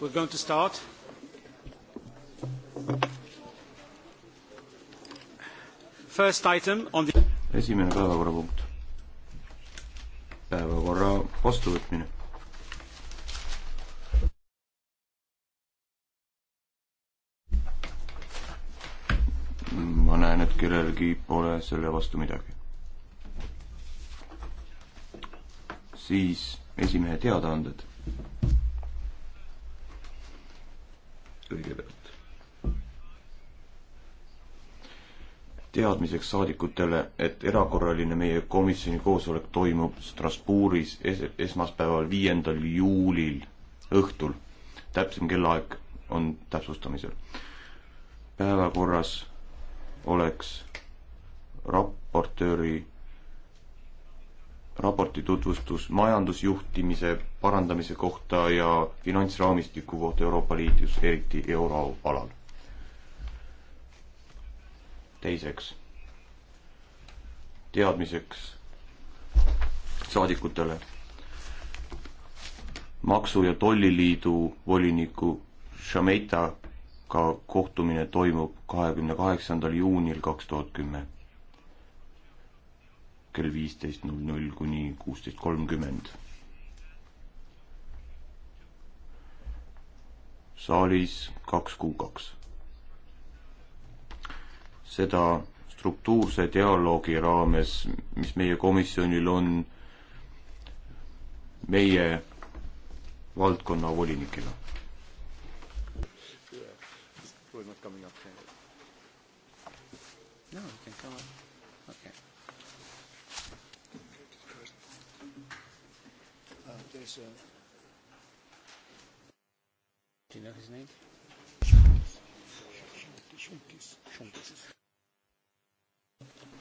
We're going to start. First item on the... esimene päevakorrapunkt. päevakorra vastuvõtmine. ma näen, et kellelgi pole selle vastu midagi. siis esimehe teadaanded teadmiseks saadikutele, et erakorraline meie komisjoni koosolek toimub Strasbourgis es esmaspäeval, viiendal juulil õhtul. täpsem kellaaeg on täpsustamisel. päevakorras oleks raportööri raporti tutvustus majandusjuhtimise parandamise kohta ja finantsraamistiku kohta Euroopa Liidus, eriti euroalal teiseks, teadmiseks saadikutele, maksu- ja tolliliidu voliniku Šametaga kohtumine toimub kahekümne kaheksandal juunil kaks tuhat kümme kell viisteist null null kuni kuusteist kolmkümmend. saalis kaks kuu kaks seda struktuurse dialoogi raames, mis meie komisjonil on meie valdkonna volinikega. No, you can come up. Okay. Uh, there's a... Do you know his name? Shuntis. Shuntis.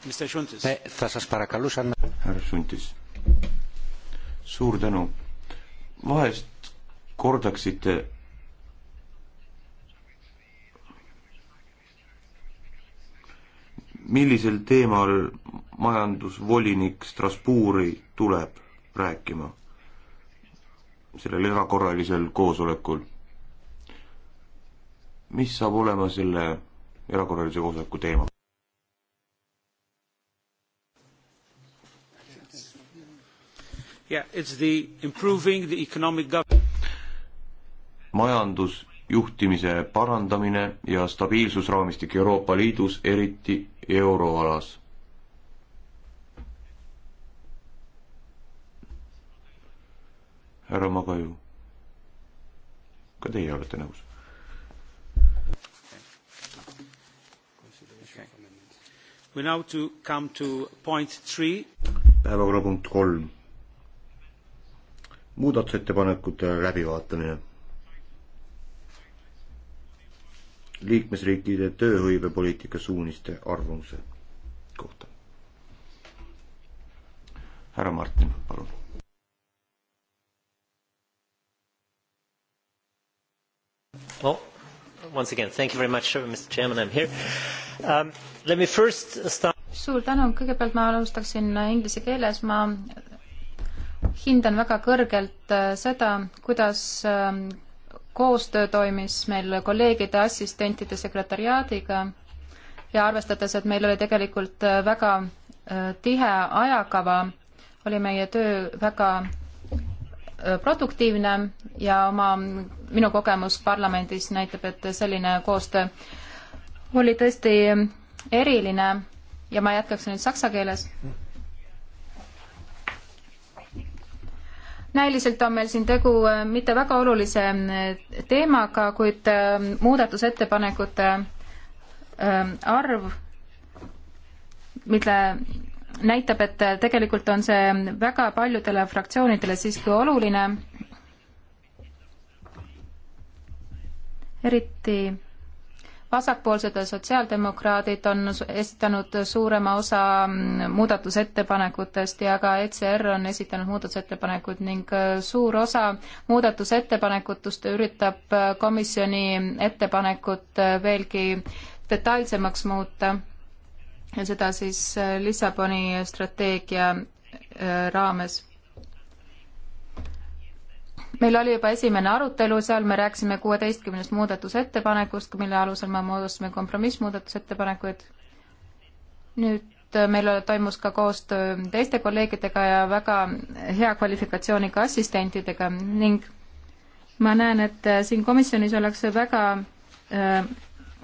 Mr Šuntis. Eh, ta sas parakalus anna. härra Šuntis. suur tänu. vahest kordaksite millisel teemal majandusvolinik Strasbourgi tuleb rääkima sellel erakorralisel koosolekul? mis saab olema selle erakorralise koosoleku teema? Yeah, it's the improving the economic majandusjuhtimise parandamine ja stabiilsusraamistik Euroopa Liidus, eriti euroalas. härra Magaju, ka teie olete nõus? päevakorrapunkt kolm muudatusettepanekute läbivaatamine. liikmesriikide tööhõivepoliitika suuniste arvamuse kohta. härra Martin, palun. Well, once again, thank you very much, uh, Mr Chairman, I am here um,. Let me first start suur tänu, kõigepealt ma alustaksin inglise keeles, ma hindan väga kõrgelt äh, seda, kuidas ähm, koostöö toimis meil kolleegide, assistentide, sekretariaadiga ja arvestades, et meil oli tegelikult äh, väga äh, tihe ajakava, oli meie töö väga produktiivne ja oma, minu kogemus parlamendis näitab, et selline koostöö oli tõesti eriline ja ma jätkaks nüüd saksa keeles mm näiliselt on meil siin tegu äh, mitte väga olulise äh, teemaga, kuid äh, muudatusettepanekute arv, mille näitab, et tegelikult on see väga paljudele fraktsioonidele siiski oluline, eriti vasakpoolsed sotsiaaldemokraadid on esitanud suurema osa muudatusettepanekutest ja ka ECR on esitanud muudatusettepanekuid ning äh, suur osa muudatusettepanekutest üritab äh, komisjoni ettepanekut äh, veelgi detailsemaks muuta. ja seda siis Lissaboni strateegia raames meil oli juba esimene arutelu seal, me rääkisime kuueteistkümnest muudatusettepanekust, mille alusel me moodustasime kompromissmuudatusettepanekuid. nüüd äh, meil toimus ka koostöö teiste kolleegidega ja väga hea kvalifikatsiooniga assistentidega ning ma näen, et äh, siin komisjonis ollakse väga äh,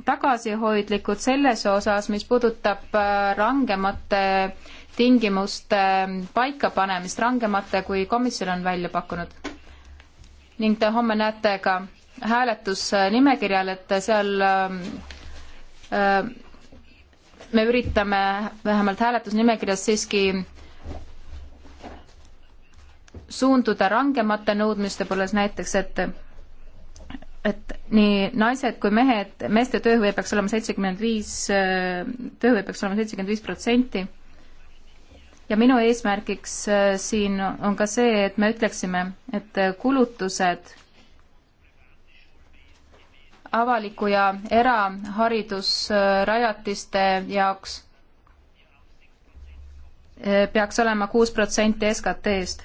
tagasihoidlikud selles osas, mis puudutab äh, rangemate tingimuste paikapanemist, rangemate, kui komisjon on välja pakkunud ning te homme näete ka hääletusnimekirjal, et seal äh, me üritame vähemalt hääletusnimekirjas siiski suunduda rangemate nõudmiste pooles näiteks, et et nii naised kui mehed, meeste tööhõive peaks olema seitsekümmend viis, tööhõive peaks olema seitsekümmend viis protsenti ja minu eesmärgiks äh, siin on ka see, et me ütleksime, et äh, kulutused avaliku ja eraharidusrajatiste äh, jaoks peaks olema kuus protsenti SKT-st.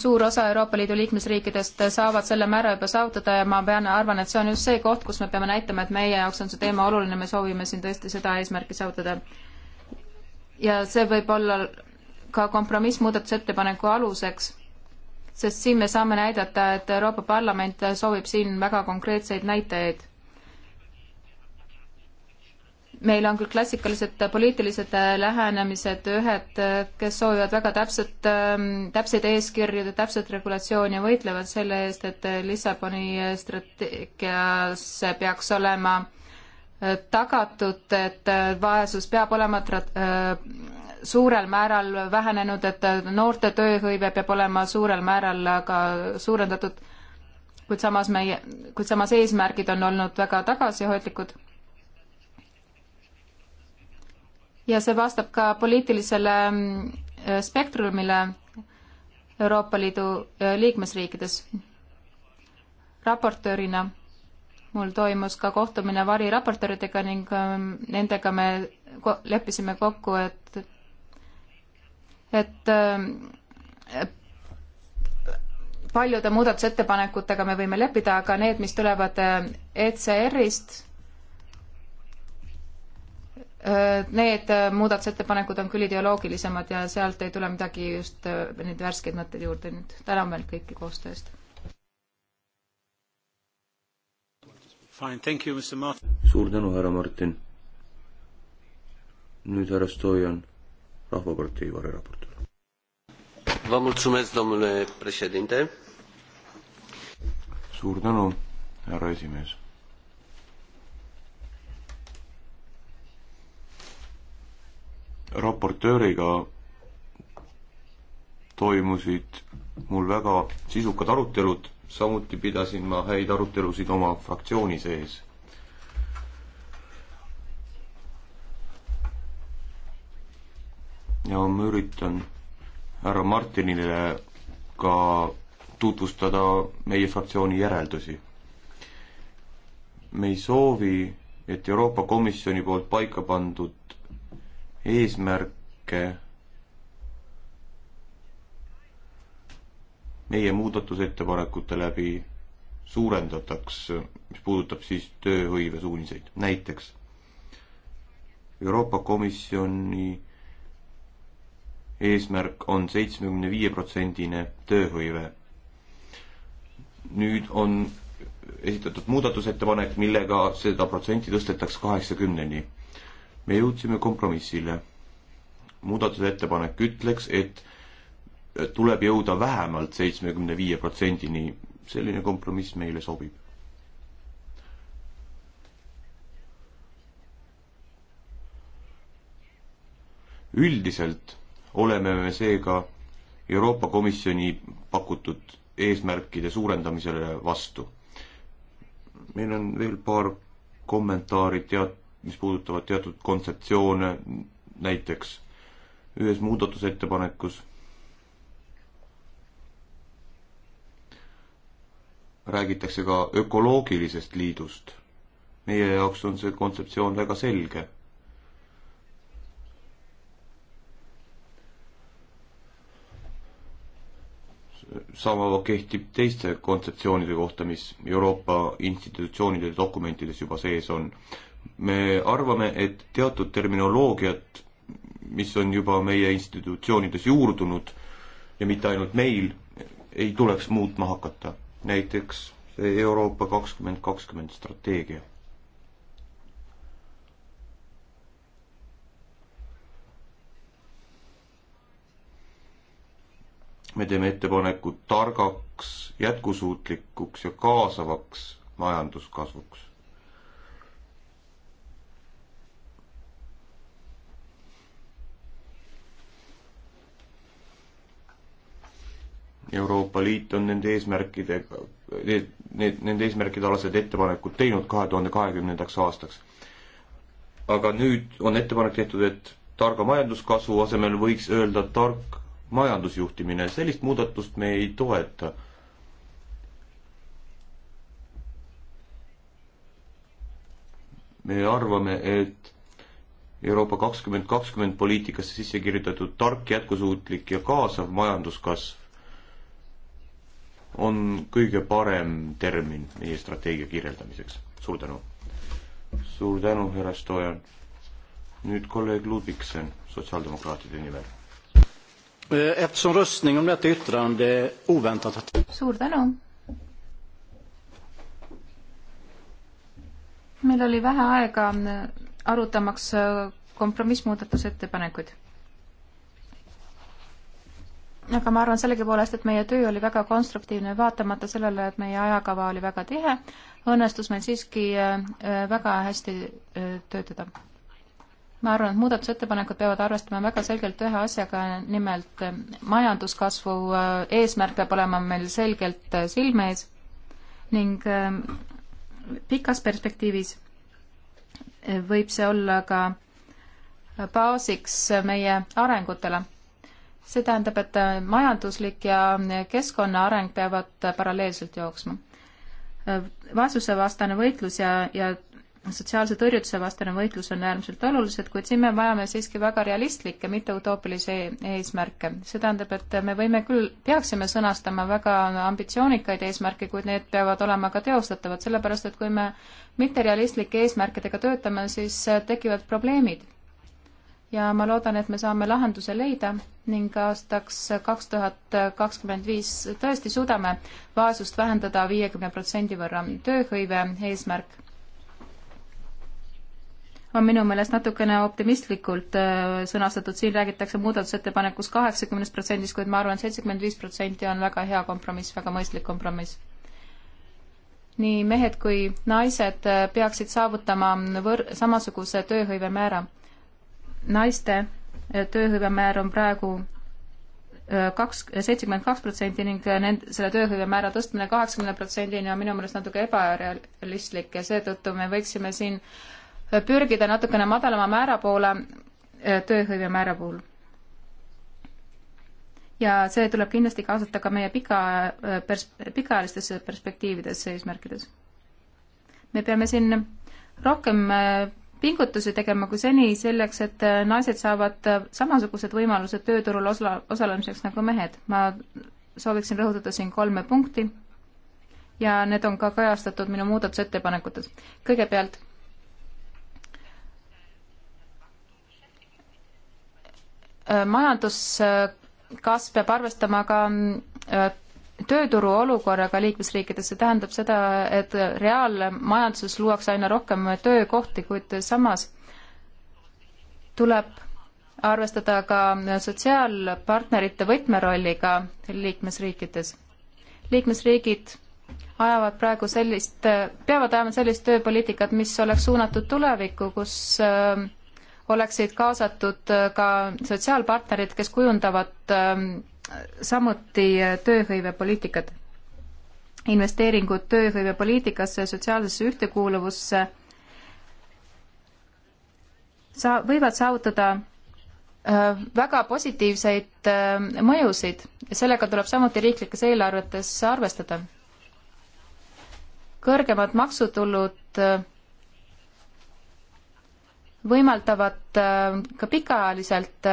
suur osa Euroopa Liidu liikmesriikidest saavad selle määra juba saavutada ja ma pean, arvan, et see on just see koht, kus me peame näitama, et meie jaoks on see teema oluline, me soovime siin tõesti seda eesmärki saavutada ja see võib olla ka kompromissmuudatusettepaneku aluseks, sest siin me saame näidata, et Euroopa Parlament soovib siin väga konkreetseid näitajaid. meil on küll klassikalised poliitilised lähenemised, ühed, kes soovivad väga täpset, ähm, täpseid eeskirju, täpset regulatsiooni ja võitlevad selle eest, et Lissaboni strateegias peaks olema äh, tagatud, et äh, vaesus peab olema äh, suurel määral vähenenud, et äh, noorte tööhõive peab olema suurel määral ka suurendatud, kuid samas meie, kuid samas eesmärgid on olnud väga tagasihoidlikud. ja see vastab ka poliitilisele mm, spektrumile Euroopa Liidu liikmesriikides. raportöörina mul toimus ka kohtumine variraportööridega ning ähm, nendega me ko leppisime kokku, et, et, et ähm, paljude muudatusettepanekutega me võime leppida, aga need, mis tulevad äh, ECR-ist, äh, need äh, muudatusettepanekud on küll ideoloogilisemad ja sealt ei tule midagi just neid värskeid mõtteid juurde, nii et tänan veel kõiki koostöö eest suur tänu, härra Martin. nüüd härra Stoian, Rahvapartei vareraportöör. Vă mulțumesc, domnule președinte. Suur tänu, härra esimees. raportööriga toimusid mul väga sisukad arutelud samuti pidasin ma häid arutelusid oma fraktsiooni sees. ja ma üritan härra Martinile ka tutvustada meie fraktsiooni järeldusi. me ei soovi, et Euroopa Komisjoni poolt paika pandud eesmärke meie muudatusettepanekute läbi suurendataks, mis puudutab siis tööhõive suuniseid, näiteks Euroopa Komisjoni eesmärk on seitsmekümne viie protsendine tööhõive. nüüd on esitatud muudatusettepanek, millega seda protsenti tõstetakse kaheksakümneni. me jõudsime kompromissile. muudatusettepanek ütleks, et tuleb jõuda vähemalt seitsmekümne viie protsendini. selline kompromiss meile sobib. üldiselt oleme me seega Euroopa Komisjoni pakutud eesmärkide suurendamisele vastu. meil on veel paar kommentaari teat-, mis puudutavad teatud kontseptsioone, näiteks ühes muudatusettepanekus räägitakse ka ökoloogilisest liidust. meie jaoks on see kontseptsioon väga selge. sama kehtib teiste kontseptsioonide kohta, mis Euroopa institutsioonide dokumentides juba sees on. me arvame, et teatud terminoloogiat, mis on juba meie institutsioonides juurdunud ja mitte ainult meil, ei tuleks muutma hakata näiteks see Euroopa kakskümmend kakskümmend strateegia. me teeme ettepaneku targaks, jätkusuutlikuks ja kaasavaks majanduskasvuks Euroopa Liit on nende eesmärkidega, need, need, nende eesmärkide alased ettepanekud teinud kahe tuhande kahekümnendaks aastaks. aga nüüd on ettepanek tehtud, et targa majanduskasvu asemel võiks öelda tark majandusjuhtimine, sellist muudatust me ei toeta. me arvame, et Euroopa kakskümmend kakskümmend poliitikasse sisse kirjutatud tark, jätkusuutlik ja kaasav majanduskasv on kõige parem termin meie strateegia kirjeldamiseks. suur tänu. suur tänu, härra Stojan. nüüd kolleeg Ludvigsen sotsiaaldemokraatide nimel. Eh, eftersom röstning om detta yttrande oväntat att... Suur tänu. meil oli vähe aega mm, arutamaks eh, kompromissmuudatusettepanekuid aga ma arvan sellegipoolest, et meie töö oli väga konstruktiivne, vaatamata sellele, et meie ajakava oli väga tihe, õnnestus meil siiski äh, äh, väga hästi äh, töötada. ma arvan, et muudatusettepanekud peavad arvestama väga selgelt ühe asjaga, nimelt majanduskasvu eesmärk peab olema meil selgelt silme ees ning pikas perspektiivis võib see olla ka baasiks meie arengutele see tähendab, et majanduslik ja keskkonna areng peavad paralleelselt jooksma. vaesusevastane võitlus ja, ja sotsiaalse tõrjutuse vastane võitlus on äärmiselt olulised, kuid siin me vajame siiski väga realistlikke, mitte utoopilisi e-, eesmärke. see tähendab, et me võime küll, peaksime sõnastama väga ambitsioonikaid eesmärke, kuid need peavad olema ka teostatavad, sellepärast et kui me mitterealistlike eesmärkidega töötame, siis tekivad probleemid ja ma loodan, et me saame lahenduse leida ning aastaks kaks tuhat kakskümmend viis tõesti suudame vaesust vähendada viiekümne protsendi võrra. tööhõive eesmärk on minu meelest natukene optimistlikult äh, sõnastatud, siin räägitakse muudatusettepanekus kaheksakümnest protsendist, kuid ma arvan, seitsekümmend viis protsenti on väga hea kompromiss, väga mõistlik kompromiss. nii mehed kui naised äh, peaksid saavutama võr-, samasuguse tööhõive määra naiste äh, tööhõivemäär on praegu äh, kaks, äh, seitsekümmend kaks protsenti ning nend-, selle tööhõivemäära tõstmine kaheksakümne protsendini on minu meelest natuke ebarealistlik ja seetõttu me võiksime siin pürgida natukene madalama määra poole tööhõivemäära puhul. ja see tuleb kindlasti kaasata ka meie pika pers-, pikaajalistesse perspektiividesse eesmärkides. me peame siin rohkem pingutusi tegema kui seni selleks, et äh, naised saavad äh, samasugused võimalused tööturul osla, osalemiseks nagu mehed. ma sooviksin rõhutada siin kolme punkti ja need on ka kajastatud minu muudatusettepanekutes. kõigepealt äh, majanduskasv peab arvestama ka tööturu olukorraga liikmesriikides, see tähendab seda, et reaalmajanduses luuakse aina rohkem töökohti, kuid samas tuleb arvestada ka sotsiaalpartnerite võtmerolliga liikmesriikides. liikmesriigid ajavad praegu sellist, peavad ajama sellist tööpoliitikat, mis oleks suunatud tulevikku, kus äh, oleksid kaasatud äh, ka sotsiaalpartnerid, kes kujundavad ähm, samuti tööhõivepoliitikad, investeeringud tööhõivepoliitikasse ja sotsiaalsesse ühtekuuluvusse sa-, võivad saavutada äh, väga positiivseid äh, mõjusid ja sellega tuleb samuti riiklikes eelarvetes arvestada. kõrgemad maksutulud äh, võimaldavad ka pikaajaliselt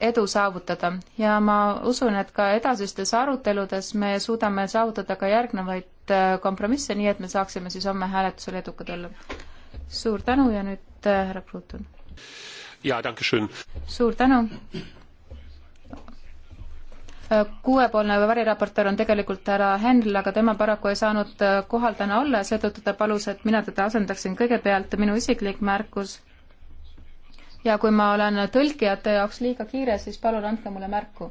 edu saavutada ja ma usun, et ka edasistes aruteludes me suudame saavutada ka järgnevaid äh, kompromisse, nii et me saaksime siis homme hääletusel edukad olla. suur tänu ja nüüd äh, härra Kruutun. jaa, tänke schön. suur tänu. Äh, kuuepoolne variraportöör on tegelikult härra Henl, aga tema paraku ei saanud kohal täna olla ja seetõttu ta palus, et mina teda asendaksin. kõigepealt minu isiklik märkus ja kui ma olen tõlkijate jaoks liiga kiire, siis palun andke mulle märku.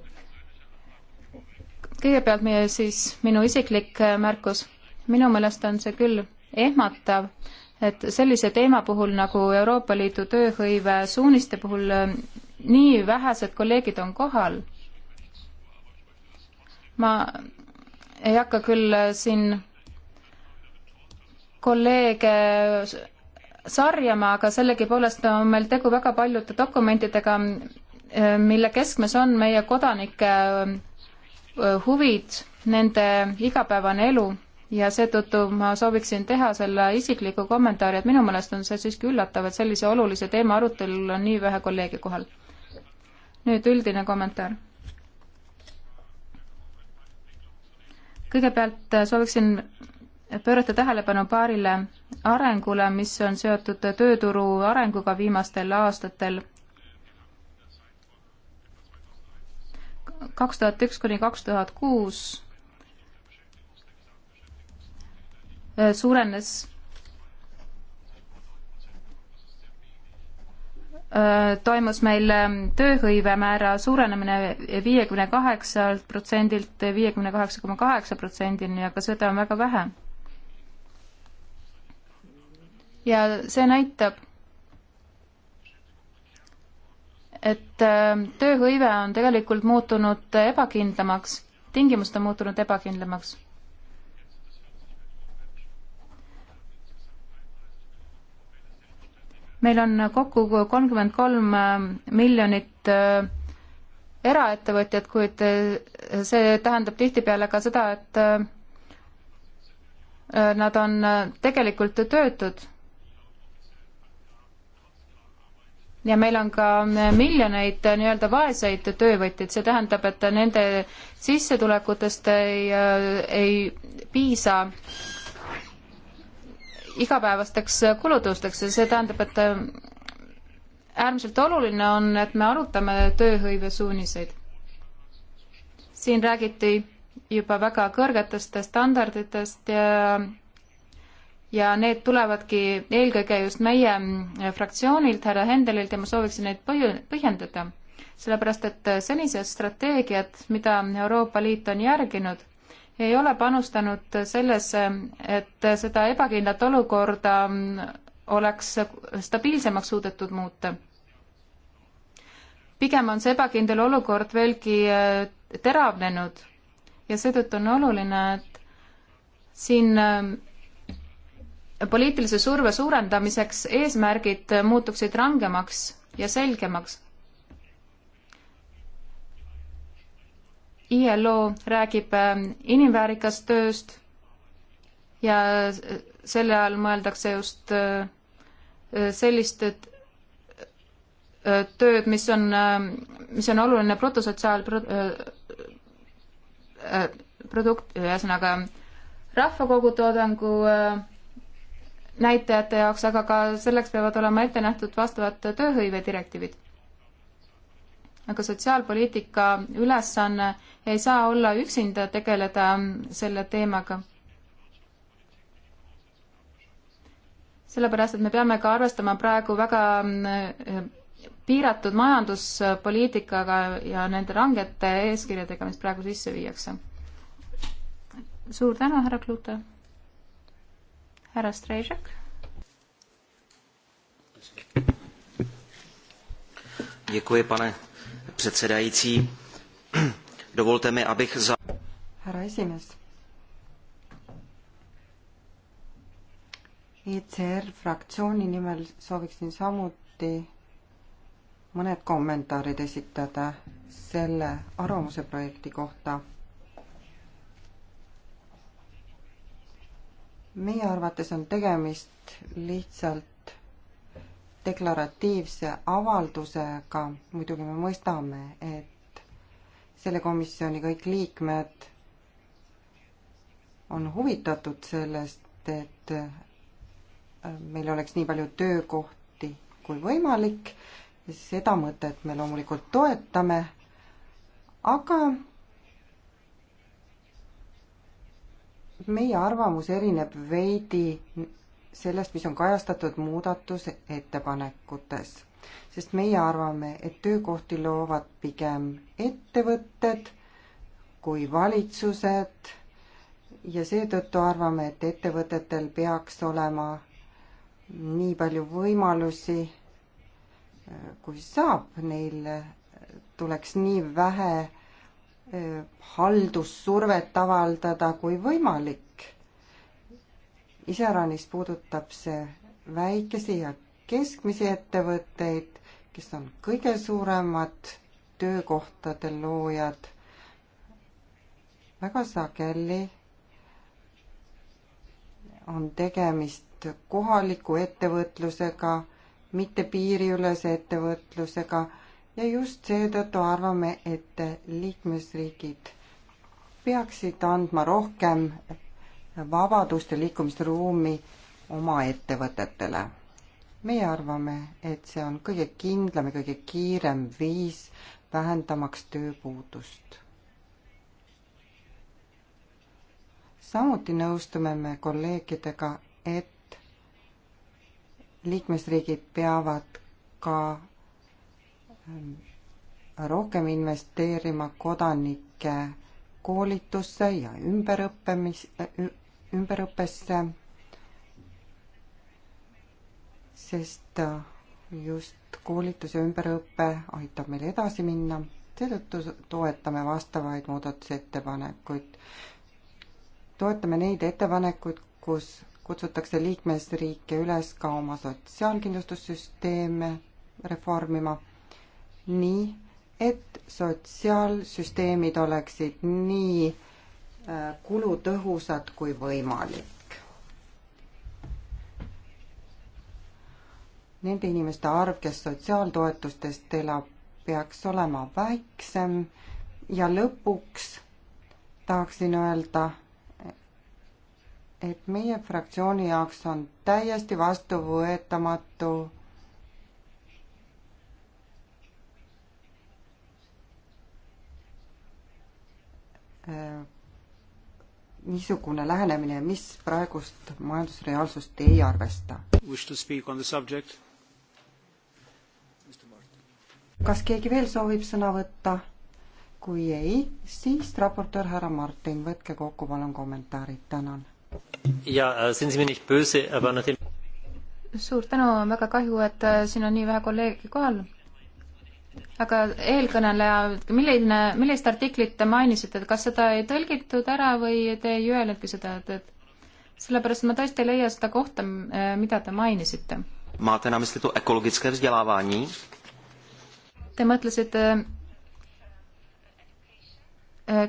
kõigepealt meie siis, minu isiklik äh, märkus. minu meelest on see küll ehmatav, et sellise teema puhul nagu Euroopa Liidu tööhõive suuniste puhul äh, nii vähesed kolleegid on kohal. ma ei hakka küll äh, siin kolleege sarjama, aga sellegipoolest on meil tegu väga paljude dokumentidega, eh, mille keskmes on meie kodanike eh, huvid, nende igapäevane elu ja seetõttu ma sooviksin teha selle isikliku kommentaari, et minu meelest on see siiski üllatav, et sellise olulise teema arutelul on nii vähe kolleege kohal. nüüd üldine kommentaar. kõigepealt eh, sooviksin pöörata tähelepanu paarile arengule, mis on seotud tööturu arenguga viimastel aastatel. kaks tuhat üks kuni kaks tuhat kuus suurenes äh, toimus meil tööhõive määra suurenemine viiekümne kaheksalt protsendilt viiekümne kaheksa koma kaheksa protsendini, aga seda on väga vähe ja see näitab, et ähm, tööhõive on tegelikult muutunud ebakindlamaks, tingimused on muutunud ebakindlamaks. meil on kokku kolmkümmend kolm ähm, miljonit äh, eraettevõtjat, kuid äh, see tähendab tihtipeale ka seda, et äh, nad on tegelikult töötud ja meil on ka miljoneid nii-öelda vaeseid töövõtjaid, see tähendab, et nende sissetulekutest ei, ei piisa igapäevasteks kulutusteks ja see tähendab, et äärmiselt oluline on, et me arutame tööhõive suuniseid. siin räägiti juba väga kõrgetest standarditest ja ja need tulevadki eelkõige just meie äh, fraktsioonilt, härra Hendelilt ja ma sooviksin neid põhju-, põhjendada. sellepärast, et äh, senised strateegiad, mida Euroopa Liit on järginud, ei ole panustanud sellesse, et seda ebakindlat olukorda mm, oleks stabiilsemaks suudetud muuta. pigem on see ebakindel olukord veelgi äh, teravnenud ja seetõttu on oluline, et siin poliitilise surve suurendamiseks eesmärgid muutuksid rangemaks ja selgemaks. ILO räägib äh, inimväärikast tööst ja selle all mõeldakse just äh, äh, sellist tööd, mis on, mis on oluline protosotsiaalprodukt, ühesõnaga rahvakogutoodangu äh, näitajate jaoks, aga ka selleks peavad olema ette nähtud vastavad tööhõive direktiivid. aga sotsiaalpoliitika ülesanne ei saa olla üksinda tegeleda selle teemaga. sellepärast, et me peame ka arvestama praegu väga mm, piiratud majanduspoliitikaga ja nende rangete eeskirjadega, mis praegu sisse viiakse. suur tänu, härra Klute! härra Strejžek. Děkuji, pane předsedající. Dovolte mi, abych za... Härra esimees. ICR e fraktsiooni nimel sooviksin samuti mõned kommentaarid esitada selle arvamuse projekti kohta meie arvates on tegemist lihtsalt deklaratiivse avaldusega, muidugi me mõistame, et selle komisjoni kõik liikmed on huvitatud sellest, et äh, meil oleks nii palju töökohti kui võimalik, seda mõtet me loomulikult toetame, aga meie arvamus erineb veidi sellest, mis on kajastatud muudatusettepanekutes, sest meie arvame, et töökohti loovad pigem ettevõtted kui valitsused ja seetõttu arvame, et ettevõtetel peaks olema nii palju võimalusi, kui saab, neil tuleks nii vähe Äh, haldussurvet avaldada, kui võimalik. iseäranis puudutab see väikesi ja keskmisi ettevõtteid, kes on kõige suuremad töökohtade loojad. väga sageli on tegemist kohaliku ettevõtlusega, mitte piiriülese ettevõtlusega ja just seetõttu arvame, et liikmesriigid peaksid andma rohkem vabadust ja liikumisruumi oma ettevõtetele. meie arvame, et see on kõige kindlam ja kõige kiirem viis vähendamaks tööpuudust. samuti nõustume me kolleegidega, et liikmesriigid peavad ka Ähm, rohkem investeerima kodanike koolitusse ja ümberõppemis, ümberõppesse, sest äh, just koolitus ja ümberõpe aitab meil edasi minna, seetõttu toetame vastavaid muudatusettepanekuid. toetame neid ettepanekuid, kus kutsutakse liikmesriike üles ka oma sotsiaalkindlustussüsteeme reformima nii, et sotsiaalsüsteemid oleksid nii äh, kulutõhusad kui võimalik. Nende inimeste arv, kes sotsiaaltoetustest elab, peaks olema väiksem ja lõpuks tahaksin öelda, et meie fraktsiooni jaoks on täiesti vastuvõetamatu Äh, niisugune lähenemine, mis praegust majandusreaalsust ei arvesta. kas keegi veel soovib sõna võtta? kui ei, siis raportöör härra Martin, võtke kokku palun kommentaarid, tänan. ja, äh, suur tänu, on väga kahju, et äh, siin on nii vähe kolleege kohal aga eelkõneleja, milline, millist artiklit te mainisite, et kas seda ei tõlgitud ära või te ei öelnudki seda, et, et sellepärast ma tõesti ei leia seda kohta, mida te mainisite. Máte na mysli to ekologické vzdělávání? Te mõtlesite eh,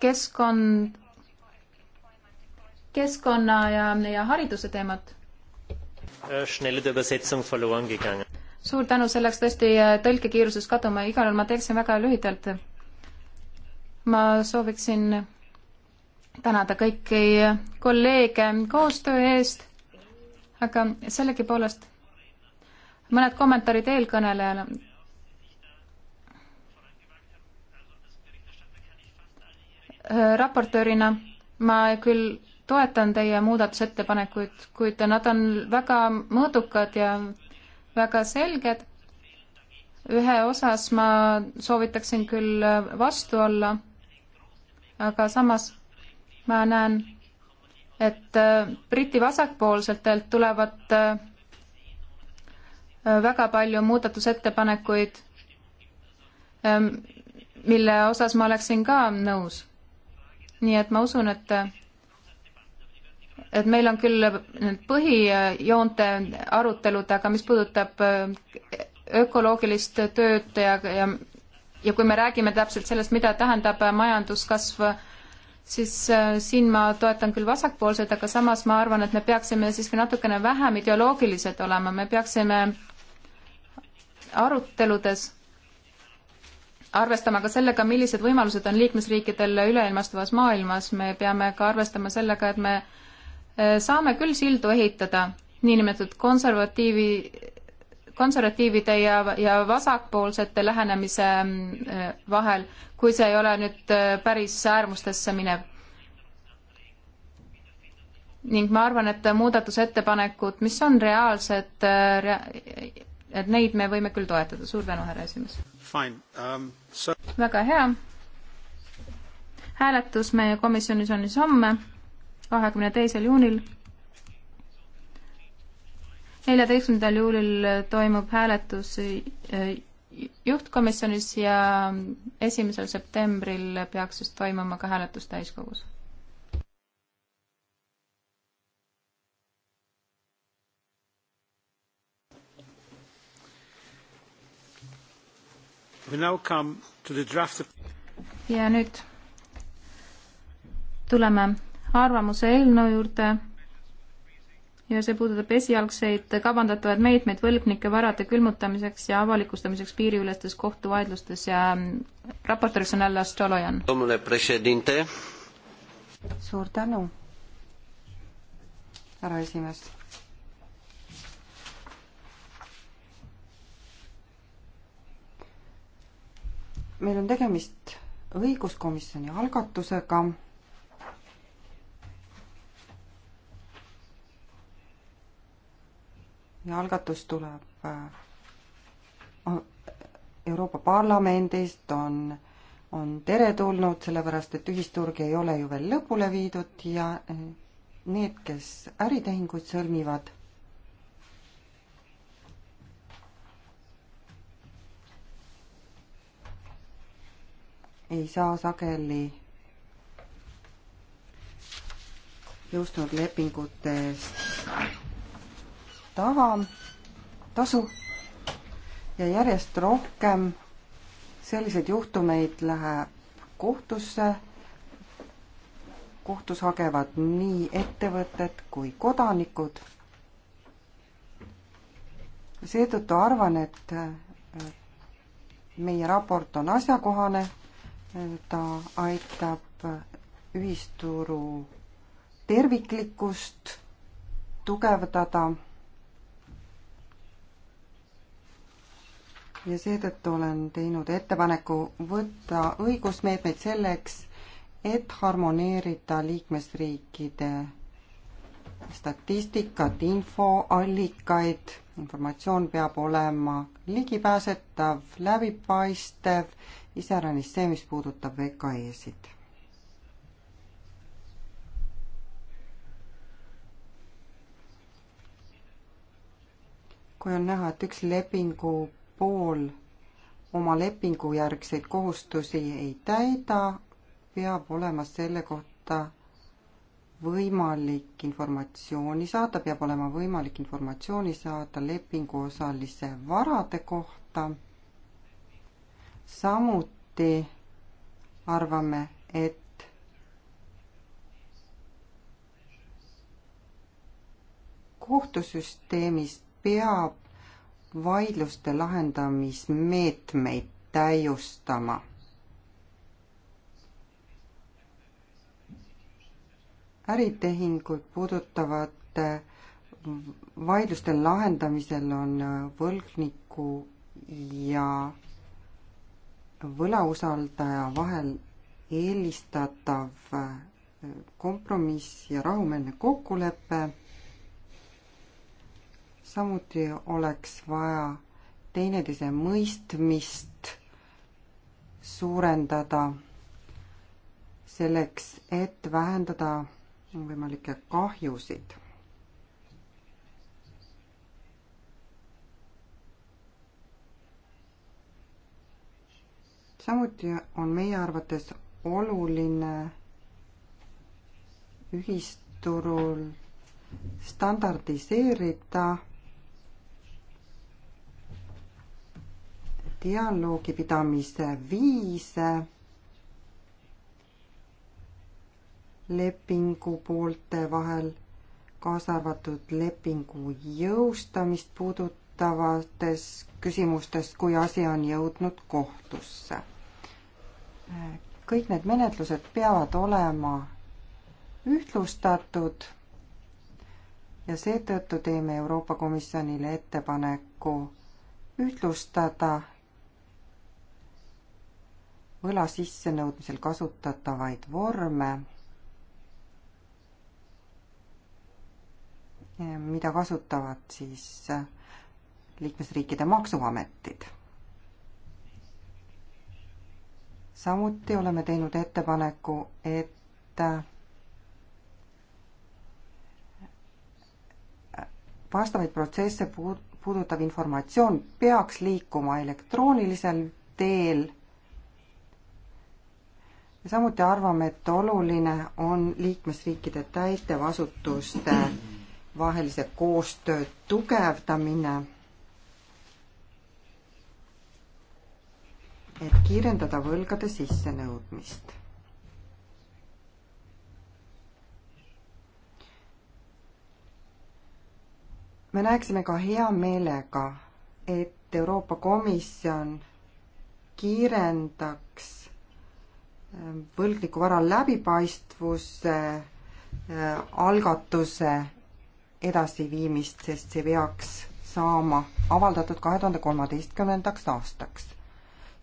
keskkond, keskkonna ja, ja hariduse teemat? Äh, schnelle Übersetzung verloren gegangen suur tänu, selleks tõesti äh, tõlkekiiruses kaduma, igal juhul ma teeksin väga lühidalt. ma sooviksin tänada kõiki kolleege koostöö eest, aga sellegipoolest mõned kommentaarid eelkõnelejale. Äh, raportöörina ma küll toetan teie muudatusettepanekuid, kuid nad on väga mõõdukad ja väga selged. ühe osas ma soovitaksin küll vastu olla, aga samas ma näen, et äh, Briti vasakpoolsetelt tulevad äh, väga palju muudatusettepanekuid, ähm, mille osas ma oleksin ka nõus. nii et ma usun, et äh, et meil on küll need põhijoonte arutelud, aga mis puudutab äh, ökoloogilist tööd ja, ja, ja kui me räägime täpselt sellest, mida tähendab majanduskasv, siis äh, siin ma toetan küll vasakpoolseid, aga samas ma arvan, et me peaksime siiski natukene vähem ideoloogilised olema, me peaksime aruteludes arvestama ka sellega, millised võimalused on liikmesriikidel üleilmastuvas maailmas, me peame ka arvestama sellega, et me äh, Äh, saame küll sildu ehitada, niinimetatud konservatiivi, konservatiivide ja, ja vasakpoolsete lähenemise mm, äh, vahel, kui see ei ole nüüd äh, päris äärmustesse minev ning ma arvan, et muudatusettepanekud, mis on reaalsed rea, et neid me võime küll toetada. suur tänu, härra esimees. Um, so... väga hea. hääletus meie komisjonis on siis homme kahekümne teisel juunil. neljateistkümnendal juulil toimub hääletus äh, juhtkomisjonis ja esimesel septembril peaks siis toimuma ka hääletus täiskogus ja nüüd tuleme arvamuse eelnõu juurde ja see puudutab esialgseid kavandatavaid meetmeid võlgnike varade külmutamiseks ja avalikustamiseks piiriülestes kohtuvaidlustes ja mm, raportööriks on jälle Stolojan. suur tänu, härra esimees. meil on tegemist õiguskomisjoni algatusega ja algatus tuleb äh, Euroopa Parlamendist, on, on teretulnud, sellepärast et ühisturg ei ole ju veel lõpule viidud ja äh, need, kes äritehinguid sõlmivad, ei saa sageli jõustunud lepingutest tava, tasu ja järjest rohkem selliseid juhtumeid läheb kohtusse, kohtus hagevad nii ettevõtted kui kodanikud. seetõttu arvan, et äh, meie raport on asjakohane, ta aitab ühisturu terviklikkust tugevdada ja seetõttu olen teinud ettepaneku võtta õigusmeetmeid selleks, et harmoneerida liikmesriikide statistikat, infoallikaid, informatsioon peab olema ligipääsetav, läbipaistev, iseäranis see, mis puudutab VKE-sid. kui on näha, et üks lepingu pool oma lepingujärgseid kohustusi ei täida, peab olema selle kohta võimalik informatsiooni saada, peab olema võimalik informatsiooni saada lepinguosalise varade kohta. samuti arvame, et kohtusüsteemis peab vaidluste lahendamismeetmeid täiustama. äritehingud puudutavate vaidluste lahendamisel on võlgniku ja võlausaldaja vahel eelistatav kompromiss ja rahumeelne kokkulepe samuti oleks vaja teineteise mõistmist suurendada selleks, et vähendada võimalikke kahjusid. samuti on meie arvates oluline ühisturul standardiseerida dialoogi pidamise viise lepingu poolte vahel, kaasa arvatud lepingu jõustamist puudutavates küsimustes, kui asi on jõudnud kohtusse. kõik need menetlused peavad olema ühtlustatud ja seetõttu teeme Euroopa Komisjonile ettepaneku ühtlustada võla sissenõudmisel kasutatavaid vorme, mida kasutavad siis liikmesriikide maksuametid. samuti oleme teinud ettepaneku, et vastavaid protsesse puudutav informatsioon peaks liikuma elektroonilisel teel me samuti arvame, et oluline on liikmesriikide täitevasutuste vahelise koostöö tugevdamine, et kiirendada võlgade sissenõudmist me näeksime ka hea meelega, et Euroopa Komisjon kiirendaks võlgniku vara läbipaistvuse äh, algatuse edasiviimist, sest see peaks saama avaldatud kahe tuhande kolmeteistkümnendaks aastaks.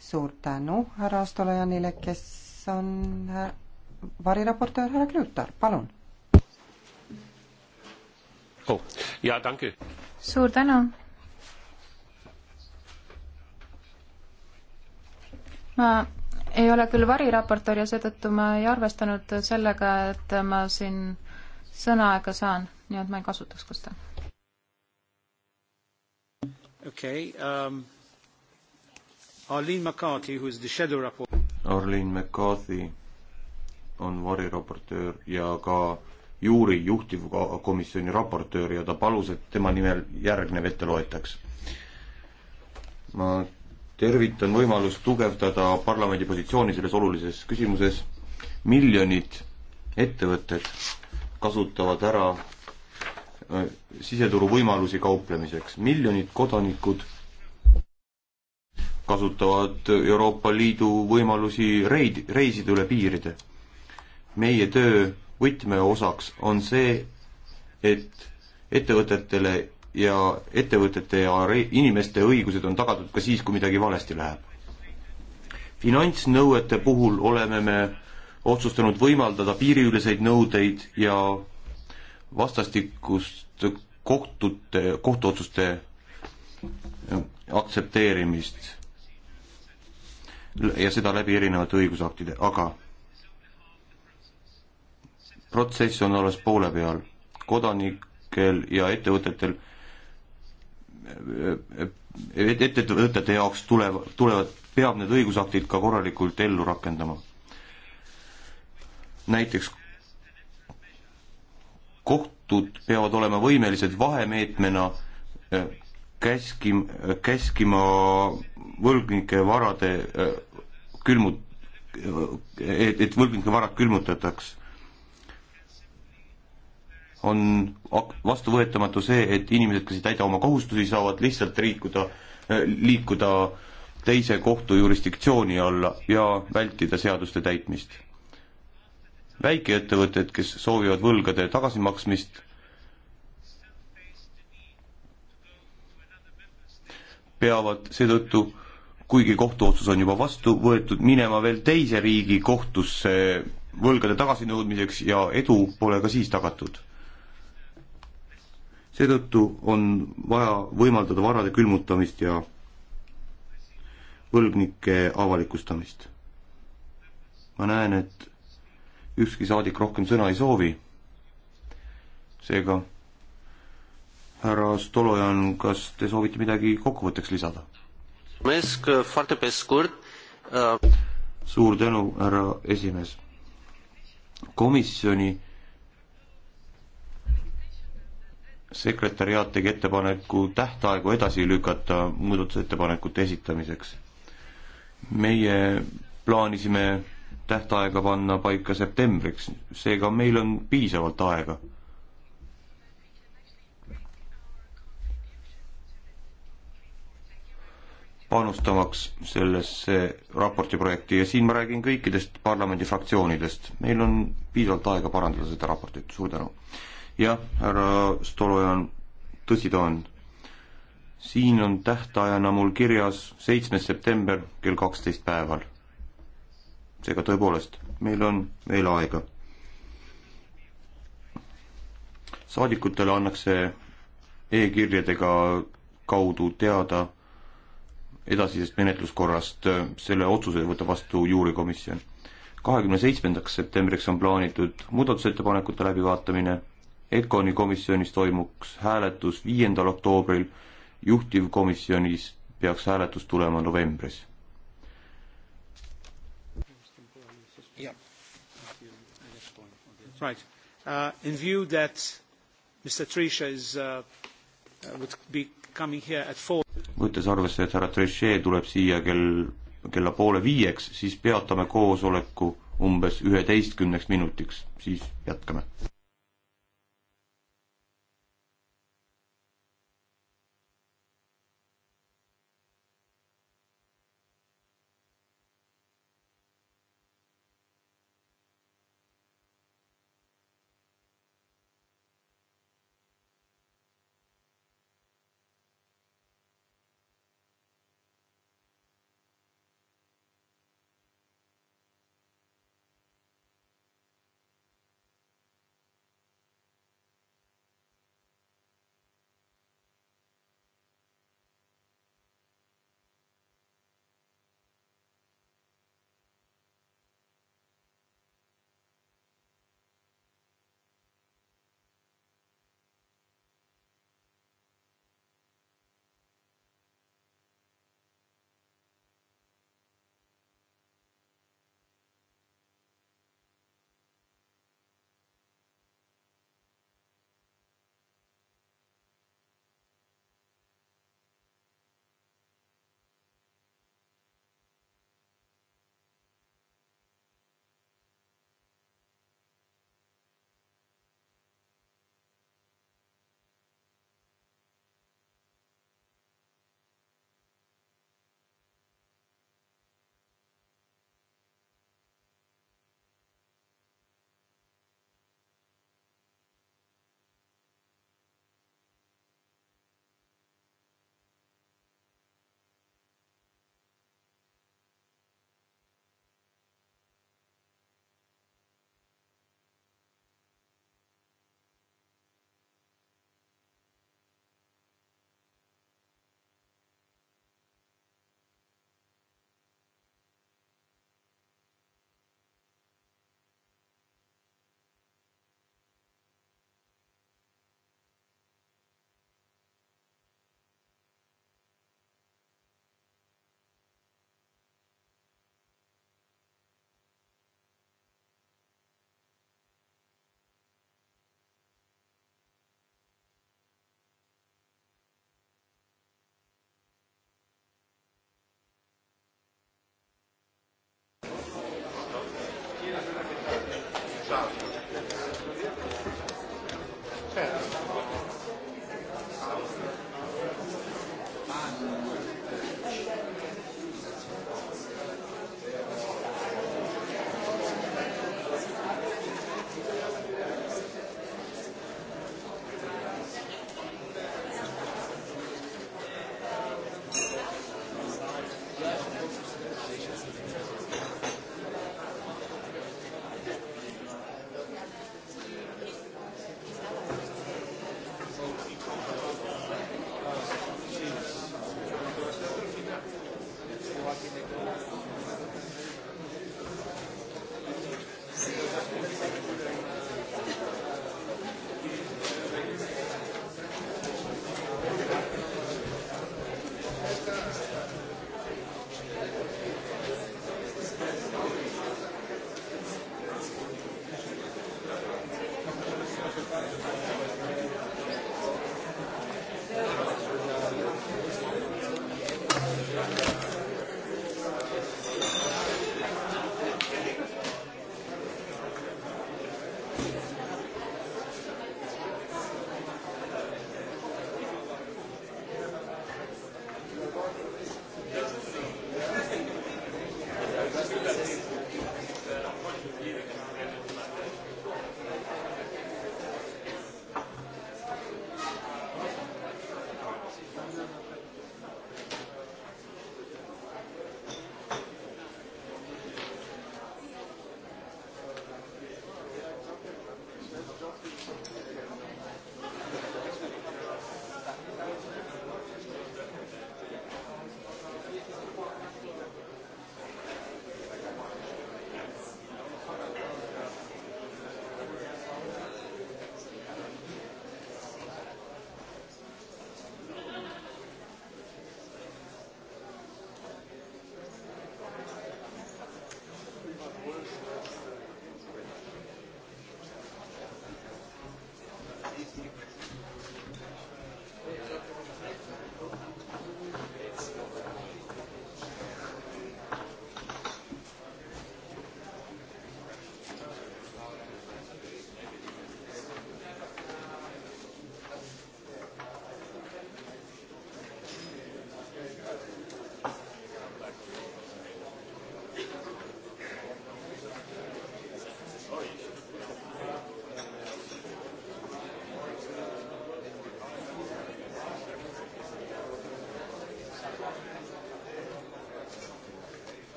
suur tänu härra Stolojanile, kes on äh, variraportöör härra Grünthal, palun oh.. ja danke. suur tänu. ma ei ole küll variraportor ja seetõttu ma ei arvestanud sellega, et ma siin sõnaaega saan, nii et ma ei kasutaks ka seda. okei okay, um,. Arlene McCarthy, who is the shadow rapporteur. Arlene McCarthy on variraportöör ja ka juuri juhtivkomisjoni raportöör ja ta palus, et tema nimel järgnev ette loetaks. ma tervitan võimalust tugevdada parlamendi positsiooni selles olulises küsimuses. miljonid ettevõtted kasutavad ära äh, siseturu võimalusi kauplemiseks, miljonid kodanikud kasutavad Euroopa Liidu võimalusi reid, reisida üle piiride. meie töö võtmeosaks on see, et ettevõtetele ja ettevõtete ja inimeste õigused on tagatud ka siis, kui midagi valesti läheb. finantsnõuete puhul oleme me otsustanud võimaldada piiriüleseid nõudeid ja vastastikust kohtute, kohtuotsuste aktsepteerimist ja seda läbi erinevate õigusaktide, aga protsess on alles poole peal. kodanikel ja ettevõtetel Äh, äh, ettevõtete jaoks tulevad, tulevad, peab need õigusaktid ka korralikult ellu rakendama. näiteks kohtud peavad olema võimelised vahemeetmena äh, käskim-, käskima võlgnike varade külmut-, et, et võlgnike varad külmutataks on vastuvõetamatu see, et inimesed, kes ei täida oma kohustusi, saavad lihtsalt liikuda, liikuda teise kohtu jurisdiktsiooni alla ja vältida seaduste täitmist. väikeettevõtted, kes soovivad võlgade tagasimaksmist, peavad seetõttu, kuigi kohtuotsus on juba vastu võetud, minema veel teise riigi kohtusse võlgade tagasinõudmiseks ja edu pole ka siis tagatud seetõttu on vaja võimaldada varade külmutamist ja võlgnike avalikustamist. ma näen, et ükski saadik rohkem sõna ei soovi. seega, härra Stolojan, kas te soovite midagi kokkuvõtteks lisada? suur tänu, härra esimees. komisjoni sekretäriaat tegi ettepaneku tähtaegu edasi lükata muudatusettepanekute esitamiseks. meie plaanisime tähtaega panna paika septembriks, seega meil on piisavalt aega. panustamaks sellesse raporti projekti ja siin ma räägin kõikidest parlamendifraktsioonidest, meil on piisavalt aega parandada seda raportit, suur tänu jah, härra Stolojan, tõsi ta on. siin on tähtajana mul kirjas seitsmes september kell kaksteist päeval. seega tõepoolest, meil on veel aega. saadikutele annakse e-kirjadega kaudu teada edasisest menetluskorrast, äh, selle otsuse võtab vastu juurikomisjon. kahekümne seitsmendaks septembriks on plaanitud muudatusettepanekute läbivaatamine ECONi komisjonis toimuks hääletus viiendal oktoobril, juhtivkomisjonis peaks hääletus tulema novembris. Right. Uh, in view that Mr. Trisha is, uh, uh, would be coming here at four. võttes arvesse, et härra Trichet tuleb siia kell, kella poole viieks, siis peatame koosoleku umbes üheteistkümneks minutiks, siis jätkame. Ciao.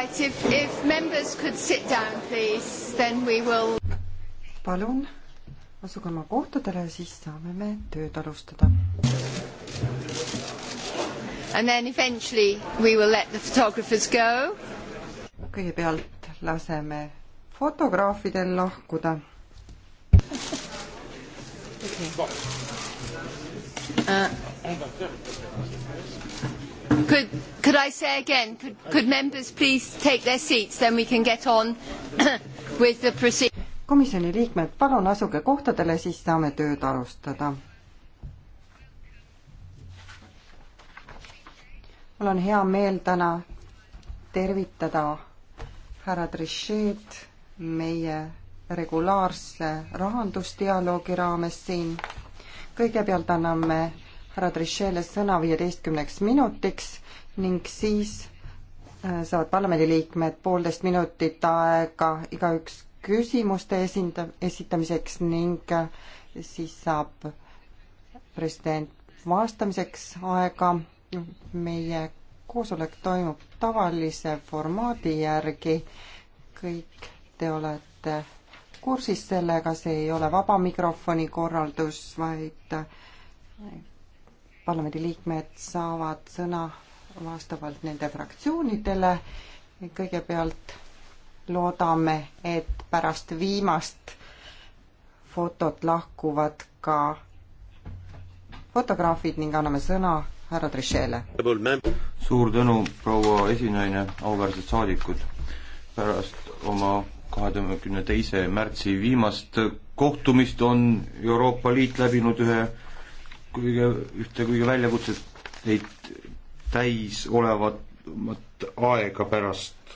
Right, if, if members could sit down, please, then we will... palun asuge oma kohtadele, siis saame me tööd alustada. And then eventually we will let the photographers go. kõigepealt laseme fotograafidel lahkuda okay.. Uh, Could, could I say again, could, could members please take their seats, then we can get on with the procedure. komisjoni liikmed, palun asuge kohtadele, siis saame tööd alustada. mul on hea meel täna tervitada härra Trichet meie regulaarse rahandusdialoogi raames siin. kõigepealt anname härra Trichelle sõna viieteistkümneks minutiks ning siis äh, saavad parlamendiliikmed poolteist minutit aega igaüks küsimuste esinda-, esitamiseks ning äh, siis saab president vastamiseks aega. meie koosolek toimub tavalise formaadi järgi. kõik te olete kursis sellega, see ei ole vaba mikrofoni korraldus, vaid äh, parlamendiliikmed saavad sõna vastavalt nende fraktsioonidele. kõigepealt loodame, et pärast viimast fotot lahkuvad ka fotograafid ning anname sõna härra Trichele. suur tänu, proua esinaine, auväärsed saadikud. pärast oma kahekümne teise märtsi viimast kohtumist on Euroopa Liit läbinud ühe kõige, ühte kõige väljakutseid täis olevat aega pärast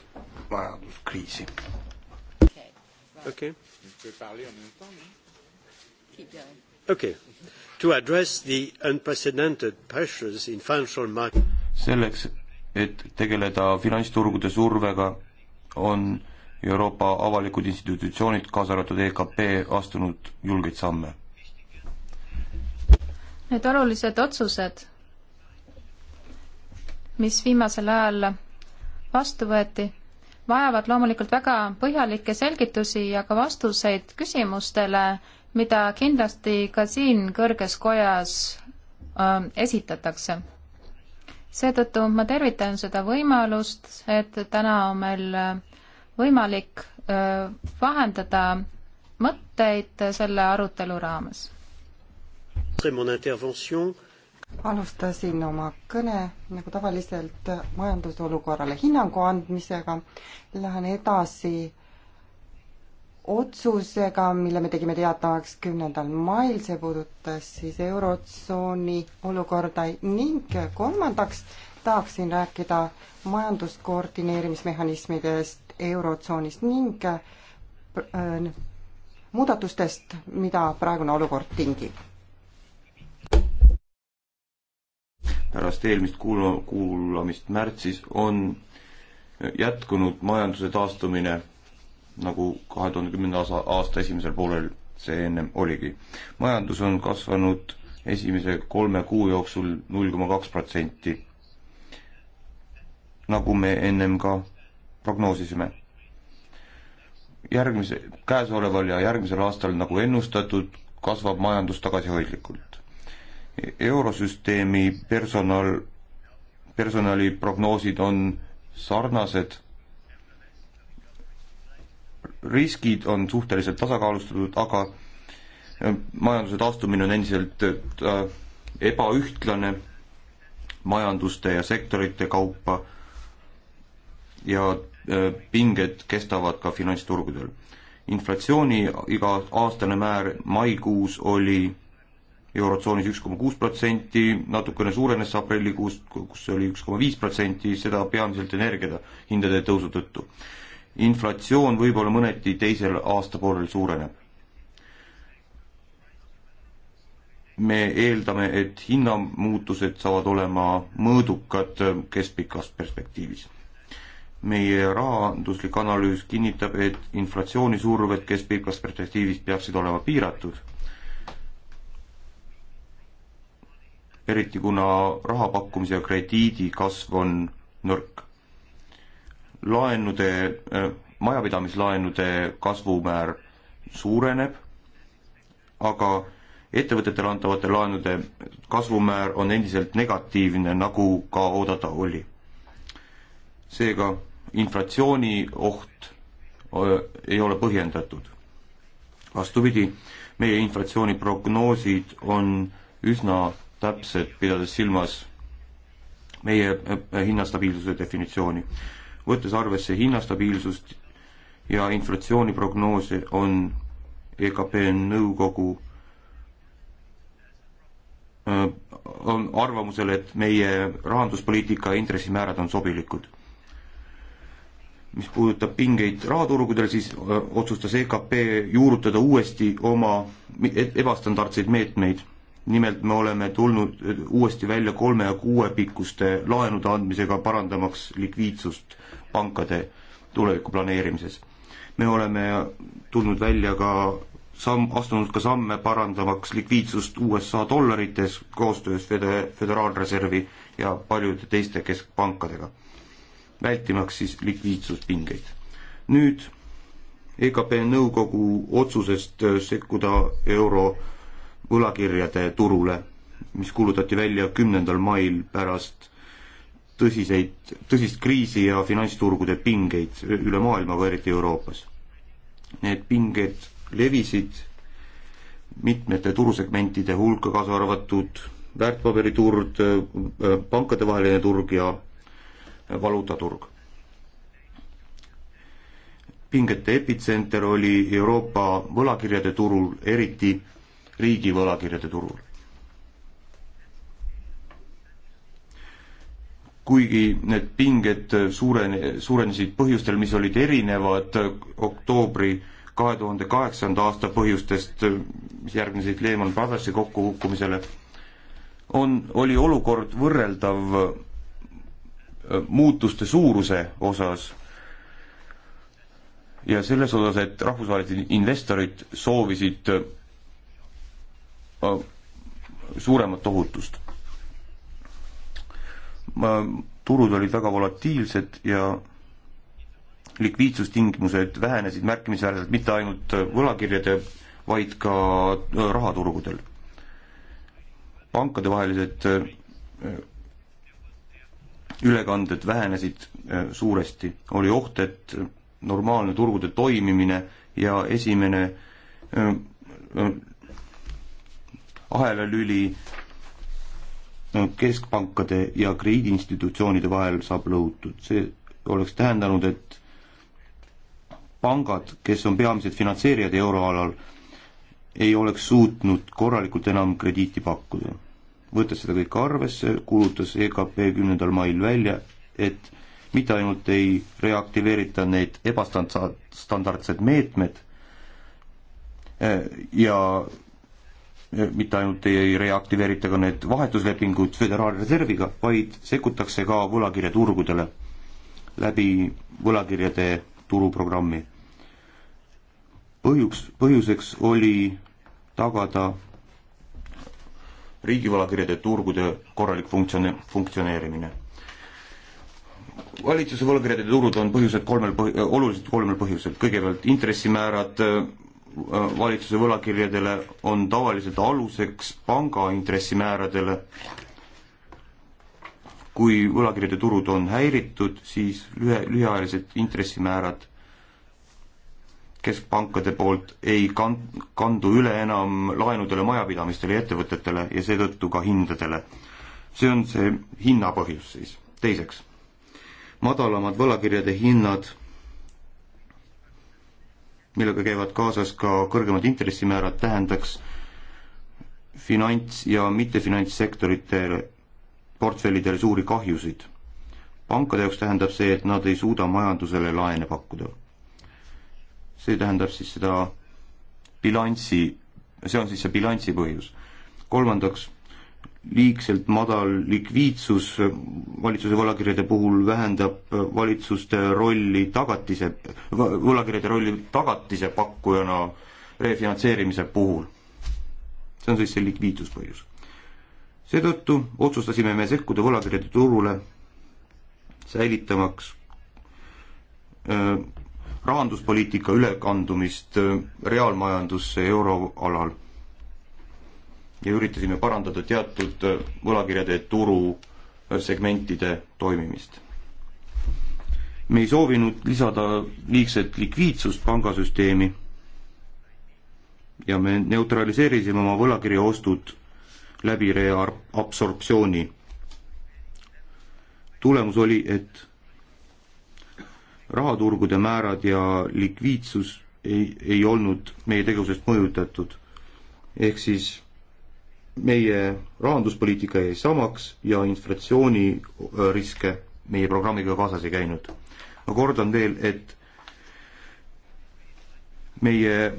majanduskriisi. okei. okei. To address the unprecedented pressures in financial market selleks, et tegeleda finantsturgude survega, on Euroopa avalikud institutsioonid, kaasa arvatud EKP, astunud julgeid samme Need olulised otsused, mis viimasel ajal vastu võeti, vajavad loomulikult väga põhjalikke selgitusi ja ka vastuseid küsimustele, mida kindlasti ka siin kõrges kojas äh, esitatakse. seetõttu ma tervitan seda võimalust, et täna on meil äh, võimalik äh, vahendada mõtteid selle arutelu raames alustasin oma kõne nagu tavaliselt majandusolukorrale hinnangu andmisega. Lähen edasi otsusega, mille me tegime teatavaks kümnendal mail, see puudutas siis Eurotsooni olukorda ning kolmandaks tahaksin rääkida majanduskoordineerimismehhanismidest Eurotsoonis ning äh, muudatustest, mida praegune olukord tingib pärast eelmist kuula-, kuulamist märtsis on jätkunud majanduse taastumine, nagu kahe tuhande kümnenda aasta, aasta esimesel poolel see ennem oligi. majandus on kasvanud esimese kolme kuu jooksul null koma kaks protsenti, nagu me ennem ka prognoosisime. järgmise, käesoleval ja järgmisel aastal, nagu ennustatud, kasvab majandus tagasihoidlikult eurosüsteemi personal, personaliprognoosid on sarnased. riskid on suhteliselt tasakaalustatud, aga äh, majanduse taastumine on endiselt äh, ebaühtlane majanduste ja sektorite kaupa ja äh, pinged kestavad ka finantsturgudel. inflatsiooni iga-aastane määr maikuus oli eurotsoonis üks koma kuus protsenti, natukene suurenes aprillikuust, kus oli üks koma viis protsenti, seda peamiselt energiahindade tõusu tõttu. inflatsioon võib-olla mõneti teisel aastapoolel suureneb. me eeldame, et hinnamuutused saavad olema mõõdukad keskpikas perspektiivis meie rahanduslik analüüs kinnitab, et inflatsioonisurved keskpikas perspektiivis peaksid olema piiratud eriti kuna rahapakkumise ja krediidi kasv on nõrk. laenude, äh, majapidamislaenude kasvumäär suureneb, aga ettevõtetele antavate laenude kasvumäär on endiselt negatiivne, nagu ka oodata oli. seega inflatsiooni oht äh, ei ole põhjendatud. vastupidi, meie inflatsiooniprognoosid on üsna täpsed, pidades silmas meie äh, hinnastabiilsuse definitsiooni. võttes arvesse hinnastabiilsust ja inflatsiooniprognoose, on EKP nõukogu äh, on arvamusel, et meie rahanduspoliitika intressimäärad on sobilikud. mis puudutab pingeid rahaturgudel, siis äh, otsustas EKP juurutada uuesti oma e-, ebastandardseid meetmeid nimelt me oleme tulnud äh, uuesti välja kolme ja kuue pikkuste laenude andmisega, parandamaks likviidsust pankade tuleviku planeerimises. me oleme tulnud välja ka samm, astunud ka samme parandamaks likviidsust USA dollarites koostöös Fede-, Föderaalreservi ja paljude teiste keskpankadega, vältimaks siis likviidsuspingeid. nüüd EKP nõukogu otsusest äh, sekkuda euro võlakirjade turule, mis kuulutati välja kümnendal mail pärast tõsiseid, tõsist kriisi ja finantsturgude pingeid üle maailma, aga eriti Euroopas. Need pinged levisid mitmete turusegmentide hulka, kaasa arvatud väärtpaberiturg, pankadevaheline turg ja valuutaturg. pingete epitsenter oli Euroopa võlakirjade turul, eriti riigi võlakirjade turul. kuigi need pinged suurene, suurenesid põhjustel, mis olid erinevad oktoobri kahe tuhande kaheksanda aasta põhjustest, mis järgnesid Lehman Brothersi kokkukukkumisele, on, oli olukord võrreldav äh, muutuste suuruse osas ja selles osas, et rahvusvahelised investorid soovisid äh, suuremat ohutust. turud olid väga volatiilsed ja likviidsustingimused vähenesid märkimisväärselt mitte ainult võlakirjade, vaid ka äh, rahaturgudel. pankadevahelised äh, ülekanded vähenesid äh, suuresti, oli oht, et normaalne turgude toimimine ja esimene ahelalüli keskpankade ja krediidiinstitutsioonide vahel saab lõhutud. see oleks tähendanud, et pangad, kes on peamised finantseerijad euroalal, ei oleks suutnud korralikult enam krediiti pakkuda. võttes seda kõike arvesse, kuulutas EKP kümnendal mail välja, et mitte ainult ei reaktiveerita neid ebastandardseid meetmed eh, ja Äh, mitte ainult ei reaktiveerita ka need vahetuslepingud Föderaalreserviga, vaid sekkutakse ka võlakirjaturgudele läbi võlakirjade turuprogrammi. põhjuks, põhjuseks oli tagada riigivõlakirjade turgude korralik funktsioone, funktsioneerimine. valitsuse võlakirjade turud on põhjused kolmel põh-, oluliselt kolmel põhjusel, kõigepealt intressimäärad, valitsuse võlakirjadele on tavaliselt aluseks panga intressimääradele. kui võlakirjade turud on häiritud, siis lühe, lühiajalised intressimäärad keskpankade poolt ei kan-, kandu üle enam laenudele, majapidamistele ja ettevõtetele ja seetõttu ka hindadele. see on see hinnapõhjus siis. teiseks, madalamad võlakirjade hinnad millega käivad kaasas ka kõrgemad intressimäärad, tähendaks finants- ja mittefinantssektorite portfellidele suuri kahjusid. pankade jaoks tähendab see, et nad ei suuda majandusele laene pakkuda. see tähendab siis seda bilanssi, see on siis see bilansi põhjus. kolmandaks liigselt madal likviidsus valitsuse võlakirjade puhul vähendab valitsuste rolli tagatise, võlakirjade rolli tagatise pakkujana refinantseerimise puhul. see on siis see likviidsuspõhjus. seetõttu otsustasime me sekkuda võlakirjade turule, säilitamaks äh, rahanduspoliitika ülekandumist äh, reaalmajandusse euroalal ja üritasime parandada teatud äh, võlakirjade turu äh, segmentide toimimist. me ei soovinud lisada liigset likviidsust pangasüsteemi ja me neutraliseerisime oma võlakirja ostud läbi reabsorptsiooni. tulemus oli, et rahaturgude määrad ja likviidsus ei, ei olnud meie tegevusest mõjutatud. ehk siis meie rahanduspoliitika jäi samaks ja inflatsiooniriske äh, meie programmiga kaasas ei käinud. ma kordan veel, et meie äh,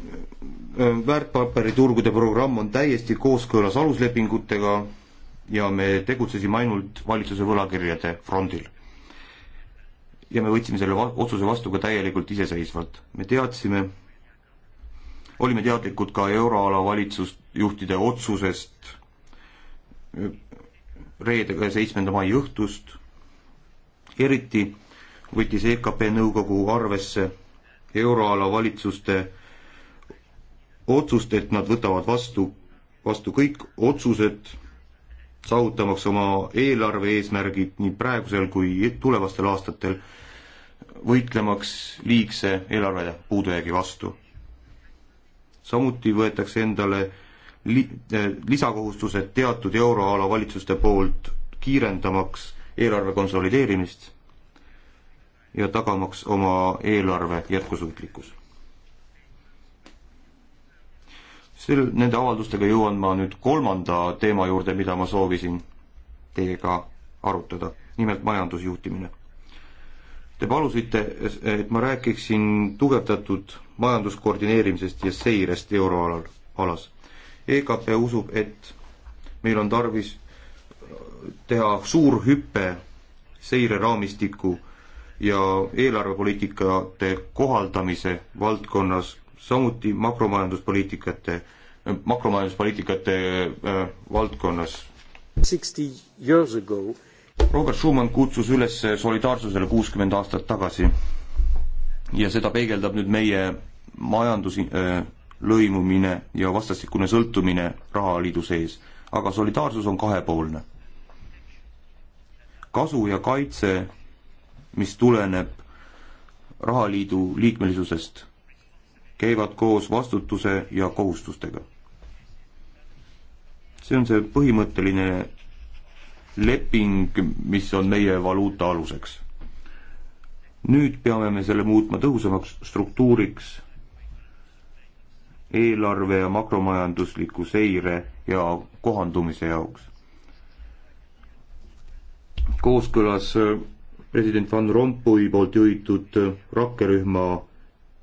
väärtpaberiturgude programm on täiesti kooskõlas aluslepingutega ja me tegutsesime ainult valitsuse võlakirjade frondil. ja me võtsime selle va otsuse vastu ka täielikult iseseisvalt. me teadsime, olime teadlikud ka euroala valitsust, juhtide otsusest reede ja seitsmenda mai õhtust. eriti võttis EKP nõukogu arvesse euroala valitsuste otsust, et nad võtavad vastu, vastu kõik otsused, saavutamaks oma eelarve eesmärgid nii praegusel kui tulevastel aastatel, võitlemaks liigse eelarve puudujäägi vastu. samuti võetakse endale li-, äh, lisakohustused teatud euroala valitsuste poolt, kiirendamaks eelarve konsolideerimist ja tagamaks oma eelarve jätkusuutlikkus. sel, nende avaldustega jõuan ma nüüd kolmanda teema juurde, mida ma soovisin teiega arutada, nimelt majandusjuhtimine. Te palusite, et ma räägiksin tugevdatud majanduskoordineerimisest ja seirest euroalal, alas EKP usub, et meil on tarvis teha suur hüpe seireraamistiku ja eelarvepoliitikate kohaldamise valdkonnas, samuti makromajanduspoliitikate, makromajanduspoliitikate äh, valdkonnas. Robert Schumann kutsus üles solidaarsusele kuuskümmend aastat tagasi ja seda peegeldab nüüd meie majandus äh, lõimumine ja vastastikune sõltumine rahaliidu sees, aga solidaarsus on kahepoolne. kasu ja kaitse, mis tuleneb rahaliidu liikmelisusest, käivad koos vastutuse ja kohustustega. see on see põhimõtteline leping, mis on meie valuuta aluseks. nüüd peame me selle muutma tõhusamaks struktuuriks eelarve ja makromajandusliku seire ja kohandumise jaoks. kooskõlas äh, president Van Rompuy poolt juhitud äh, rakkerühma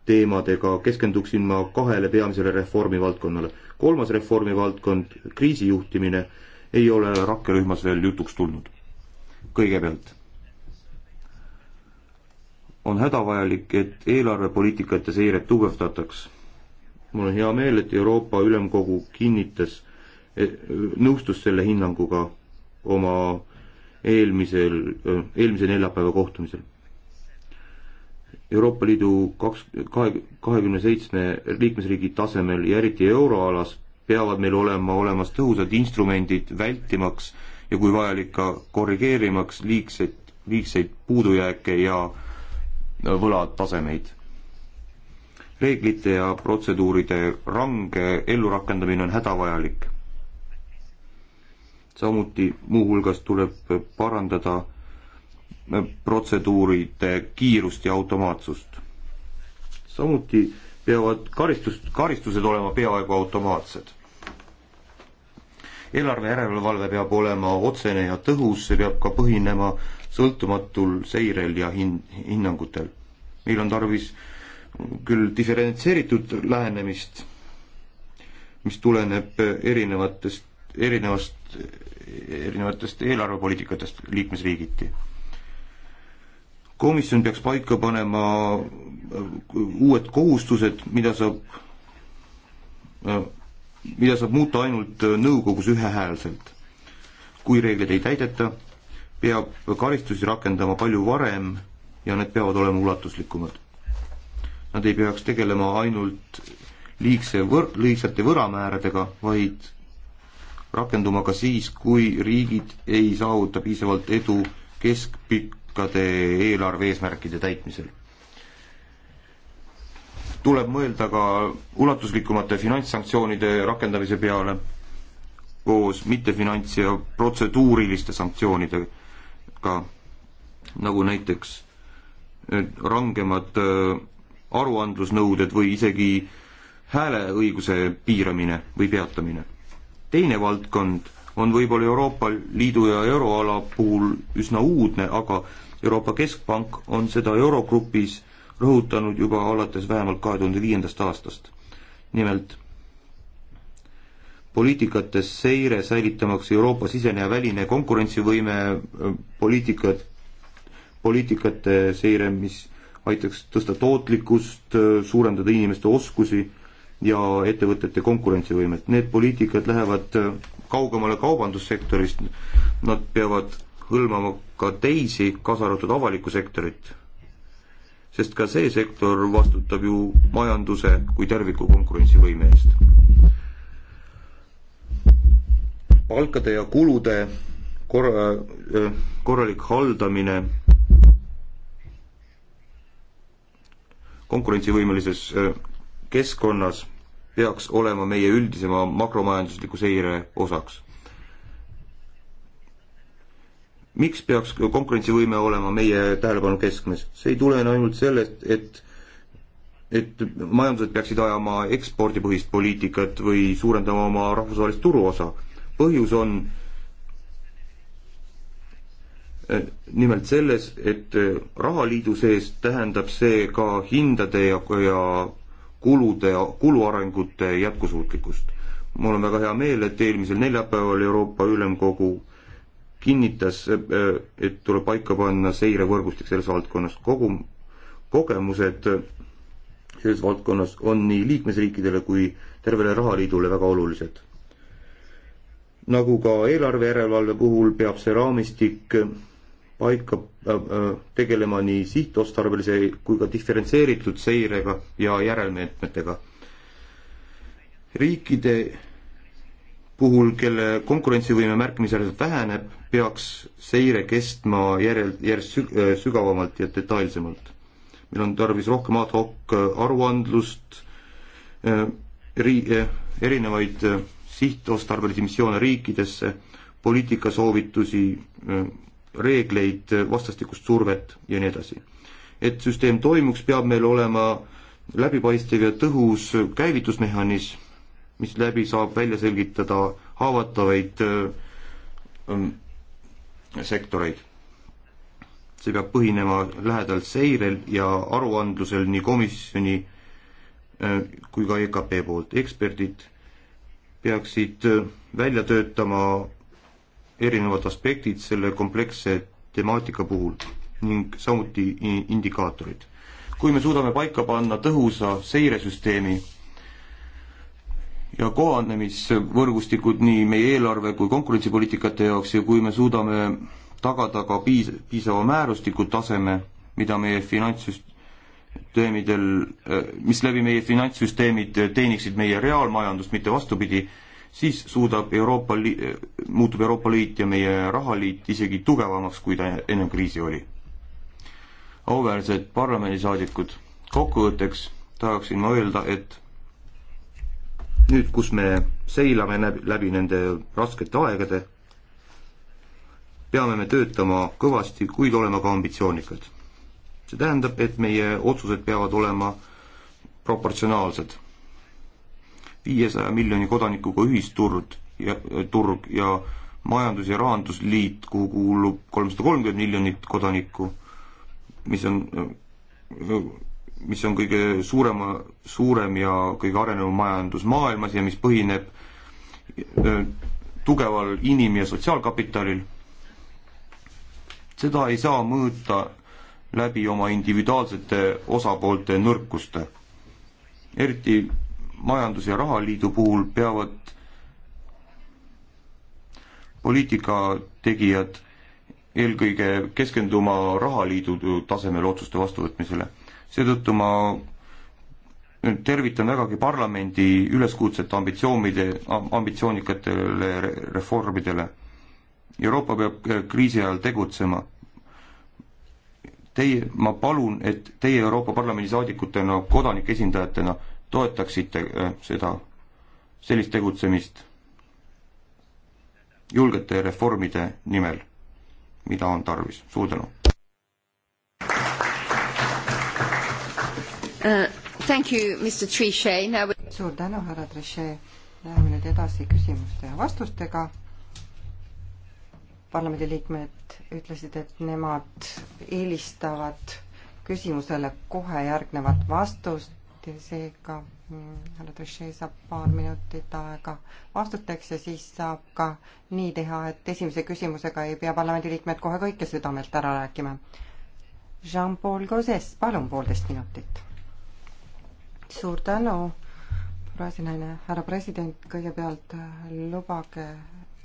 teemadega keskenduksin ma kahele peamisele reformivaldkonnale. kolmas reformivaldkond, kriisijuhtimine, ei ole rakkerühmas veel jutuks tulnud. kõigepealt on hädavajalik, et eelarvepoliitikat ja seiret tugevdataks mul on hea meel, et Euroopa Ülemkogu kinnitas, e, nõustus selle hinnanguga oma eelmisel, eelmise neljapäeva kohtumisel. Euroopa Liidu kaks, kahe, kahekümne seitsme liikmesriigi tasemel ja eriti euroalas peavad meil olema olemas tõhusad instrumendid vältimaks ja kui vajalik ka korrigeerimaks liigseid, liigseid puudujääke ja võlatasemeid reeglite ja protseduuride range ellurakendamine on hädavajalik. samuti muuhulgas tuleb parandada äh, protseduuride kiirust ja automaatsust. samuti peavad karistust, karistused olema peaaegu automaatsed. eelarve järelevalve peab olema otsene ja tõhus, see peab ka põhinema sõltumatul seirel ja hin-, hinnangutel. meil on tarvis äh, küll diferentseeritud lähenemist, mis tuleneb erinevatest, erinevast, erinevatest eelarvepoliitikatest liikmesriigiti. komisjon peaks paika panema äh, uued kohustused, mida saab, äh, mida saab muuta ainult äh, nõukogus ühehäälselt. kui reegleid ei täideta, peab karistusi rakendama palju varem ja need peavad olema ulatuslikumad nad ei peaks tegelema ainult liigse võr-, liigsete võramääradega, vaid rakenduma ka siis, kui riigid ei saavuta piisavalt edu keskpikkade eelarve eesmärkide täitmisel. tuleb mõelda ka ulatuslikumate finantssanktsioonide rakendamise peale koos mittefinants- ja protseduuriliste sanktsioonidega, nagu näiteks rangemad öö, äh, aruandlusnõuded või isegi hääleõiguse piiramine või peatamine. teine valdkond on võib-olla Euroopa Liidu ja euroala puhul üsna uudne, aga Euroopa Keskpank on seda Eurogrupis rõhutanud juba alates vähemalt kahe tuhande viiendast aastast. nimelt poliitikate seire säilitamaks Euroopa sisene ja väline konkurentsivõime, poliitikad, poliitikate seire, mis aitaks tõsta tootlikkust, äh, suurendada inimeste oskusi ja ettevõtete konkurentsivõimet. Need poliitikad lähevad äh, kaugemale kaubandussektorist, nad peavad hõlmama ka teisi, kaasa arvatud avalikku sektorit. sest ka see sektor vastutab ju majanduse kui terviku konkurentsivõime eest. palkade ja kulude korra, äh, korralik haldamine konkurentsivõimelises äh, keskkonnas peaks olema meie üldisema makromajandusliku seire osaks. miks peaks konkurentsivõime olema meie tähelepanu keskmes? see ei tulene ainult sellest, et et majandused peaksid ajama ekspordipõhist poliitikat või suurendama oma rahvusvahelist turuosa. põhjus on Äh, nimelt selles, et äh, rahaliidu sees tähendab see ka hindade ja, ja kulude, kuluarengute jätkusuutlikkust. mul on väga hea meel, et eelmisel neljapäeval Euroopa Ülemkogu kinnitas, äh, et tuleb paika panna seirevõrgustik selles valdkonnas, kogu kogemused selles valdkonnas on nii liikmesriikidele kui tervele rahaliidule väga olulised. nagu ka eelarve järelevalve puhul peab see raamistik paika äh, äh, tegelema nii sihtotstarbelise kui ka diferentseeritud seirega ja järelmeetmetega. riikide puhul, kelle konkurentsivõime märkimisväärselt väheneb, peaks seire kestma järel, järjest äh, sügavamalt ja detailsemalt. meil on tarvis rohkem ad hoc aruandlust, ri-, erinevaid sihtotstarbelisi missioone riikidesse, poliitikasoovitusi, reegleid, vastastikust survet ja nii edasi. et süsteem toimuks, peab meil olema läbipaistev ja tõhus käivitusmehhanism, mis läbi saab välja selgitada haavatavaid ähm, sektoreid. see peab põhinema lähedalt seirel ja aruandlusel nii komisjoni äh, kui ka EKP poolt. eksperdid peaksid äh, välja töötama erinevad aspektid selle kompleksse temaatika puhul ning samuti indikaatorid. kui me suudame paika panna tõhusa seiresüsteemi ja kohanemisvõrgustikud nii meie eelarve kui konkurentsipoliitikate jaoks ja kui me suudame tagada ka piis-, piisava määrustiku taseme, mida meie finantssüsteemidel, mis läbi meie finantssüsteemid teeniksid meie reaalmajandust, mitte vastupidi, siis suudab Euroopa Li-, muutub Euroopa Liit ja meie rahaliit isegi tugevamaks, kui ta ennem kriisi oli. auväärsed parlamendisaadikud, kokkuvõtteks tahaksin ma öelda, et nüüd, kus me seilame läbi, läbi nende raskete aegade, peame me töötama kõvasti, kuid olema ka ambitsioonikad. see tähendab, et meie otsused peavad olema proportsionaalsed viiesaja miljoni kodanikuga ühisturg ja turg ja majandus- ja rahandusliit, kuhu kuulub kolmsada kolmkümmend miljonit kodanikku, mis on, mis on kõige suurema, suurem ja kõige arenenum majandus maailmas ja mis põhineb tugeval inim- ja sotsiaalkapitalil. seda ei saa mõõta läbi oma individuaalsete osapoolte nõrkuste. eriti majandus- ja rahaliidu puhul peavad poliitikategijad eelkõige keskenduma rahaliidu tasemel otsuste vastuvõtmisele. seetõttu ma tervitan vägagi parlamendi üleskutset ambitsioonide, ambitsioonikatele reformidele. Euroopa peab äh, kriisi ajal tegutsema. Teie, ma palun, et teie Euroopa Parlamendi saadikutena, kodanike esindajatena toetaksite äh, seda, sellist tegutsemist julgete reformide nimel, mida on tarvis. suur tänu uh,! Thank you, Mr Trichet, now we... suur tänu, härra Trichet. Läheme nüüd edasi küsimuste ja vastustega parlamendiliikmed ütlesid, et nemad eelistavad küsimusele kohe järgnevat vastust minutit, seega mm, härra Trichet saab paar minutit aega vastuteks ja siis saab ka nii teha, et esimese küsimusega ei pea parlamendiliikmed kohe kõike südamelt ära rääkima. Jean-Paul Gauzes, palun poolteist minutit. suur tänu, praesinaine, härra president, kõigepealt äh, lubage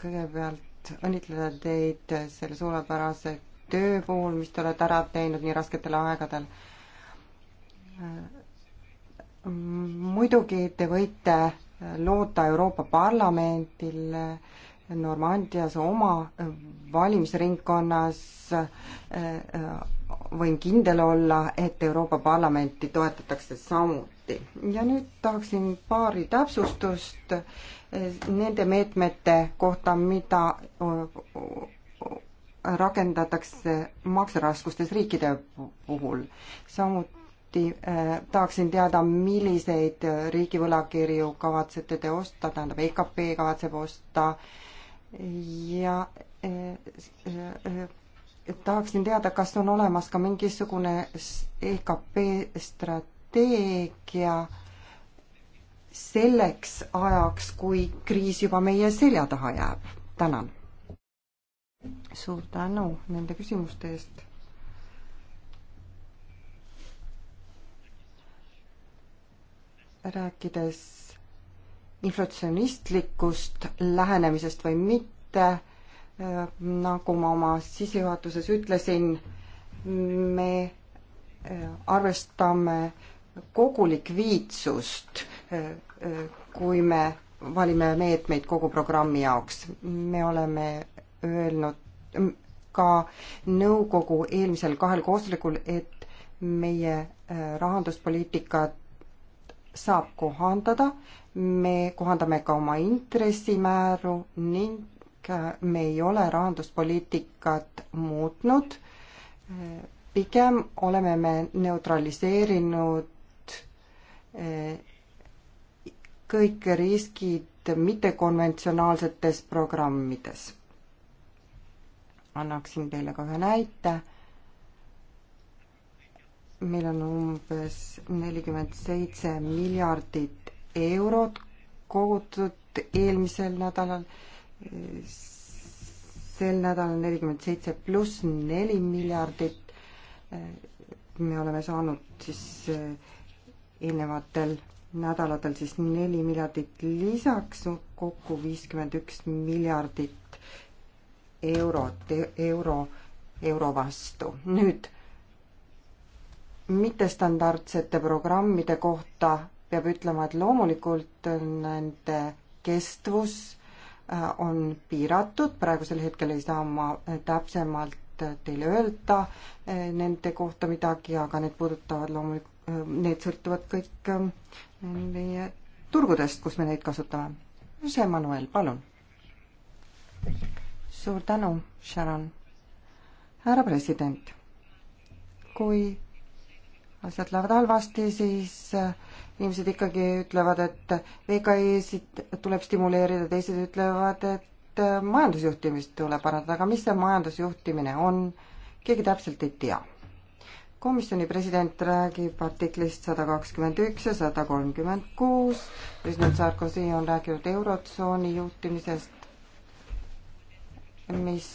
kõigepealt õnnitleda teid selle suurepärase töö puhul, mis te olete ära teinud nii rasketel aegadel äh, muidugi te võite loota Euroopa Parlamendil Normandias oma valimisringkonnas võin kindel olla, et Euroopa Parlamenti toetatakse samuti. ja nüüd tahaksin paari täpsustust nende meetmete kohta, mida rakendatakse makseraskustes riikide puhul. samuti samuti äh, tahaksin teada, milliseid riigivõlakirju kavatsete te osta, tähendab EKP kavatseb osta ja äh, äh, tahaksin teada, kas on olemas ka mingisugune EKP strateegia selleks ajaks, kui kriis juba meie selja taha jääb. tänan. suur tänu nende küsimuste eest rääkides inflatsionistlikust lähenemisest või mitte, nagu ma oma sissejuhatuses ütlesin, me e, arvestame kogu likviidsust, e, e, kui me valime meetmeid kogu programmi jaoks. me oleme öelnud ka nõukogu eelmisel kahel koosolekul, et meie rahanduspoliitikat saab kohandada, me kohandame ka oma intressimääru ning äh, me ei ole rahanduspoliitikat muutnud. pigem oleme me neutraliseerinud äh, kõik riskid mittekonventsionaalsetes programmides. annaksin teile ka ühe näite meil on umbes nelikümmend seitse miljardit eurot kogutud eelmisel nädalal, sel nädalal nelikümmend seitse pluss neli miljardit. me oleme saanud siis eh, eelnevatel nädalatel siis neli miljardit lisaks, kokku viiskümmend üks miljardit eurot, e-, euro, euro vastu. nüüd mittestandardsete programmide kohta peab ütlema, et loomulikult nende kestvus äh, on piiratud, praegusel hetkel ei saa ma äh, täpsemalt äh, teile öelda nende kohta midagi, aga need puudutavad loomulikult, need sõltuvad kõik ähm, meie turgudest, kus me neid kasutame. Jose Manuel, palun. suur tänu, Sharon. härra president, kui asjad lähevad halvasti, siis äh, inimesed ikkagi ütlevad, et äh, VKI-sid tuleb stimuleerida, teised ütlevad, et äh, majandusjuhtimist tuleb parandada, aga mis see majandusjuhtimine on, keegi täpselt ei tea. komisjoni president räägib artiklist sada kakskümmend üks ja sada kolmkümmend kuus, president Sarkozy on rääkinud Eurotsooni juhtimisest, mis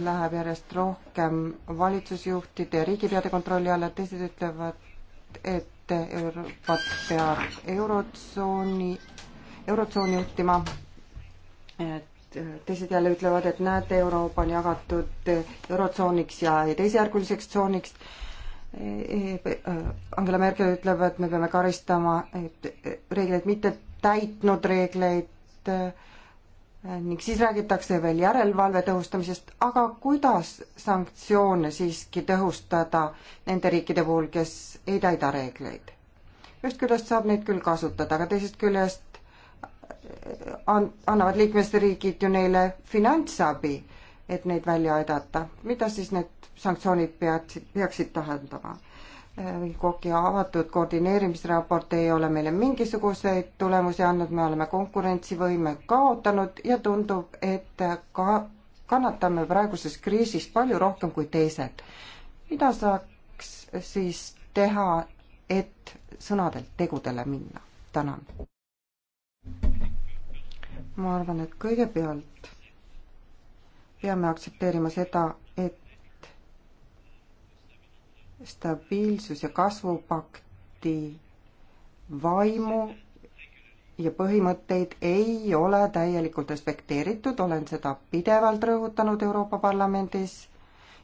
läheb järjest rohkem valitsusjuhtide ja riigipeade kontrolli alla, teised ütlevad, et Euroopat peab Eurotsooni, Eurotsooni juhtima. et teised jälle ütlevad, et näete, Euroopa on jagatud Eurotsooniks ja teisejärguliseks tsooniks. E, e, Angela Merkel ütleb, et me peame karistama, et reegleid mitte täitnud reegleid äh, ning siis räägitakse veel järelevalve tõhustamisest, aga kuidas sanktsioone siiski tõhustada nende riikide puhul, kes ei täida reegleid? ühest küljest saab neid küll kasutada, aga teisest küljest eh, an-, annavad liikmesriigid ju neile finantsabi, et neid välja aidata. mida siis need sanktsioonid peaksid, peaksid tähendama? Riigikogi avatud koordineerimisraport ei ole meile mingisuguseid tulemusi andnud, me oleme konkurentsivõime kaotanud ja tundub, et ka kannatame praeguses kriisis palju rohkem kui teised. mida saaks siis teha, et sõnadelt tegudele minna? tänan. ma arvan, et kõigepealt peame aktsepteerima seda, stabiilsus- ja kasvupakti vaimu ja põhimõtteid ei ole täielikult respekteeritud, olen seda pidevalt rõhutanud Euroopa Parlamendis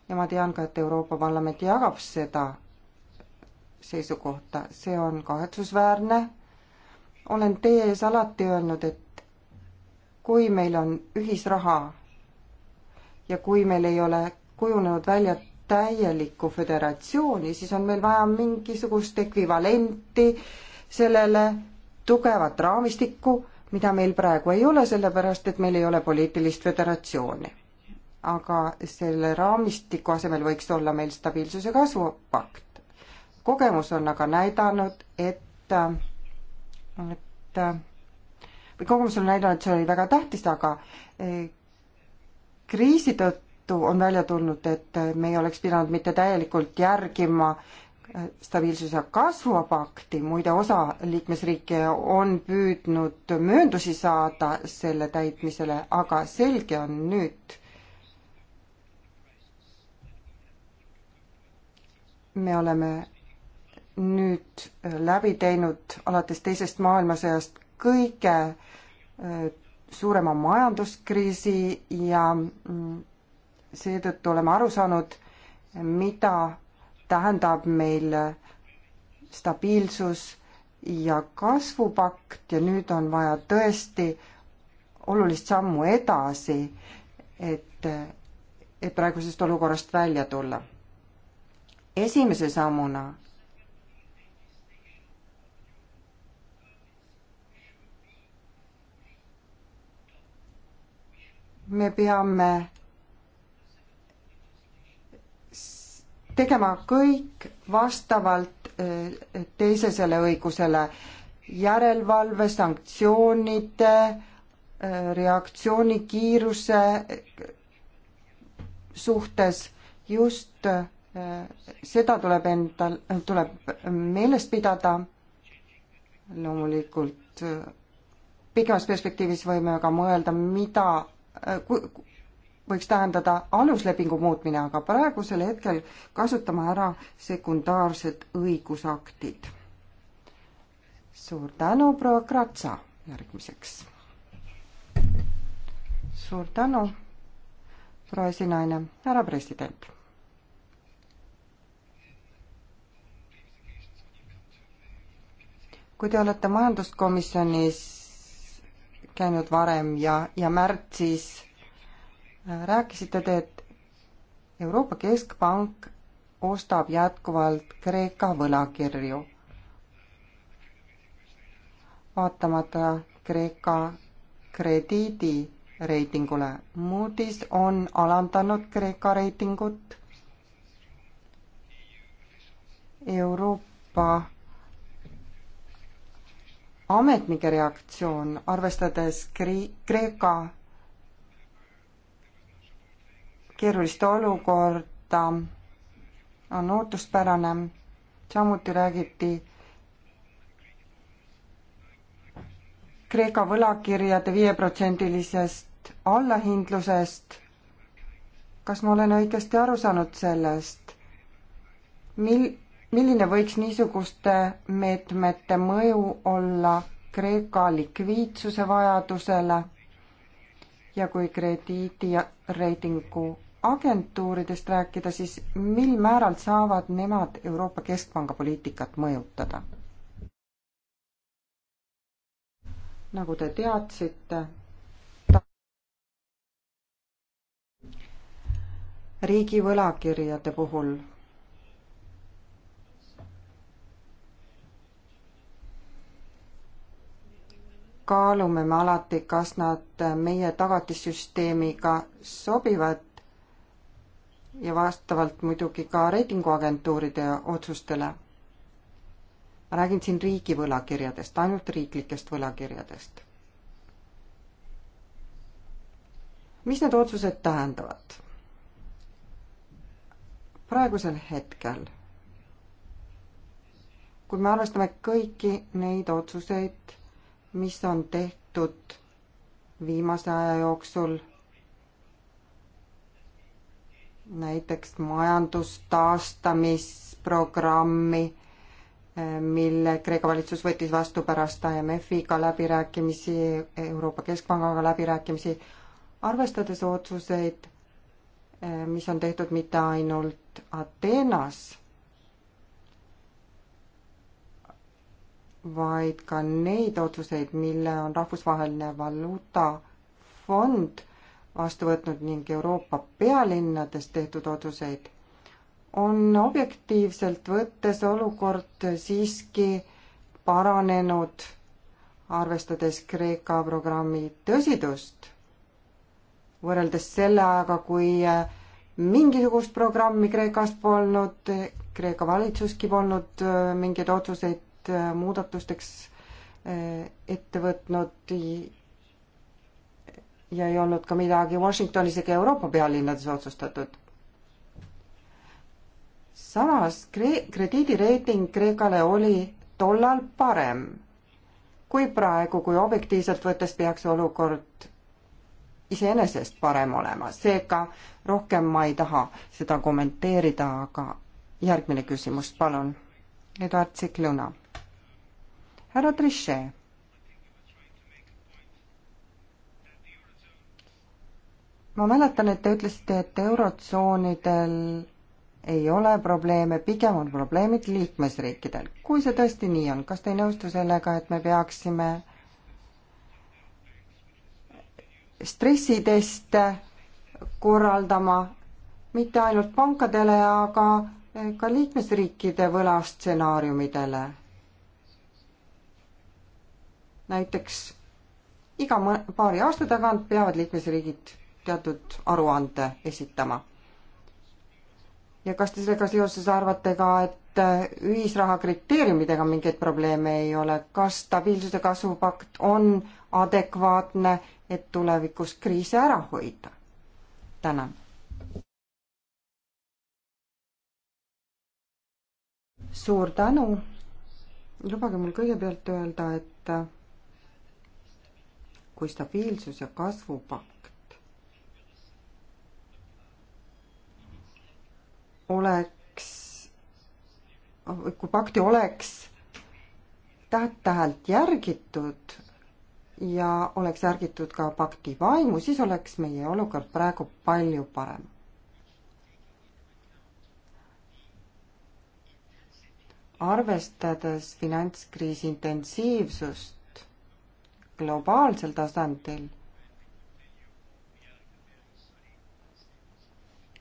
ja ma tean ka, et Euroopa Parlament jagab seda seisukohta, see on kahetsusväärne. olen teie ees alati öelnud, et kui meil on ühisraha ja kui meil ei ole kujunenud välja täielikku föderatsiooni, siis on meil vaja mingisugust ekvivalenti sellele tugevat raamistikku, mida meil praegu ei ole, sellepärast et meil ei ole poliitilist föderatsiooni. aga selle raamistiku asemel võiks olla meil stabiilsuse kasvupakt. kogemus on aga näidanud, et, et või kogemus on näidanud, et see oli väga tähtis, aga eh, kriisi tõttu seetõttu on välja tulnud, et me ei oleks pidanud mitte täielikult järgima stabiilsuse kasvupakti, muide osa liikmesriike on püüdnud mööndusi saada selle täitmisele, aga selge on nüüd, me oleme nüüd läbi teinud alates teisest maailmasõjast kõige äh, suurema majanduskriisi ja mm, seetõttu oleme aru saanud, mida tähendab meil stabiilsus ja kasvupakt ja nüüd on vaja tõesti olulist sammu edasi, et, et praegusest olukorrast välja tulla. esimese sammuna me peame tegema kõik vastavalt eh, teisesele õigusele, järelevalve, sanktsioonide, eh, reaktsioonikiiruse eh, suhtes just seda tuleb endal, tuleb meeles pidada. loomulikult pikemas perspektiivis võime ka mõelda, mida, võiks tähendada aluslepingu muutmine, aga praegusel hetkel kasutame ära sekundaarsed õigusaktid. suur tänu, proua Kratsa, järgmiseks. suur tänu, proua esinaine, härra president. kui te olete majanduskomisjonis käinud varem ja, ja märtsis rääkisite te, et Euroopa Keskpank ostab jätkuvalt Kreeka võlakirju. vaatamata Kreeka krediidireitingule. Moody's on alandanud Kreeka reitingut. Euroopa ametnike reaktsioon, arvestades Kreeka keerulist olukorda on ootuspärane. samuti räägiti Kreeka võlakirjade viieprotsendilisest allahindlusest. kas ma olen õigesti aru saanud sellest? mil-, milline võiks niisuguste meetmete mõju olla Kreeka likviidsuse vajadusele ja kui krediidireitingu agentuuridest rääkida, siis mil määral saavad nemad Euroopa Keskpanga poliitikat mõjutada? nagu te teadsite, riigi võlakirjade puhul kaalume me alati, kas nad meie tagatissüsteemiga sobivad ja vastavalt muidugi ka reitinguagentuuride otsustele. ma räägin siin riigi võlakirjadest, ainult riiklikest võlakirjadest. mis need otsused tähendavad? praegusel hetkel, kui me arvestame kõiki neid otsuseid, mis on tehtud viimase aja jooksul näiteks majandustaastamisprogrammi, mille Kreeka valitsus võttis vastu pärast IMF-iga läbirääkimisi, Euroopa Keskpangaga läbirääkimisi, arvestades otsuseid, mis on tehtud mitte ainult Ateenas, vaid ka neid otsuseid, mille on Rahvusvaheline Valuutafond vastu võtnud ning Euroopa pealinnades tehtud otsuseid, on objektiivselt võttes olukord siiski paranenud, arvestades Kreeka programmi tõsidust, võrreldes selle ajaga, kui äh, mingisugust programmi Kreekast polnud, Kreeka valitsuski polnud äh, mingeid otsuseid äh, muudatusteks ette võtnud ja ei olnud ka midagi Washingtonis ega Euroopa pealinnades otsustatud. samas kre-, krediidireiting Kreekale oli tollal parem kui praegu, kui objektiivselt võttes peaks olukord iseenesest parem olema, seega rohkem ma ei taha seda kommenteerida, aga järgmine küsimus, palun. Eduard Sikluna. härra Trichet ma mäletan, et te ütlesite, et eurotsoonidel ei ole probleeme, pigem on probleemid liikmesriikidel. kui see tõesti nii on, kas te ei nõustu sellega, et me peaksime stressiteste korraldama mitte ainult pankadele, aga ka liikmesriikide võlastsenaariumidele? näiteks iga paari aasta tagant peavad liikmesriigid teatud aruande esitama. ja kas te sellega seoses arvate ka, et äh, ühisraha kriteeriumidega mingeid probleeme ei ole, kas stabiilsuse kasvupakt on adekvaatne, et tulevikus kriise ära hoida? tänan. suur tänu. lubage mul kõigepealt öelda, et äh, kui stabiilsus ja kasvupakt oleks, kui pakti oleks täht-tähelt järgitud ja oleks järgitud ka pakti vaimu, siis oleks meie olukord praegu palju parem. arvestades finantskriisi intensiivsust globaalsel tasandil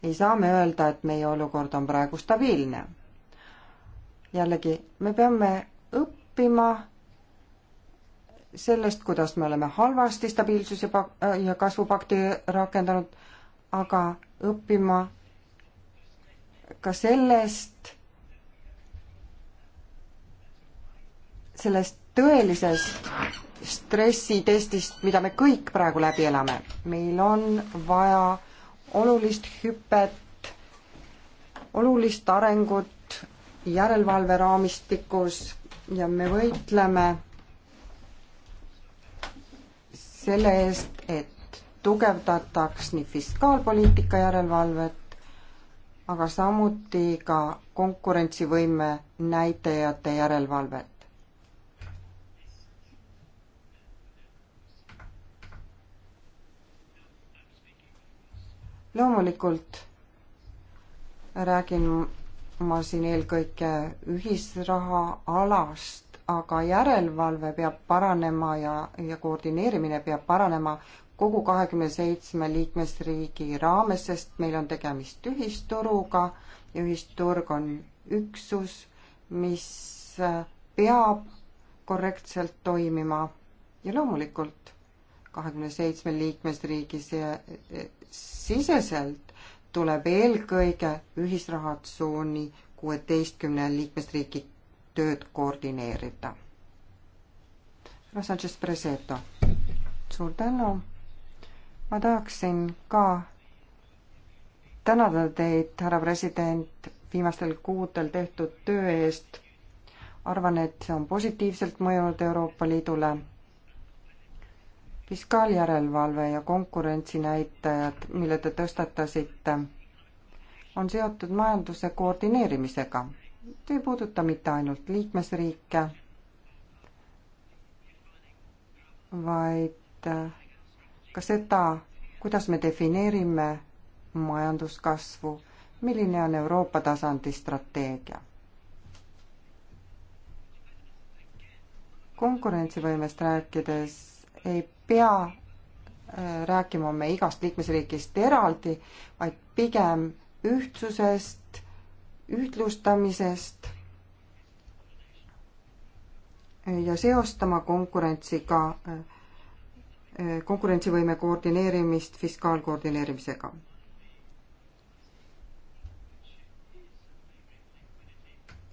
ei saa me öelda, et meie olukord on praegu stabiilne. jällegi, me peame õppima sellest, kuidas me oleme halvasti stabiilsuse ja kasvupakti rakendanud, aga õppima ka sellest, sellest tõelisest stressitestist, mida me kõik praegu läbi elame. meil on vaja olulist hüpet, olulist arengut järelevalveraamistikus ja me võitleme selle eest, et tugevdataks nii fiskaalpoliitika järelevalvet, aga samuti ka konkurentsivõime näitajate järelevalvet. loomulikult räägin ma siin eelkõige ühisraha alast, aga järelevalve peab paranema ja, ja koordineerimine peab paranema kogu kahekümne seitsme liikmesriigi raames, sest meil on tegemist ühisturuga ja ühisturg on üksus, mis peab korrektselt toimima ja loomulikult kahekümne seitsme liikmesriigi siseselt tuleb eelkõige ühisrahatsooni kuueteistkümne liikmesriigi tööd koordineerida. härra Sanchez Presedo, suur tänu. ma tahaksin ka tänada teid, härra president, viimastel kuudel tehtud töö eest. arvan, et see on positiivselt mõjunud Euroopa Liidule fiskaaljärelevalve ja konkurentsinäitajad, mille te tõstatasite, on seotud majanduse koordineerimisega. see ei puuduta mitte ainult liikmesriike, vaid äh, ka seda, kuidas me defineerime majanduskasvu, milline on Euroopa tasandi strateegia. konkurentsivõimest rääkides ei pea äh, rääkima me igast liikmesriigist eraldi, vaid pigem ühtsusest, ühtlustamisest ja seostama konkurentsiga, äh, äh, konkurentsivõime koordineerimist fiskaalkoordineerimisega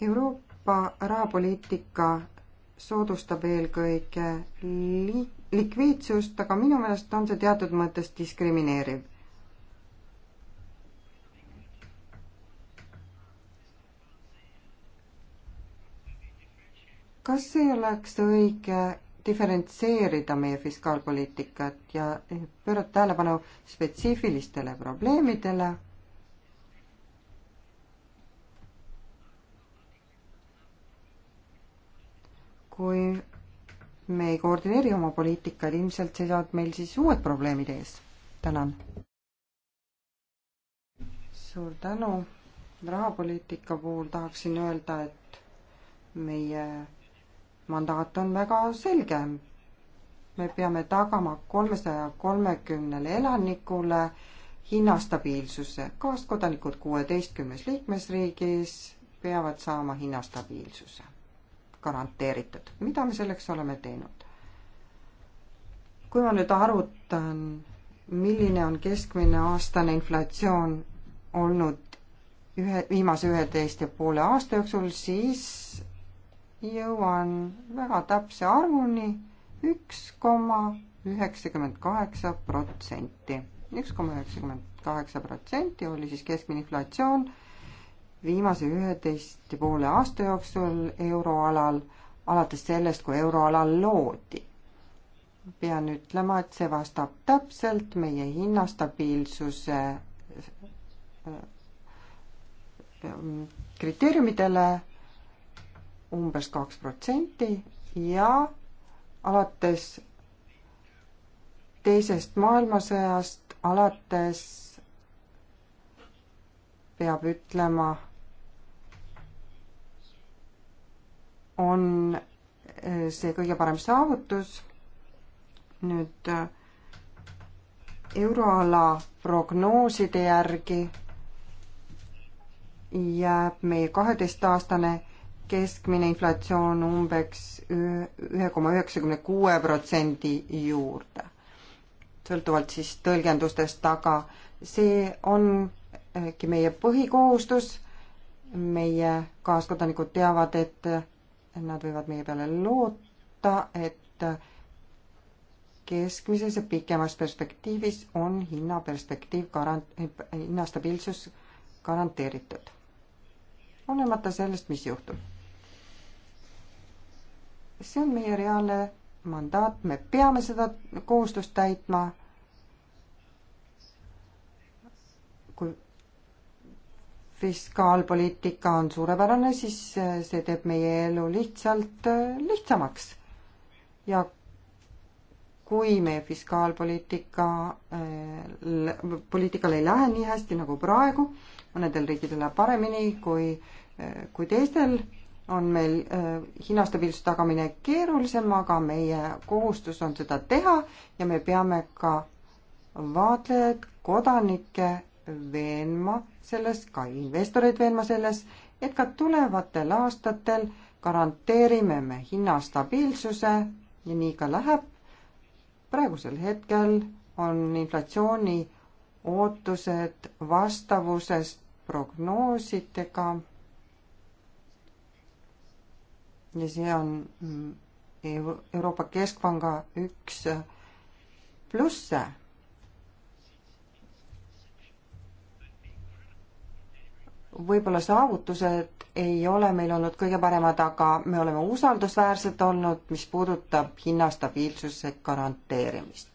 Euroopa rahapoliitika soodustab eelkõige liik-, likviidsust, aga minu meelest on see teatud mõttes diskrimineeriv. kas ei oleks õige diferentseerida meie fiskaalpoliitikat ja pöörata tähelepanu spetsiifilistele probleemidele kui me ei koordineeri oma poliitikaid, ilmselt seisavad meil siis uued probleemid ees. tänan. suur tänu. rahapoliitika puhul tahaksin öelda, et meie mandaat on väga selge. me peame tagama kolmesaja kolmekümnele elanikule hinnastabiilsuse. kaaskodanikud kuueteistkümnes liikmesriigis peavad saama hinnastabiilsuse garanteeritud. mida me selleks oleme teinud? kui ma nüüd arvutan, milline on keskmine aastane inflatsioon olnud ühe, viimase üheteist ja poole aasta jooksul, siis jõuan väga täpse arvuni üks koma üheksakümmend kaheksa protsenti. üks koma üheksakümmend kaheksa protsenti oli siis keskmine inflatsioon viimase üheteist ja poole aasta jooksul euroalal, alates sellest, kui euroalal loodi. pean ütlema, et see vastab täpselt meie hinnastabiilsuse äh, äh, kriteeriumidele umbes kaks protsenti ja alates teisest maailmasõjast alates peab ütlema on äh, see kõige parem saavutus. nüüd äh, euroala prognooside järgi jääb meie kaheteistaastane keskmine inflatsioon umbeks ühe koma üheksakümne kuue protsendi juurde, sõltuvalt siis tõlgendustest, aga see ongi äh, meie põhikohustus. meie kaaskodanikud teavad, et nad võivad meie peale loota, et keskmises ja pikemas perspektiivis on hinnaperspektiiv garant-, eh, hinnastabiilsus garanteeritud. olenemata sellest, mis juhtub. see on meie reaalne mandaat, me peame seda kohustust täitma fiskaalpoliitika on suurepärane, siis see teeb meie elu lihtsalt äh, lihtsamaks. ja kui meie fiskaalpoliitika äh,, poliitikal ei lähe nii hästi nagu praegu, mõnedel riikidel läheb paremini kui äh,, kui teistel, on meil äh, hinna stabiilsuse tagamine keerulisem, aga meie kohustus on seda teha ja me peame ka vaatlejad, kodanikke veenma selles, ka investoreid veenma selles, et ka tulevatel aastatel garanteerime me hinnastabiilsuse ja nii ka läheb. praegusel hetkel on inflatsiooni ootused vastavuses prognoosidega. ja see on mm, Euroopa Keskpanga üks plusse võib-olla saavutused ei ole meil olnud kõige paremad, aga me oleme usaldusväärsed olnud, mis puudutab hinnastabiilsuse garanteerimist.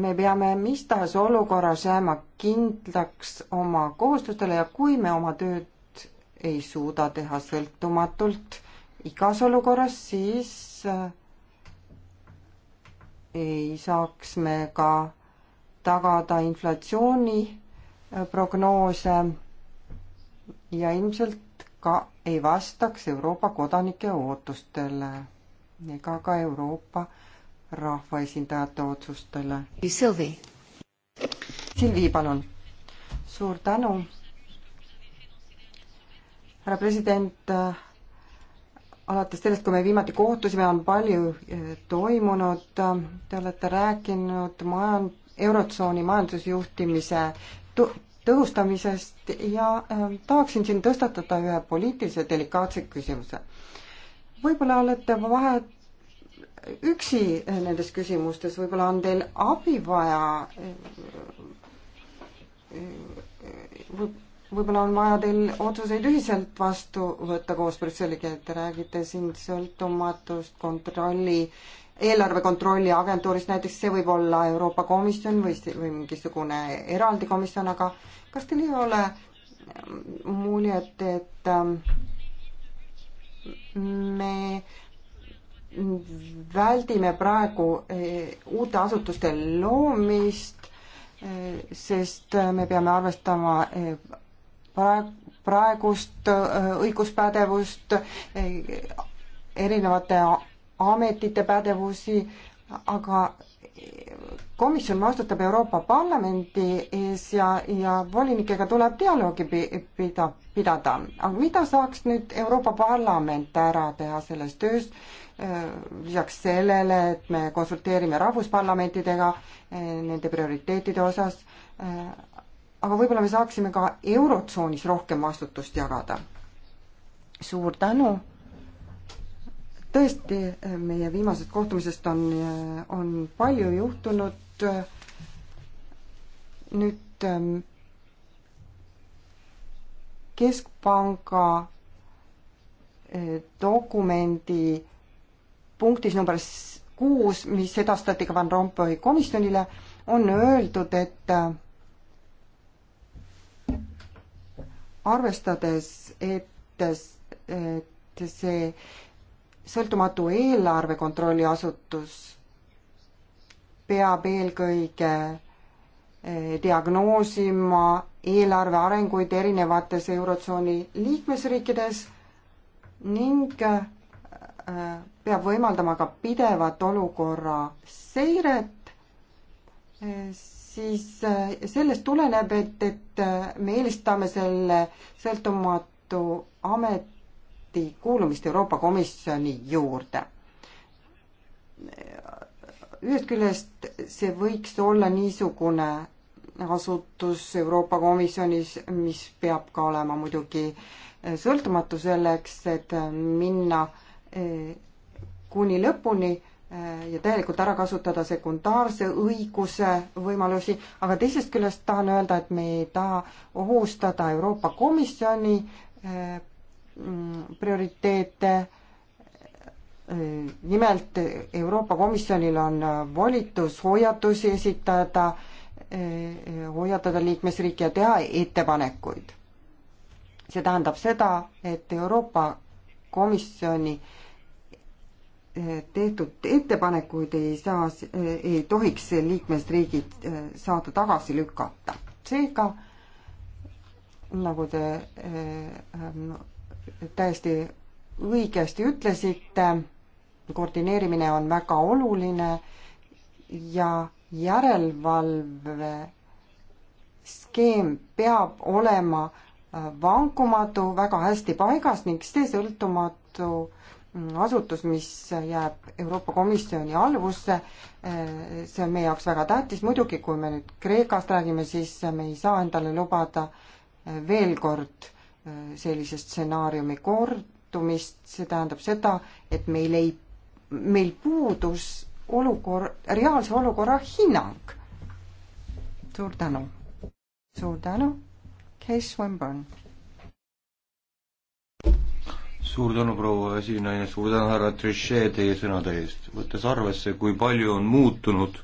me peame mis tahes olukorras jääma kindlaks oma kohustustele ja kui me oma tööd ei suuda teha sõltumatult igas olukorras, siis äh, ei saaks me ka tagada inflatsiooni äh, prognoose ja ilmselt ka ei vastaks Euroopa kodanike ootustele ega ka Euroopa rahvaesindajate otsustele. Silvi. Silvi, palun. suur tänu. härra president, äh, alates sellest, kui me viimati kohtusime, on palju eh, toimunud, te olete rääkinud majan-, Eurotsooni majandusjuhtimise tõhustamisest ja eh, tahaksin siin tõstatada ühe poliitilise delikaatse küsimuse. võib-olla olete vahe üksi eh, nendes küsimustes, võib-olla on teil abi vaja võib võib-olla on vaja teil otsuseid ühiselt vastu võtta koos Brüsseliga, et te räägite siin sõltumatust, kontrolli, eelarve kontrolli agentuurist näiteks, see võib olla Euroopa Komisjon või, või mingisugune eraldi komisjon, aga kas teil ei ole muljet, et ähm, me väldime praegu äh, uute asutuste loomist, äh, sest äh, me peame arvestama praegu, praegust äh, õiguspädevust, äh, erinevate ametite pädevusi, aga komisjon vastutab Euroopa Parlamendi ees ja, ja volinikega tuleb dialoogi pida, pidada. aga mida saaks nüüd Euroopa Parlament ära teha selles töös, äh, lisaks sellele, et me konsulteerime rahvusparlamentidega nende prioriteetide osas, aga võib-olla me saaksime ka Eurotsoonis rohkem vastutust jagada. suur tänu. tõesti, eh, meie viimasest kohtumisest on, eh, on palju juhtunud. nüüd eh, keskpanga dokumendi punktis number kuus, mis edastati ka Van Rompuy komisjonile, on öeldud, et arvestades, et see sõltumatu eelarve kontrolliasutus peab eelkõige eh, diagnoosima eelarve arenguid erinevates Eurotsooni liikmesriikides ning eh, peab võimaldama ka pidevat olukorra seiret eh, siis äh, sellest tuleneb, et, et äh, me eelistame selle sõltumatu ameti kuulumist Euroopa Komisjoni juurde. ühest küljest see võiks olla niisugune asutus Euroopa Komisjonis, mis peab ka olema muidugi äh, sõltumatu selleks, et minna kuni lõpuni ja täielikult ära kasutada sekundaarse õiguse võimalusi, aga teisest küljest tahan öelda, et me ei taha ohustada Euroopa Komisjoni eh, mm, prioriteete. Eh, nimelt Euroopa Komisjonil on volitus hoiatusi esitada, eh, hoiatada liikmesriike ja teha ettepanekuid. see tähendab seda, et Euroopa Komisjoni äh, tehtud ettepanekuid ei saa, ei tohiks liikmesriigid äh, saada tagasi lükata. seega, nagu te äh, ähm, täiesti õigesti ütlesite, koordineerimine on väga oluline ja järelevalve skeem peab olema äh, vankumatu, väga hästi paigas ning see sõltumatu äh, asutus, mis jääb Euroopa Komisjoni alluvusse, see on meie jaoks väga tähtis, muidugi kui me nüüd Kreekast räägime, siis me ei saa endale lubada veel kord sellise stsenaariumi kordumist, see tähendab seda, et meil ei, meil puudus olukor-, reaalse olukorra hinnang. suur tänu! suur tänu, Keis Swinburne! suur tänu, proua esinaine, suur tänu, härra Trichet, teie sõnade eest. võttes arvesse, kui palju on muutunud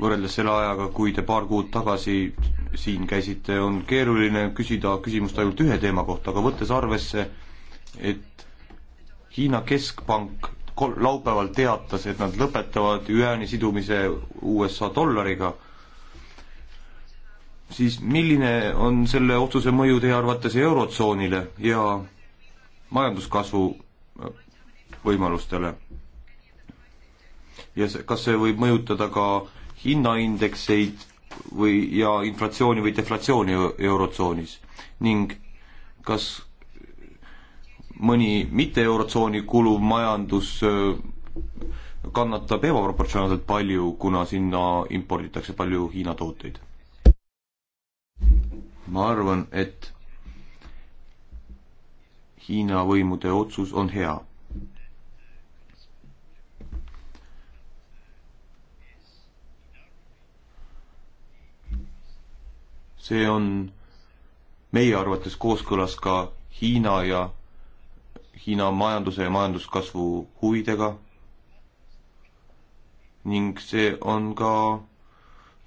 võrreldes selle ajaga, kui te paar kuud tagasi siin käisite, on keeruline küsida küsimust ainult ühe teema kohta, aga võttes arvesse, et Hiina keskpank kol-, laupäeval teatas, et nad lõpetavad jüääni sidumise USA dollariga siis milline on selle otsuse mõju teie arvates Eurotsoonile ja majanduskasvu äh, võimalustele? ja see, kas see võib mõjutada ka hinnaindekseid või, ja inflatsiooni või deflatsiooni Eurotsoonis ning kas mõni mitte Eurotsooni kuluv majandus äh, kannatab ebaproportsionaalselt palju, kuna sinna imporditakse palju Hiina tooteid? ma arvan, et Hiina võimude otsus on hea. see on meie arvates kooskõlas ka Hiina ja Hiina majanduse ja majanduskasvu huvidega ning see on ka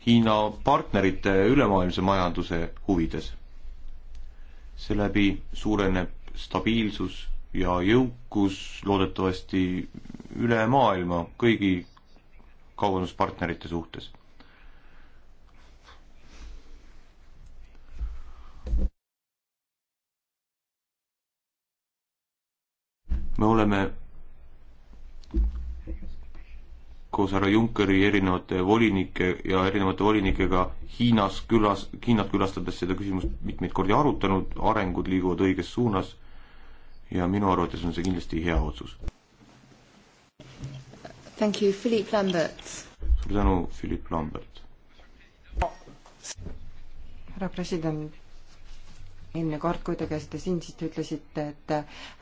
Hiina partnerite ülemaailmse majanduse huvides. seeläbi suureneb stabiilsus ja jõukus loodetavasti üle maailma kõigi kaubanduspartnerite suhtes. me oleme koos härra Junckeri erinevate volinike ja erinevate volinikega Hiinas külas, Hiinat külastades seda küsimust mitmeid kordi arutanud, arengud liiguvad õiges suunas ja minu arvates on see kindlasti hea otsus. Thank you, Philip Lambert. suur tänu, Philip Lambert. härra president eelmine kord, kui te käisite siin, siis te ütlesite, et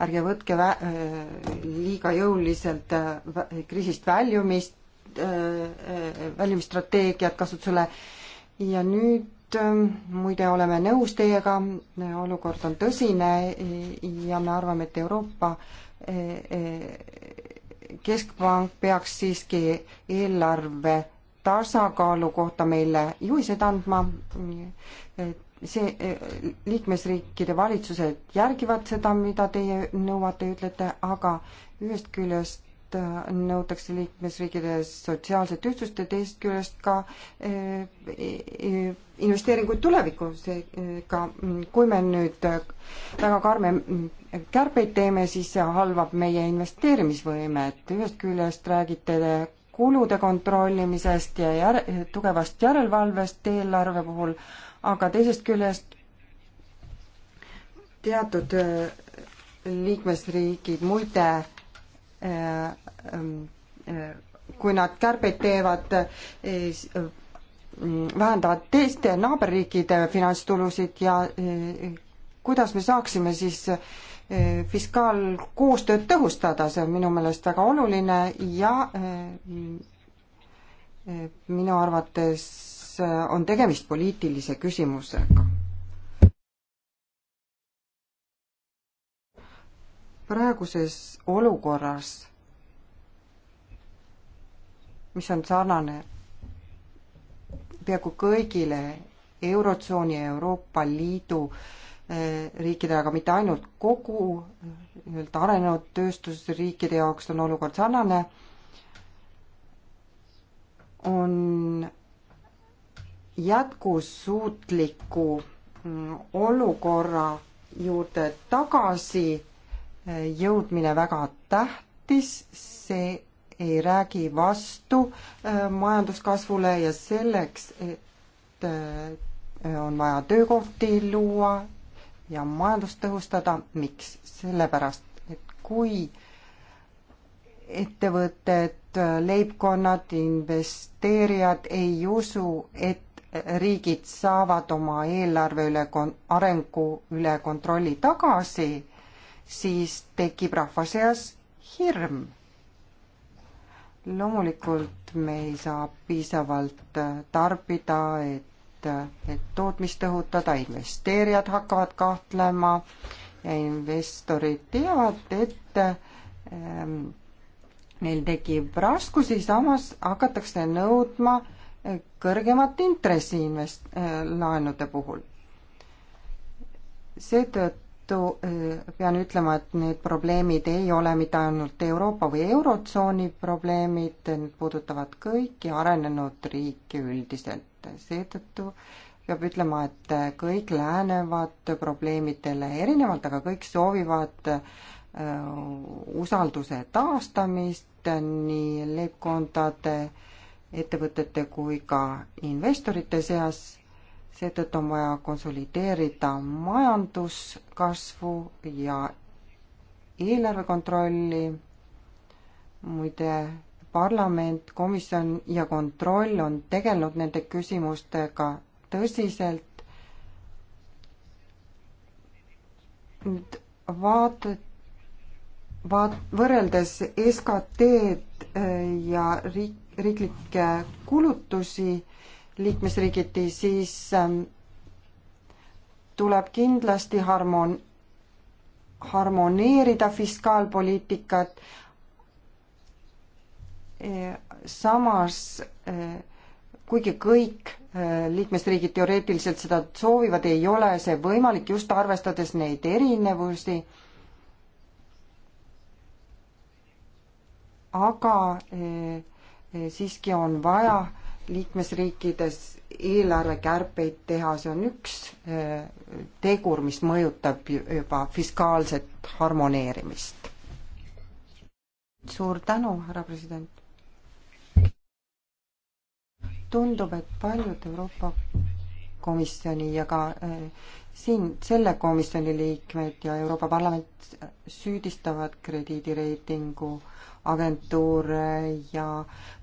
ärge võtke vä-, liiga jõuliselt äh, kriisist väljumist, Äh, äh, väljumisstrateegiat kasutusele ja nüüd ähm, muide oleme nõus teiega, olukord on tõsine ja me arvame, et Euroopa äh, Keskpank peaks siiski eelarve tasakaalu kohta meile juhised andma, see, liikmesriikide valitsused järgivad seda, mida teie nõuate ja ütlete, aga ühest küljest Äh, nõutakse liikmesriikide sotsiaalset ühtsust ja teisest küljest ka äh, e, e, investeeringuid tulevikku, seega äh, mm, kui me nüüd väga karme mm, kärpeid teeme, siis see halvab meie investeerimisvõimet, ühest küljest räägite te kulude kontrollimisest ja jär-, tugevast järelevalvest eelarve puhul, aga teisest küljest teatud liikmesriigid muide Äh, ähm, äh, kui nad kärbeid teevad, äh, vähendavad teiste naaberriikide finantstulusid ja kuidas me saaksime siis fiskaalkoostööd tõhustada, see on minu meelest väga oluline ja minu arvates on tegemist poliitilise küsimusega. praeguses olukorras, mis on sarnane peaaegu kõigile Eurotsooni ja Euroopa Liidu eh, riikidele, aga mitte ainult, kogu nii-öelda arenenud tööstusriikide jaoks on olukord sarnane, on jätkusuutliku mm, olukorra juurde tagasi jõudmine väga tähtis, see ei räägi vastu äh, majanduskasvule ja selleks, et äh, on vaja töökohti luua ja majandust tõhustada, miks? sellepärast, et kui ettevõtted, äh, leibkonnad, investeerijad ei usu, et riigid saavad oma eelarve üle, arengu üle kontrolli tagasi, siis tekib rahva seas hirm. loomulikult me ei saa piisavalt äh, tarbida, et, äh, et tootmist tõhutada, investeerijad hakkavad kahtlema ja investorid teavad, et ähm, neil tekib raskusi, samas hakatakse nõudma äh, kõrgemat intressi invest- äh,, laenude puhul. seetõttu seetõttu eh, pean ütlema, et need probleemid ei ole mitte ainult Euroopa või Eurotsooni probleemid, need puudutavad kõiki arenenud riike üldiselt. seetõttu peab ütlema, et kõik lähenevad probleemidele erinevalt, aga kõik soovivad eh, usalduse taastamist nii leibkondade, ettevõtete kui ka investorite seas seetõttu on vaja konsolideerida majanduskasvu ja eelarve kontrolli. muide, parlament, komisjon ja kontroll on tegelenud nende küsimustega tõsiselt. nüüd vaat-, vaat-, võrreldes SKT-d äh, ja riik, riiklikke kulutusi liikmesriigiti, siis ähm, tuleb kindlasti harmon-, harmoneerida fiskaalpoliitikat, e, samas e, kuigi kõik e, liikmesriigid teoreetiliselt seda soovivad, ei ole see võimalik just arvestades neid erinevusi. aga siiski on vaja liikmesriikides eelarvekärpeid teha, see on üks eh, tegur, mis mõjutab juba fiskaalset harmoneerimist. suur tänu, härra president. tundub, et paljud Euroopa Komisjoni ja ka eh, siin selle komisjoni liikmed ja Euroopa Parlament süüdistavad krediidireitingu agentuure ja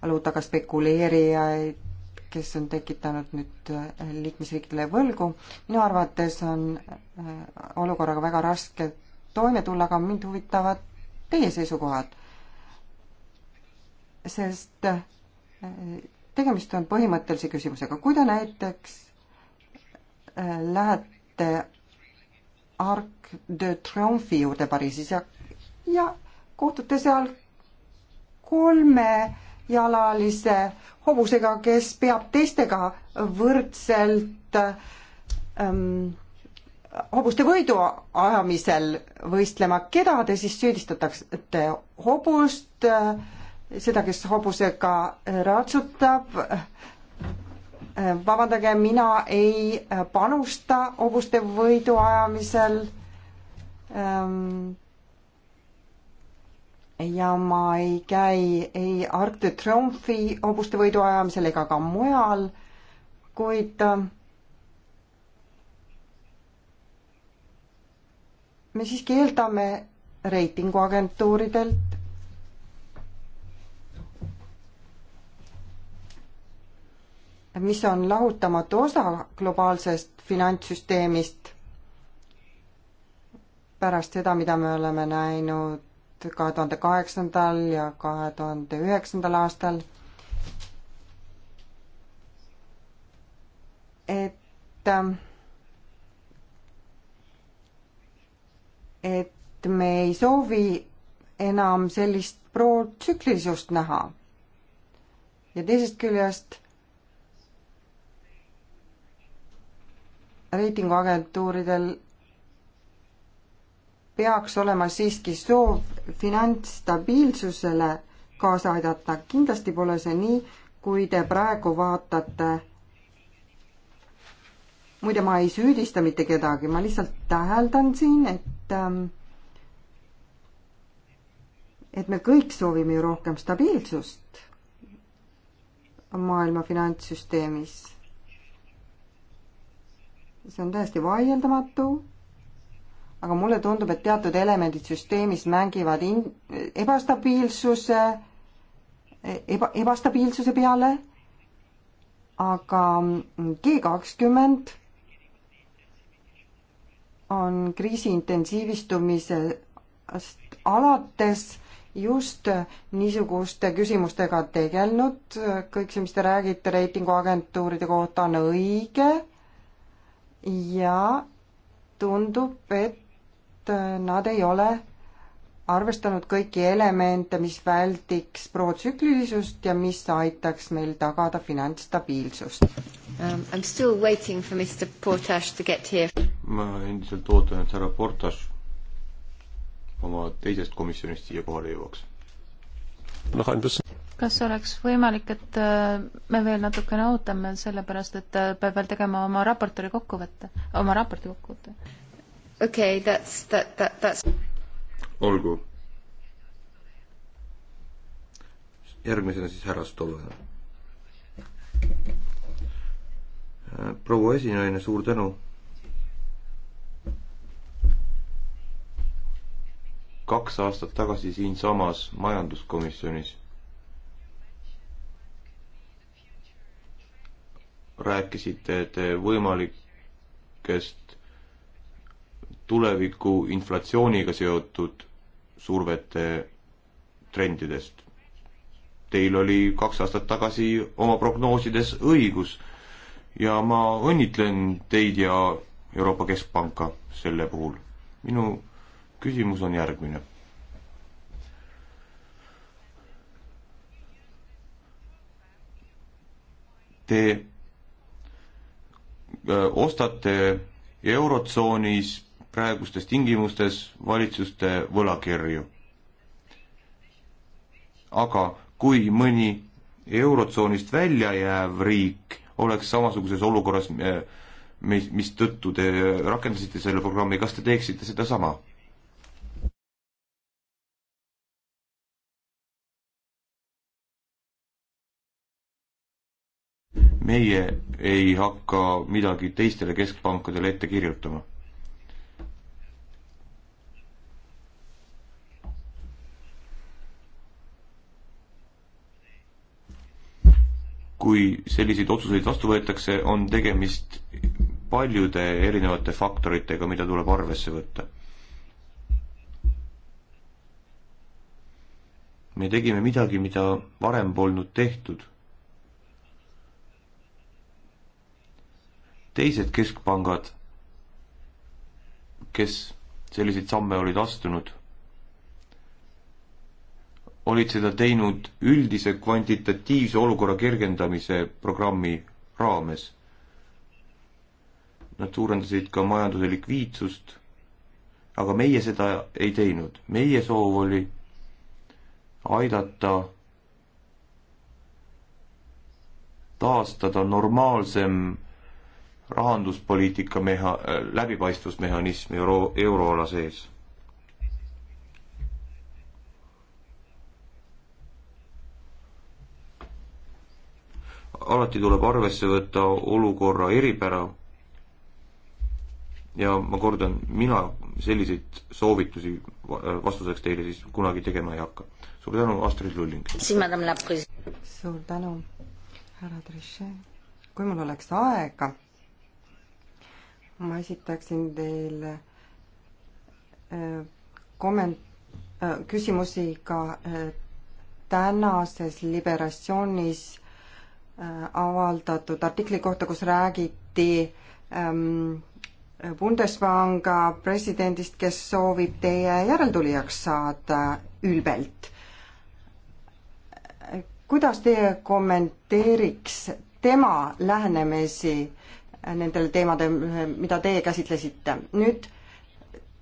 valuutaga spekuleerijaid, kes on tekitanud nüüd äh, liikmesriikidele võlgu. minu arvates on äh, olukorraga väga raske toime tulla, aga mind huvitavad teie seisukohad. sest äh, tegemist on põhimõttelise küsimusega, kui te näiteks lähete Arc de Triomphe'i juurde Pariisis ja, ja kohtute seal kolmejalalise hobusega, kes peab teistega võrdselt ähm, hobuste võidu ajamisel võistlema, keda te siis süüdistatakse, hobust, äh, seda, kes hobusega ratsutab, äh, vabandage, mina ei panusta hobuste võidu ajamisel ähm, ja ma ei käi ei Arc de Triomphi hobuste võidu ajamisel ega ka mujal, kuid äh, me siiski eeldame reitinguagentuuridelt mis on lahutamatu osa globaalsest finantssüsteemist pärast seda, mida me oleme näinud kahe tuhande kaheksandal ja kahe tuhande üheksandal aastal. et, et me ei soovi enam sellist protsüklilisust näha. ja teisest küljest reitinguagentuuridel peaks olema siiski soov finantsstabiilsusele kaasa aidata. kindlasti pole see nii, kui te praegu vaatate. muide, ma ei süüdista mitte kedagi, ma lihtsalt täheldan siin, et ähm, et me kõik soovime ju rohkem stabiilsust maailma finantssüsteemis. see on täiesti vaieldamatu aga mulle tundub, et teatud elemendid süsteemis mängivad in-, ebastabiilsuse, eba, ebastabiilsuse peale, aga G kakskümmend on kriisi intensiivistumisest alates just niisuguste küsimustega tegelnud, kõik see, mis te räägite reitinguagentuuride kohta, on õige ja tundub, et Äh, nad ei ole arvestanud kõiki elemente, mis väldiks protsüklilisust ja mis aitaks meil tagada finantsstabiilsust um,. I m still waiting for Mr Portage to get here. ma endiselt ootan, et härra Portage oma teisest komisjonist siia kohale jõuaks. lahendus. Noh, kas oleks võimalik, et äh, me veel natukene ootame, sellepärast et äh, peab veel tegema oma raportori kokkuvõtte, oma raporti kokkuvõtte? okei okay,, that's, that, that, that's. olgu. järgmisena siis härra Stolojan. Äh, proua esinaine, suur tänu. kaks aastat tagasi siinsamas majanduskomisjonis rääkisite te võimalikest tuleviku inflatsiooniga seotud survete trendidest. Teil oli kaks aastat tagasi oma prognoosides õigus ja ma õnnitlen teid ja Euroopa Keskpanka selle puhul. minu küsimus on järgmine. Te äh, ostate Eurotsoonis praegustes tingimustes valitsuste võlakirju. aga kui mõni Eurotsoonist välja jääv riik oleks samasuguses olukorras, mis, mistõttu te rakendasite selle programmi, kas te teeksite sedasama? meie ei hakka midagi teistele keskpankadele ette kirjutama kui selliseid otsuseid vastu võetakse, on tegemist paljude erinevate faktoritega, mida tuleb arvesse võtta. me tegime midagi, mida varem polnud tehtud. teised keskpangad, kes selliseid samme olid astunud olid seda teinud üldise kvantitatiivse olukorra kergendamise programmi raames. Nad suurendasid ka majanduse likviidsust, aga meie seda ei teinud. meie soov oli aidata taastada normaalsem rahanduspoliitika meha-, läbipaistvusmehhanism euro, euroala sees alati tuleb arvesse võtta olukorra eripära. ja ma kordan, mina selliseid soovitusi vastuseks teile siis kunagi tegema ei hakka. suur tänu, Astrid Lulling. suur tänu, härra Trichet. kui mul oleks aega, ma esitaksin teile äh, komment-, äh, küsimusi ka äh, tänases liberatsioonis Äh, avaldatud artikli kohta, kus räägiti ähm, Bundespanga presidendist, kes soovib teie järeltulijaks saada ülbelt. kuidas teie kommenteeriks tema lähenemisi nendel teemadel, mida teie käsitlesite? nüüd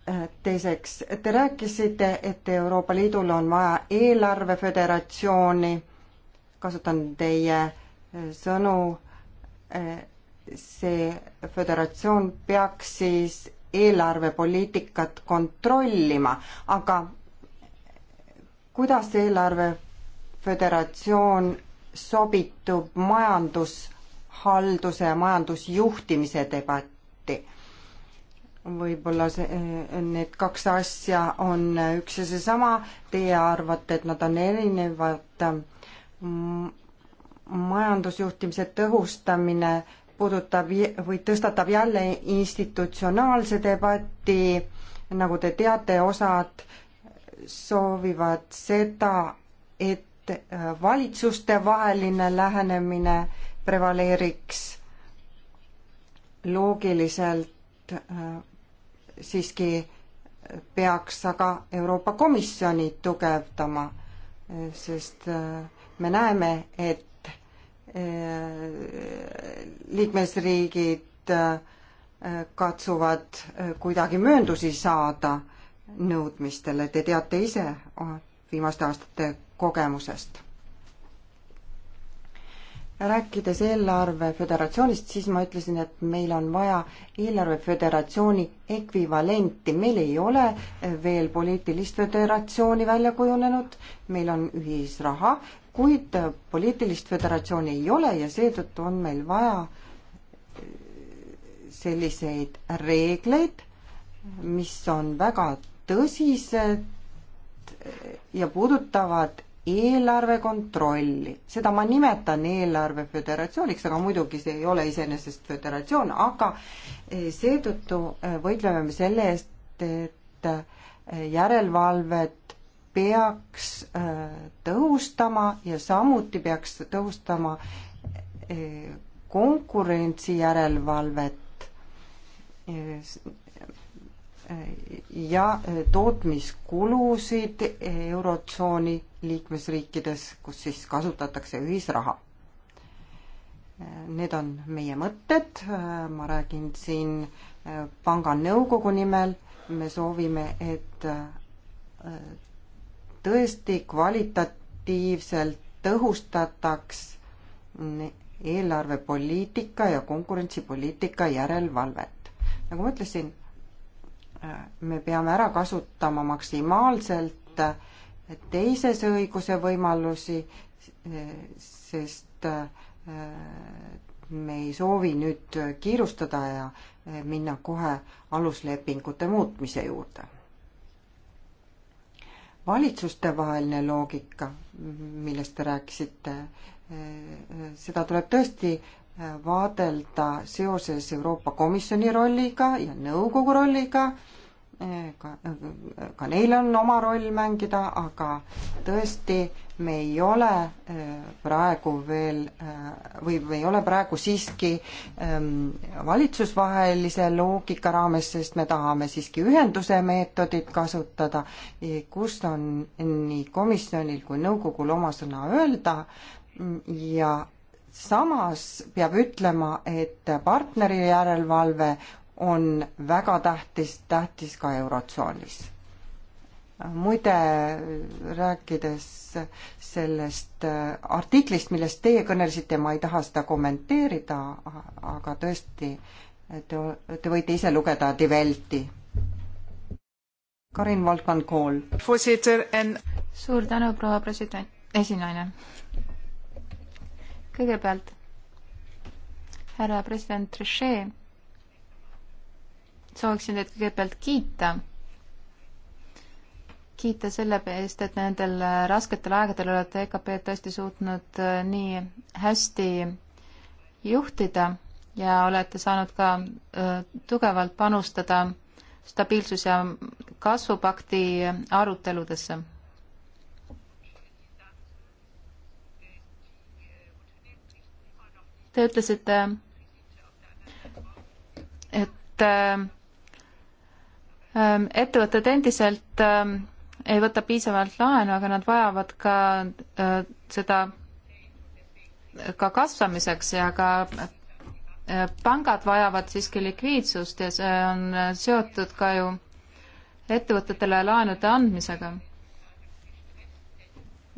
äh, teiseks, te rääkisite, et Euroopa Liidul on vaja eelarveföderatsiooni, kasutan teie äh, sõnu, eh, see föderatsioon peaks siis eelarvepoliitikat kontrollima, aga kuidas eelarveföderatsioon sobitub majandushalduse ja majandusjuhtimise debatti? võib-olla see, eh, need kaks asja on üks ja seesama, teie arvate, et nad on erinevad mm, majandusjuhtimise tõhustamine puudutab või tõstatab jälle institutsionaalse debati, nagu te teate, osad soovivad seda, et äh, valitsustevaheline lähenemine prevaleeriks loogiliselt äh, siiski peaks aga Euroopa Komisjoni tugevdama, äh, sest me näeme, et Äh, liikmesriigid äh, katsuvad äh, kuidagi mööndusi saada nõudmistele, te teate ise viimaste aastate kogemusest rääkides eelarve föderatsioonist, siis ma ütlesin, et meil on vaja eelarve föderatsiooni ekvivalenti, meil ei ole veel poliitilist föderatsiooni välja kujunenud, meil on ühisraha, kuid poliitilist föderatsiooni ei ole ja seetõttu on meil vaja selliseid reegleid, mis on väga tõsised ja puudutavad eelarve kontrolli, seda ma nimetan eelarve föderatsiooniks, aga muidugi see ei ole iseenesest föderatsioon, aga eh, seetõttu eh, võitleme me selle eest, et eh, järelevalvet peaks tõhustama ja samuti peaks tõhustama konkurentsijärelevalvet ja tootmiskulusid Eurotsooni liikmesriikides, kus siis kasutatakse ühisraha. Need on meie mõtted, ma räägin siin äh, panga nõukogu nimel, me soovime, et äh, tõesti kvalitatiivselt tõhustataks eelarvepoliitika ja konkurentsipoliitika järelevalvet. nagu ma ütlesin, äh, me peame ära kasutama maksimaalselt äh, teises õiguse võimalusi, sest äh, me ei soovi nüüd kiirustada ja äh, minna kohe aluslepingute muutmise juurde. valitsustevaheline loogika, millest te rääkisite, äh, seda tuleb tõesti vaadelda seoses Euroopa Komisjoni rolliga ja nõukogu rolliga ka, ka neil on oma roll mängida, aga tõesti, me ei ole äh, praegu veel äh, või me ei ole praegu siiski ähm, valitsusvahelise loogika raames, sest me tahame siiski ühenduse meetodit kasutada, kus on nii komisjonil kui nõukogul oma sõna öelda ja samas peab ütlema, et partneri järelevalve on väga tähtis, tähtis ka Eurotsoonis. muide, rääkides sellest äh, artiklist, millest teie kõnelesite, ma ei taha seda kommenteerida, aga tõesti, te, te võite ise lugeda Die Welti. Karin Valkan-Kool. suur tänu, proua president, esinaine. kõigepealt härra president Trichet sooviksin teid kõigepealt kiita. kiita selle eest, et nendel äh, rasketel aegadel olete EKP-d tõesti suutnud äh, nii hästi juhtida ja olete saanud ka äh, tugevalt panustada stabiilsus- ja kasvupakti aruteludesse Te ütlesite, et Ähm, ettevõtted endiselt ähm, ei võta piisavalt laenu, aga nad vajavad ka äh, seda ka kasvamiseks ja ka äh, pangad vajavad siiski likviidsust ja see on äh, seotud ka ju ettevõtetele laenude andmisega.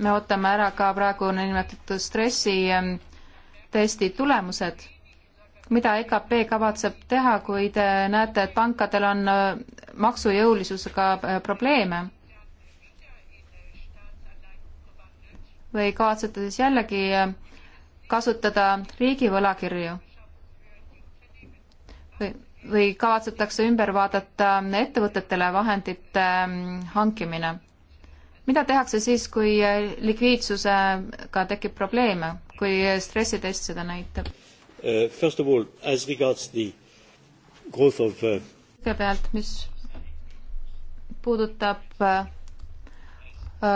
me ootame ära ka praegu niinimetatud stressi ähm, testi tulemused mida EKP kavatseb teha, kui te näete, et pankadel on äh, maksujõulisusega äh, probleeme? või kavatsete siis jällegi äh, kasutada riigi võlakirju? või, või kavatsetakse ümber vaadata ettevõtetele vahendite hankimine? mida tehakse siis, kui likviidsusega tekib probleeme, kui stressitest seda näitab? Uh, first of all, as regards the growth of uh... kõigepealt, mis puudutab uh,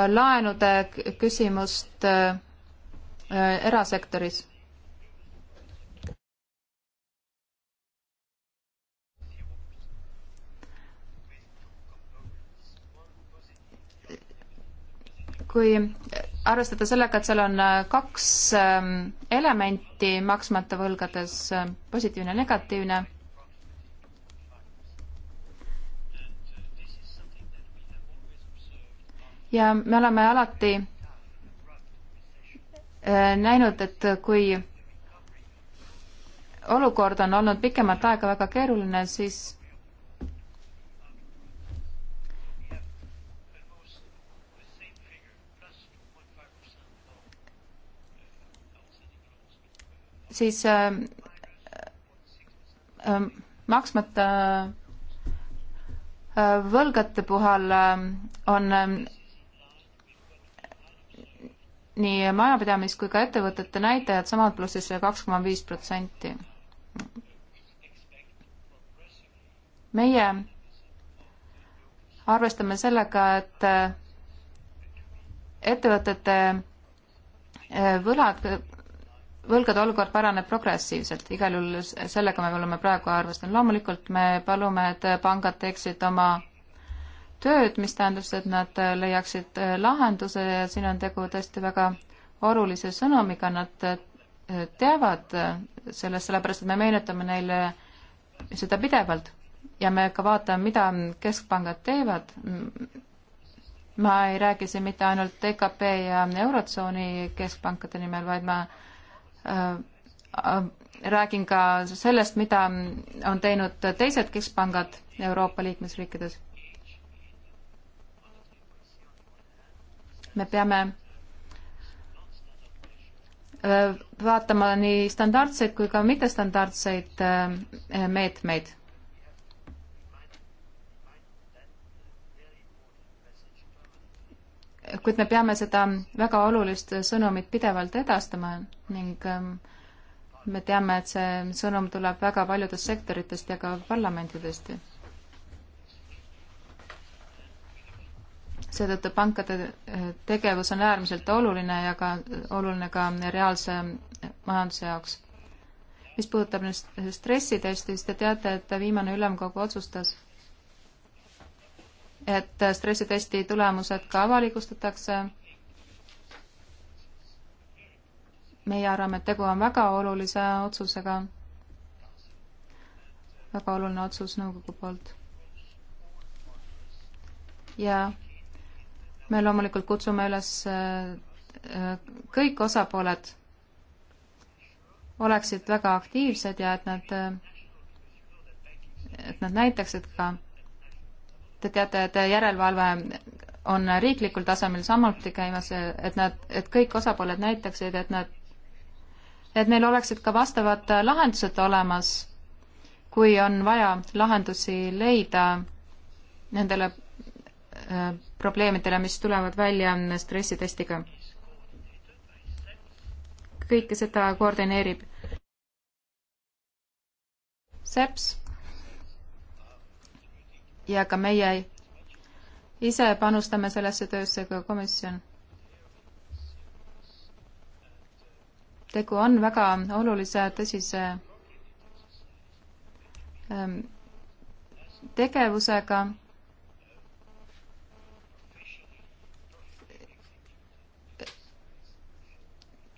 laenude küsimust uh, erasektoris. kui arvestada sellega, et seal on äh, kaks ähm, elementi maksmata võlgades, äh, positiivne ja negatiivne. ja me oleme alati äh, näinud, et kui olukord on olnud pikemat aega väga keeruline, siis siis äh, äh, maksmata äh, võlgade puhul on nii majapidamis- kui ka ettevõtete näitajad samad pluss siis selle kaks koma viis protsenti. meie arvestame sellega, et ettevõtete võlad võlgade olukord paraneb progressiivselt, igal juhul sellega me oleme praegu arvestanud. loomulikult me palume, et pangad teeksid oma tööd, mis tähendas, et nad leiaksid lahenduse ja siin on tegu tõesti väga olulise sõnumiga, nad teavad sellest, sellepärast et me meenutame neile seda pidevalt ja me ka vaatame, mida keskpangad teevad. ma ei räägi siin mitte ainult EKP ja Eurotsooni keskpankade nimel, vaid ma Äh, äh, räägin ka sellest, mida on teinud teised keskpangad Euroopa liikmesriikides. me peame äh, vaatama nii standardseid kui ka mittestandardseid meetmeid kuid me peame seda väga olulist sõnumit pidevalt edastama ning ähm, me teame, et see sõnum tuleb väga paljudest sektoritest ja ka parlamentidest. seetõttu pankade äh, tegevus on äärmiselt oluline ja ka oluline ka reaalse majanduse jaoks. mis puudutab nüüd stressitesti, siis te teate, et viimane ülemkogu otsustas et stressitesti tulemused ka avalikustatakse. meie arvame, et tegu on väga olulise otsusega, väga oluline otsus nõukogu poolt. ja me loomulikult kutsume üles äh, kõik osapooled oleksid väga aktiivsed ja et nad, äh, et nad näitaksid ka Te teate, et järelevalve on riiklikul tasemel samuti käimas, et nad, et kõik osapooled näitaksid, et nad, et neil oleksid ka vastavad lahendused olemas, kui on vaja lahendusi leida nendele äh, probleemidele, mis tulevad välja stressitestiga. kõike seda koordineerib SEPS ja ka meie ise panustame sellesse töösse, ka komisjon. tegu on väga olulise, tõsise ähm, tegevusega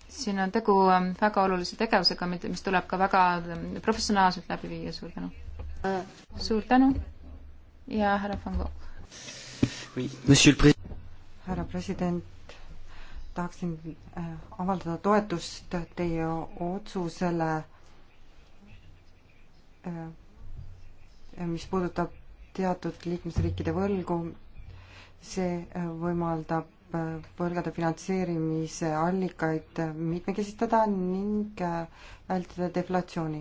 siin on tegu ähm, väga olulise tegevusega, mis tuleb ka väga ähm, professionaalselt läbi viia, suur tänu. Äh. suur tänu ja härra Van Gogh. härra president, tahaksin äh, avaldada toetust teie otsusele, äh, mis puudutab teatud liikmesriikide võlgu, see äh, võimaldab võlgade finantseerimise allikaid mitmekesistada ning vältida deflatsiooni.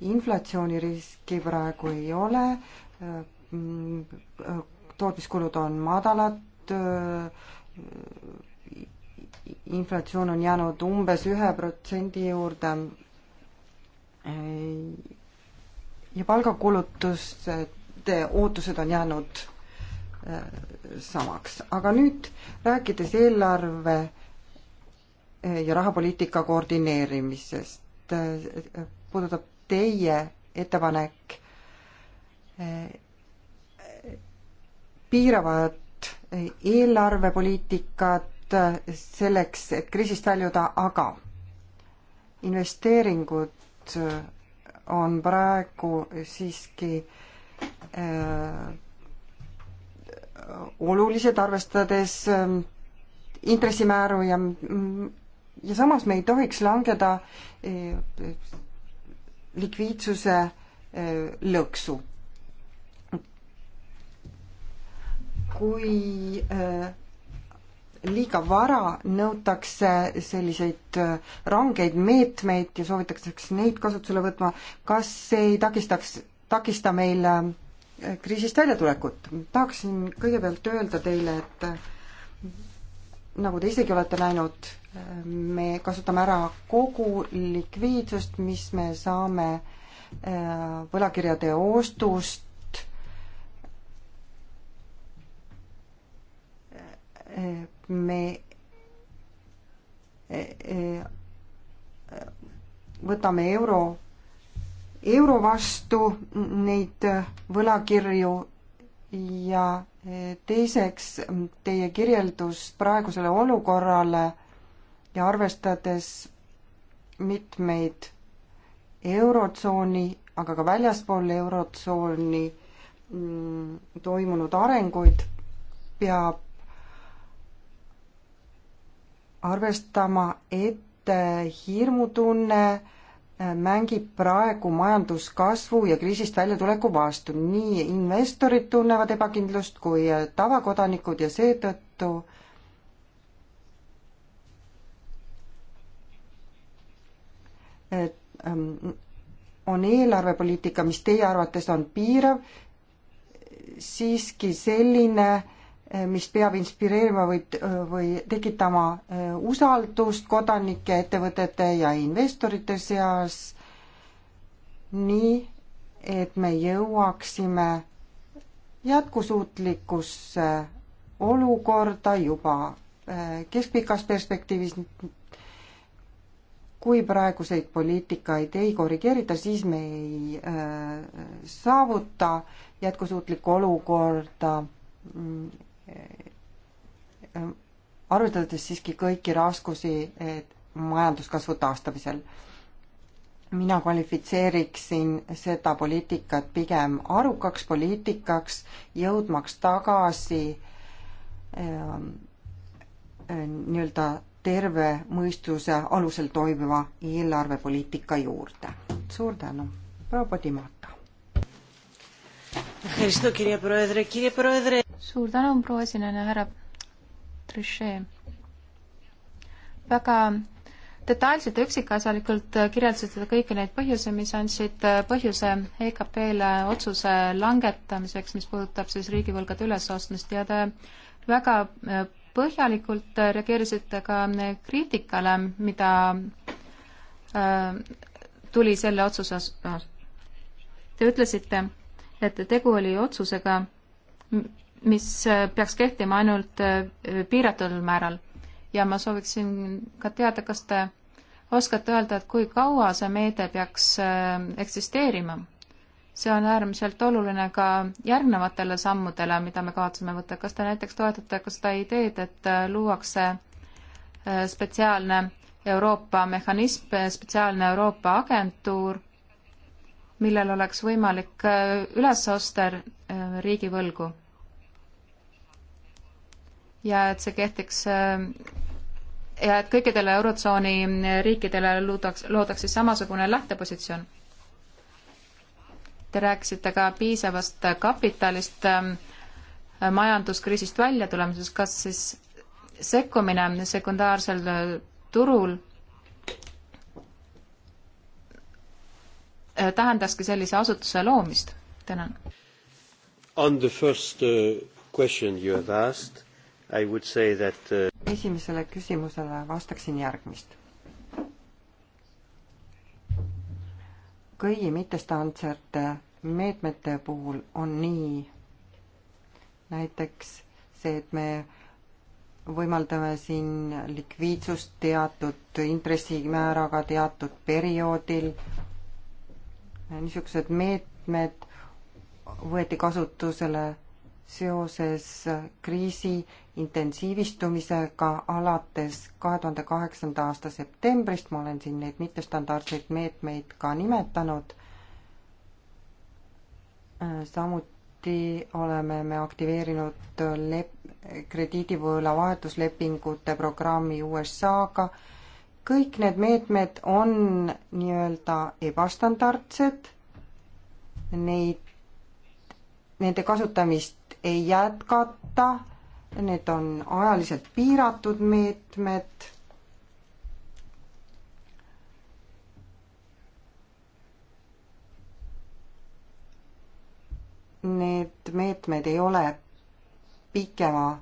inflatsiooniriski praegu ei ole, Mm, tootmiskulud on madalad, äh, inflatsioon on jäänud umbes ühe protsendi juurde äh, ja palgakulutuste ootused on jäänud äh, samaks, aga nüüd rääkides eelarve ja rahapoliitika koordineerimisest, puudutab teie ettepanek piiravat eelarvepoliitikat selleks, et kriisist väljuda, aga investeeringud on praegu siiski äh, olulised, arvestades äh, intressimääru ja, ja samas me ei tohiks langeda äh, likviidsuse äh, lõksu kui äh, liiga vara nõutakse selliseid äh, rangeid meetmeid ja soovitatakse neid kasutusele võtma, kas see ei takistaks, takista meil äh, kriisist väljatulekut? tahaksin kõigepealt öelda teile, et nagu te isegi olete näinud, me kasutame ära kogu likviidsust, mis me saame võlakirjade ostust, me e, e, võtame euro, euro vastu neid võlakirju ja e, teiseks teie kirjeldus praegusele olukorrale ja arvestades mitmeid eurotsooni, aga ka väljaspool eurotsooni mm, toimunud arenguid, peab arvestama, et äh, hirmutunne äh, mängib praegu majanduskasvu ja kriisist väljatuleku vastu. nii investorid tunnevad ebakindlust kui äh, tavakodanikud ja seetõttu et ähm, on eelarvepoliitika, mis teie arvates on piirav, siiski selline, Eh, mis peab inspireerima või, või tekitama eh, usaldust kodanike, ettevõtete ja investorite seas, nii et me jõuaksime jätkusuutlikusse olukorda juba eh, keskpikas perspektiivis. kui praeguseid poliitikaid ei korrigeerita, siis me ei saavuta jätkusuutlikku olukorda mm, arvestades siiski kõiki raskusi majanduskasvu taastamisel. mina kvalifitseeriksin seda poliitikat pigem arukaks poliitikaks, jõudmaks tagasi ähm, äh, nii-öelda terve mõistuse alusel toimiva eelarvepoliitika juurde. suur tänu, proua Padimata suur tänu, proua esinejana, härra Trichet. väga detailselt ja üksikasjalikult kirjeldasite kõiki neid põhjusi, mis andsid põhjuse EKP-le otsuse langetamiseks, mis puudutab siis riigivõlgade ülesostmist ja te väga äh, põhjalikult reageerisite ka kriitikale, mida äh, tuli selle otsuse osas. Te ütlesite, et tegu oli otsusega, mis äh, peaks kehtima ainult äh, piiratul määral. ja ma sooviksin ka teada, kas te oskate öelda, et kui kaua see meede peaks äh, eksisteerima? see on äärmiselt oluline ka järgnevatele sammudele, mida me kavatseme võtta. kas te näiteks toetate ka seda ideed, et luuakse spetsiaalne Euroopa mehhanism, spetsiaalne Euroopa agentuur, millel oleks võimalik üles osta riigivõlgu? ja et see kehtiks äh, ja et kõikidele Eurotsooni riikidele loodaks, loodaks siis samasugune lähtepositsioon. Te rääkisite ka piisavast kapitalist ähm, majanduskriisist välja tulemises, kas siis sekkumine sekundaarsel äh, turul äh, tähendaski sellise asutuse loomist? tänan. On the first question you have asked I would say that uh, esimesele küsimusele vastaksin järgmist. kõigi mittestandardsete meetmete puhul on nii, näiteks see, et me võimaldame siin likviidsust teatud intressimääraga teatud perioodil. niisugused meetmed võeti kasutusele seoses kriisi intensiivistumisega alates kahe tuhande kaheksanda aasta septembrist, ma olen siin neid mittestandardseid meetmeid ka nimetanud. Äh, samuti oleme me aktiveerinud lep-, krediidivõõla vahetuslepingute programmi USA-ga. kõik need meetmed on nii-öelda ebastandardsed, neid, nende kasutamist ei jätkata need on ajaliselt piiratud meetmed. Need meetmed ei ole pikema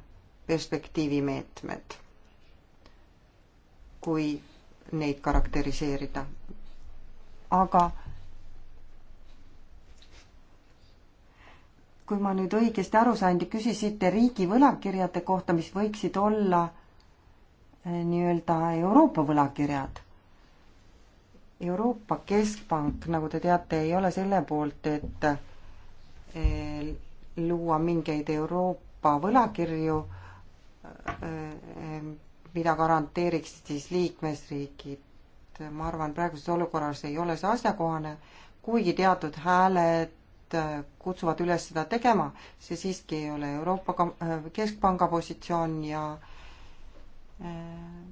perspektiivi meetmed, kui neid karakteriseerida. aga kui ma nüüd õigesti aru sain, te küsisite riigi võlakirjade kohta, mis võiksid olla eh, nii-öelda Euroopa võlakirjad. Euroopa Keskpank, nagu te teate, ei ole selle poolt, et eh, luua mingeid Euroopa võlakirju, eh, mida garanteeriks siis liikmesriigid. ma arvan, praeguses olukorras ei ole see asjakohane, kuigi teatud hääled Äh, kutsuvad üles seda tegema, see siiski ei ole Euroopa äh, Keskpanga positsioon ja äh,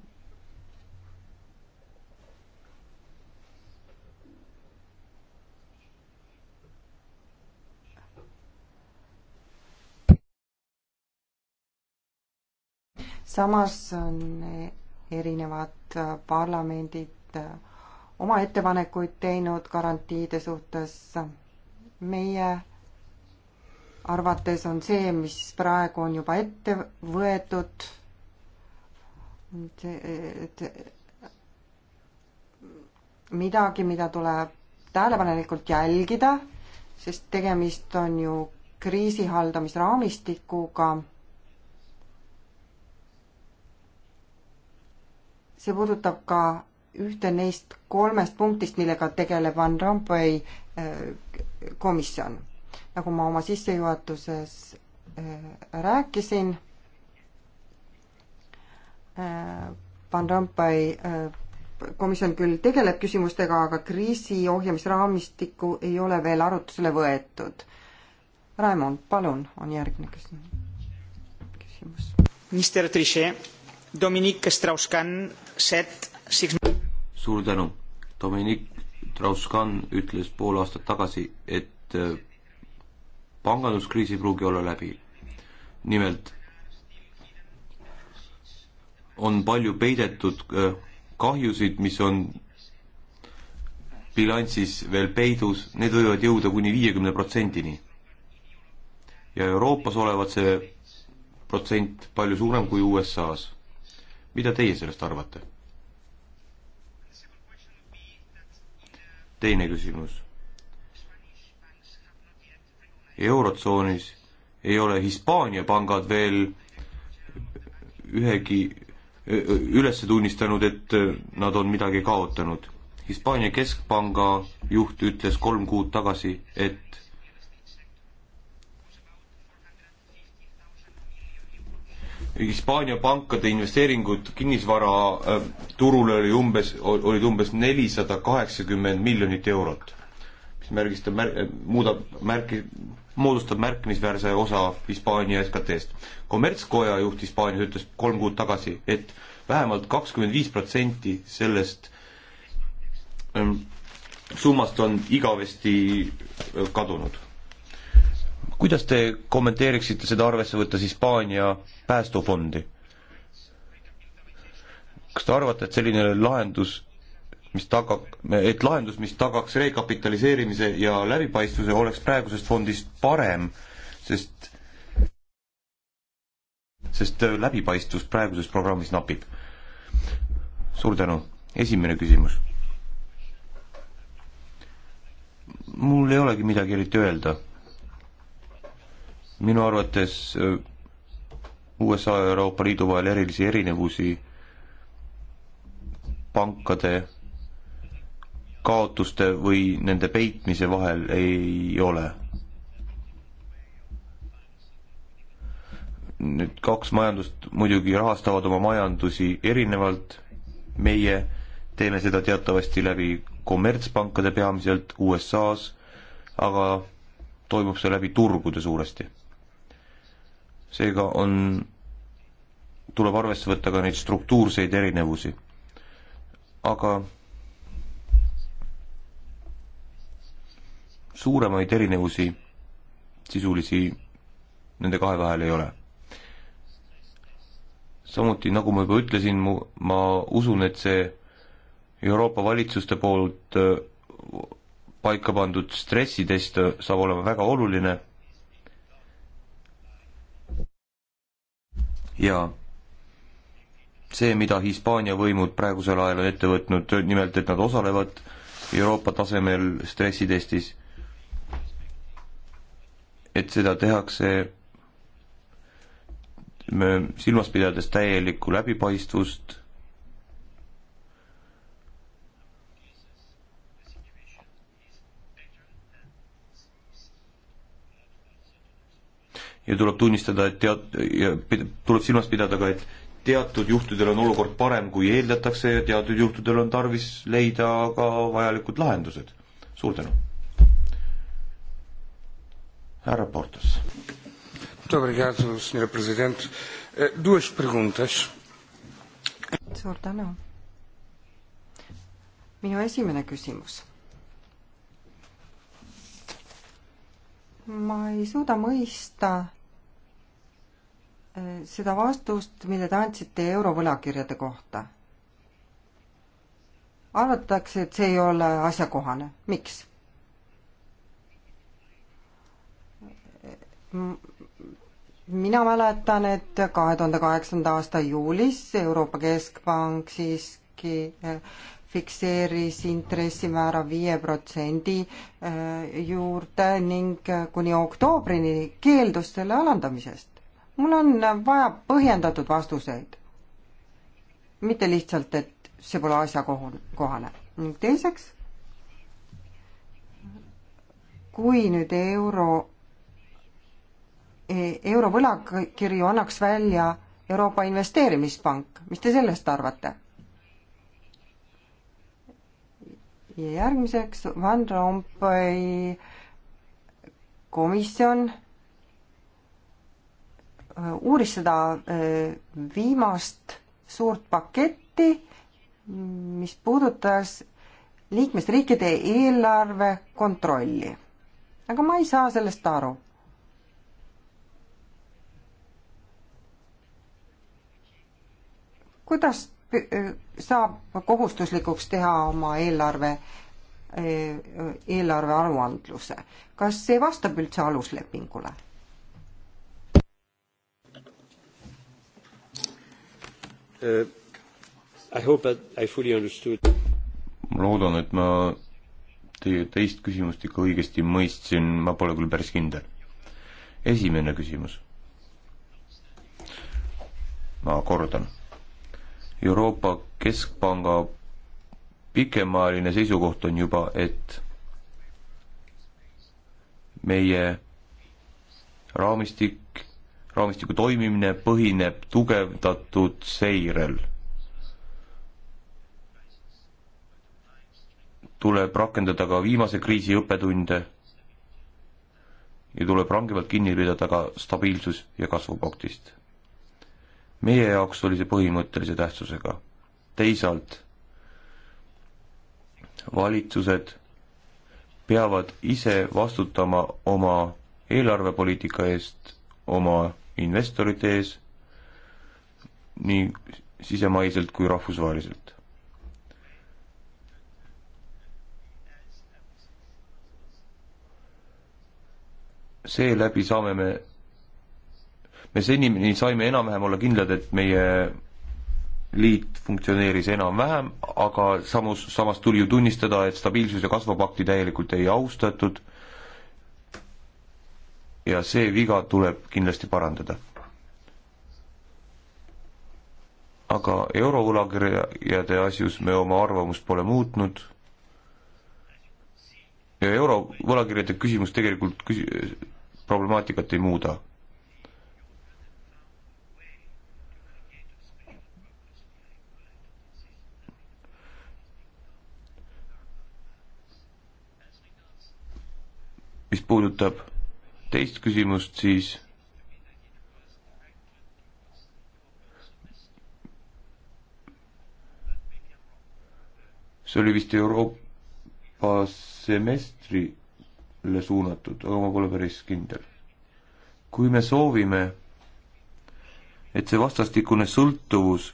samas on erinevad parlamendid oma ettepanekuid teinud garantiide suhtes meie arvates on see, mis praegu on juba ette võetud, et midagi, mida tuleb tähelepanelikult jälgida, sest tegemist on ju kriisihaldamisraamistikuga. see puudutab ka ühte neist kolmest punktist, millega tegeleb Van Rompuy äh, komisjon. nagu ma oma sissejuhatuses äh, rääkisin, äh, Van Rompuy äh, komisjon küll tegeleb küsimustega, aga kriisi ohjamisraamistikku ei ole veel arutusele võetud. Raimond, palun, on järgmine küsimus. minister Trichet, Dominique Strauss-Kahn, set six... suur tänu, Dominique Strauss-Kahn ütles pool aastat tagasi, et äh, panganduskriis ei pruugi olla läbi. nimelt on palju peidetud äh, kahjusid, mis on bilansis veel peidus, need võivad jõuda kuni viiekümne protsendini. ja Euroopas olevat see protsent palju suurem kui USA-s. mida teie sellest arvate? teine küsimus. eurotsoonis ei ole Hispaania pangad veel ühegi üles tunnistanud, et nad on midagi kaotanud. Hispaania keskpanga juht ütles kolm kuud tagasi, et Hispaania pankade investeeringud kinnisvaraturule äh, oli umbes, olid umbes nelisada kaheksakümmend miljonit eurot, mis märgistab, mär-, äh, muudab, märki-, moodustab märkimisväärse osa Hispaania SKT-st. kommertskoja juht Hispaanias ütles kolm kuud tagasi, et vähemalt kakskümmend viis protsenti sellest ähm, summast on igavesti äh, kadunud kuidas te kommenteeriksite seda arvesse võttes Hispaania päästufondi? kas te arvate, et selline lahendus, mis taga, et lahendus, mis tagaks rekapitaliseerimise ja läbipaistvuse, oleks praegusest fondist parem, sest sest läbipaistvus praeguses programmis napib. suur tänu, esimene küsimus. mul ei olegi midagi eriti öelda minu arvates äh, USA ja Euroopa Liidu vahel erilisi erinevusi pankade kaotuste või nende peitmise vahel ei ole. Need kaks majandust muidugi rahastavad oma majandusi erinevalt, meie teeme seda teatavasti läbi kommertspankade peamiselt USA-s, aga toimub see läbi turgude suuresti seega on, tuleb arvesse võtta ka neid struktuurseid erinevusi. aga suuremaid erinevusi sisulisi nende kahe vahel ei ole. samuti, nagu ma juba ütlesin, mu, ma usun, et see Euroopa valitsuste poolt äh, paika pandud stressitest äh, saab olema väga oluline ja see, mida Hispaania võimud praegusel ajal on ette võtnud, nimelt et nad osalevad Euroopa tasemel stressitestis, et seda tehakse silmas pidades täielikku läbipaistvust ja tuleb tunnistada, et tead-, ja tuleb silmas pidada ka, et teatud juhtudel on olukord parem, kui eeldatakse ja teatud juhtudel on tarvis leida ka vajalikud lahendused. suur tänu. härra Portas. Eh, suur tänu. minu esimene küsimus ma ei suuda mõista eh, seda vastust, mille te andsite eurovõlakirjade kohta. arvatakse, et see ei ole asjakohane. miks? mina mäletan, et kahe tuhande kaheksanda aasta juulis Euroopa Keskpank siiski eh, fikseeris intressimäära viie protsendi äh, juurde ning äh, kuni oktoobrini keeldus selle alandamisest. mul on äh, vaja põhjendatud vastuseid. mitte lihtsalt, et see pole asjakohane. ning teiseks, kui nüüd euro, e-, eurovõlakirju annaks välja Euroopa Investeerimispank, mis te sellest arvate? ja järgmiseks Van Rompuy komisjon äh, uuris seda äh, viimast suurt paketti, mis puudutas liikmesriikide eelarve kontrolli. aga ma ei saa sellest aru kuidas äh, saab kohustuslikuks teha oma eelarve, eelarve aruandluse. kas see vastab üldse aluslepingule? Uh, I hope that I fully understood. ma loodan, et ma teie teist küsimust ikka õigesti mõistsin, ma pole küll päris kindel. esimene küsimus. ma kordan Euroopa Keskpanga pikemaajaline seisukoht on juba, et meie raamistik, raamistiku toimimine põhineb tugevdatud seirel. tuleb rakendada ka viimase kriisi õppetunde ja tuleb rangemalt kinni pidada ka stabiilsus- ja kasvupaktist meie jaoks oli see põhimõttelise tähtsusega. teisalt valitsused peavad ise vastutama oma eelarvepoliitika eest, oma investorite ees, nii sisemaiselt kui rahvusvaheliselt. seeläbi saame me me senini saime enam-vähem olla kindlad, et meie liit funktsioneeris enam-vähem, aga samus, samas tuli ju tunnistada, et stabiilsus- ja kasvupakti täielikult ei austatud ja see viga tuleb kindlasti parandada. aga eurovõlakirjade asjus me oma arvamust pole muutnud ja eurovõlakirjade küsimus tegelikult küsi-, problemaatikat ei muuda mis puudutab teist küsimust, siis see oli vist Euroopa semestrile suunatud, aga ma pole päris kindel. kui me soovime, et see vastastikune sõltuvus,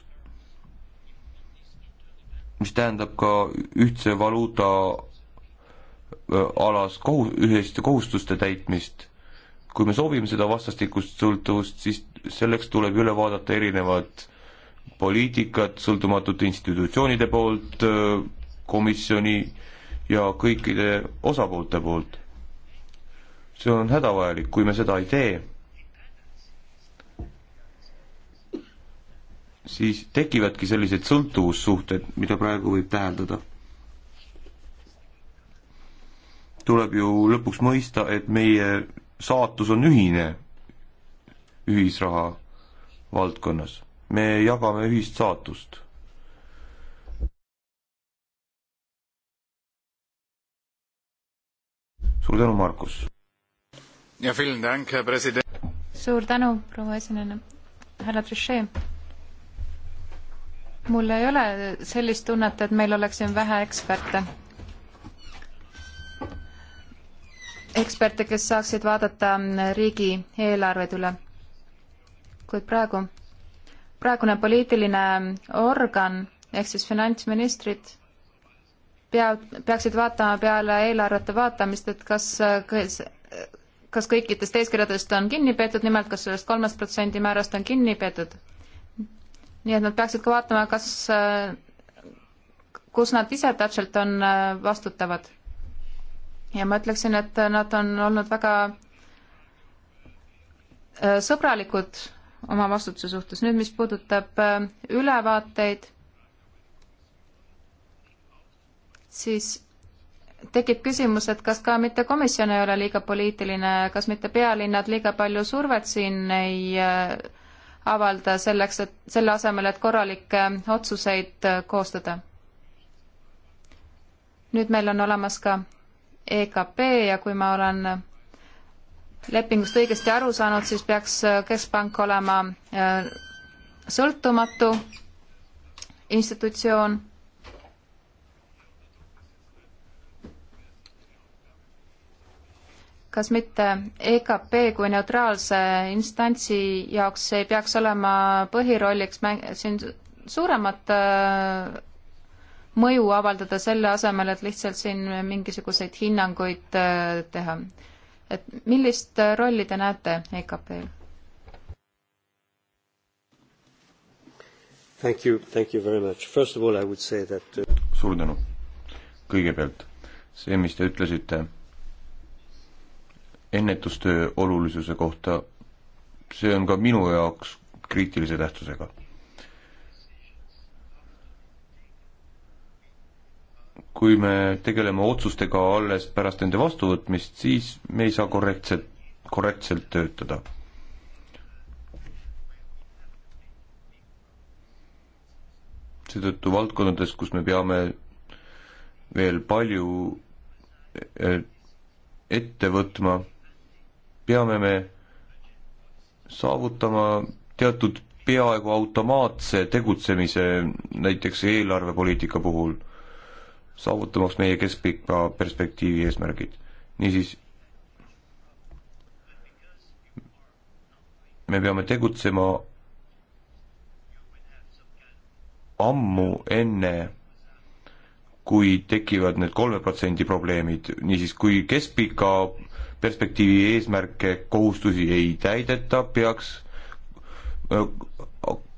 mis tähendab ka ühtse valuuta alas kohu-, ühiste kohustuste täitmist. kui me soovime seda vastastikust sõltuvust, siis selleks tuleb üle vaadata erinevad poliitikad sõltumatute institutsioonide poolt, komisjoni ja kõikide osapoolte poolt. see on hädavajalik, kui me seda ei tee, siis tekivadki sellised sõltuvussuhted, mida praegu võib täheldada tuleb ju lõpuks mõista, et meie saatus on ühine ühisraha valdkonnas. me jagame ühist saatust. suur tänu, Markus! suur tänu, proua esineja! härra Trichet! mul ei ole sellist tunnet, et meil oleks siin vähe eksperte eksperte, kes saaksid vaadata mm, riigieelarved üle. kuid praegu, praegune poliitiline organ ehk siis finantsministrid pea, peaksid vaatama peale eelarvete vaatamist, et kas, kas, kas kõikidest eeskirjadest on kinni peetud, nimelt kas sellest kolmest protsendi määrast on kinni peetud. nii et nad peaksid ka vaatama, kas, kus nad ise täpselt on vastutavad ja ma ütleksin, et nad on olnud väga äh, sõbralikud oma vastutuse suhtes. nüüd, mis puudutab äh, ülevaateid, siis tekib küsimus, et kas ka mitte komisjon ei ole liiga poliitiline, kas mitte pealinnad liiga palju survet siin ei äh, avalda selleks, et selle asemel, et korralikke otsuseid koostada. nüüd meil on olemas ka EKP ja kui ma olen lepingust õigesti aru saanud, siis peaks äh, Keskpank olema äh, sõltumatu institutsioon. kas mitte EKP kui neutraalse instantsi jaoks ei peaks olema põhirolliks mäng-, siin suuremat äh, mõju avaldada selle asemel, et lihtsalt siin mingisuguseid hinnanguid äh, teha. et millist äh, rolli te näete EKP-l? Thank you, thank you very much. First of all I would say that uh, suur tänu. kõigepealt see, mis te ütlesite ennetustöö olulisuse kohta, see on ka minu jaoks kriitilise tähtsusega kui me tegeleme otsustega alles pärast nende vastuvõtmist, siis me ei saa korrektselt, korrektselt töötada. seetõttu valdkondades, kus me peame veel palju eh, ette võtma, peame me saavutama teatud peaaegu automaatse tegutsemise näiteks eelarvepoliitika puhul saavutamaks meie keskpika perspektiivi eesmärgid. niisiis, me peame tegutsema ammu enne, kui tekivad need kolme protsendi probleemid, niisiis kui keskpika perspektiivi eesmärke, kohustusi ei täideta, peaks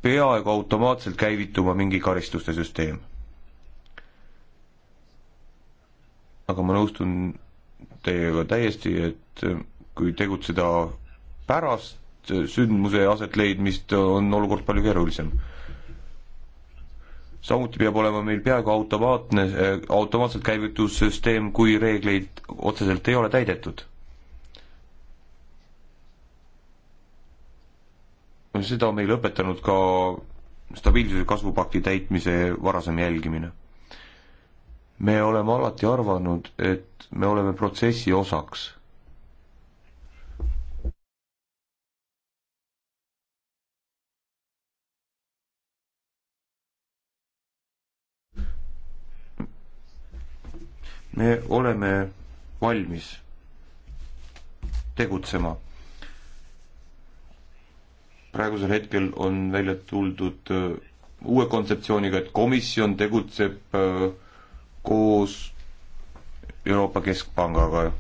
peaaegu automaatselt käivituma mingi karistuste süsteem aga ma nõustun teiega täiesti, et äh, kui tegutseda pärast äh, sündmuse asetleidmist, äh, on olukord palju keerulisem. samuti peab olema meil peaaegu automaatne, automaatselt käivitussüsteem, kui reegleid otseselt ei ole täidetud. seda on meil õpetanud ka stabiilsuse kasvupakti täitmise varasem jälgimine me oleme alati arvanud, et me oleme protsessi osaks me oleme valmis tegutsema. praegusel hetkel on välja tuldud äh, uue kontseptsiooniga, et komisjon tegutseb äh, koos Euroopa Keskpangaga.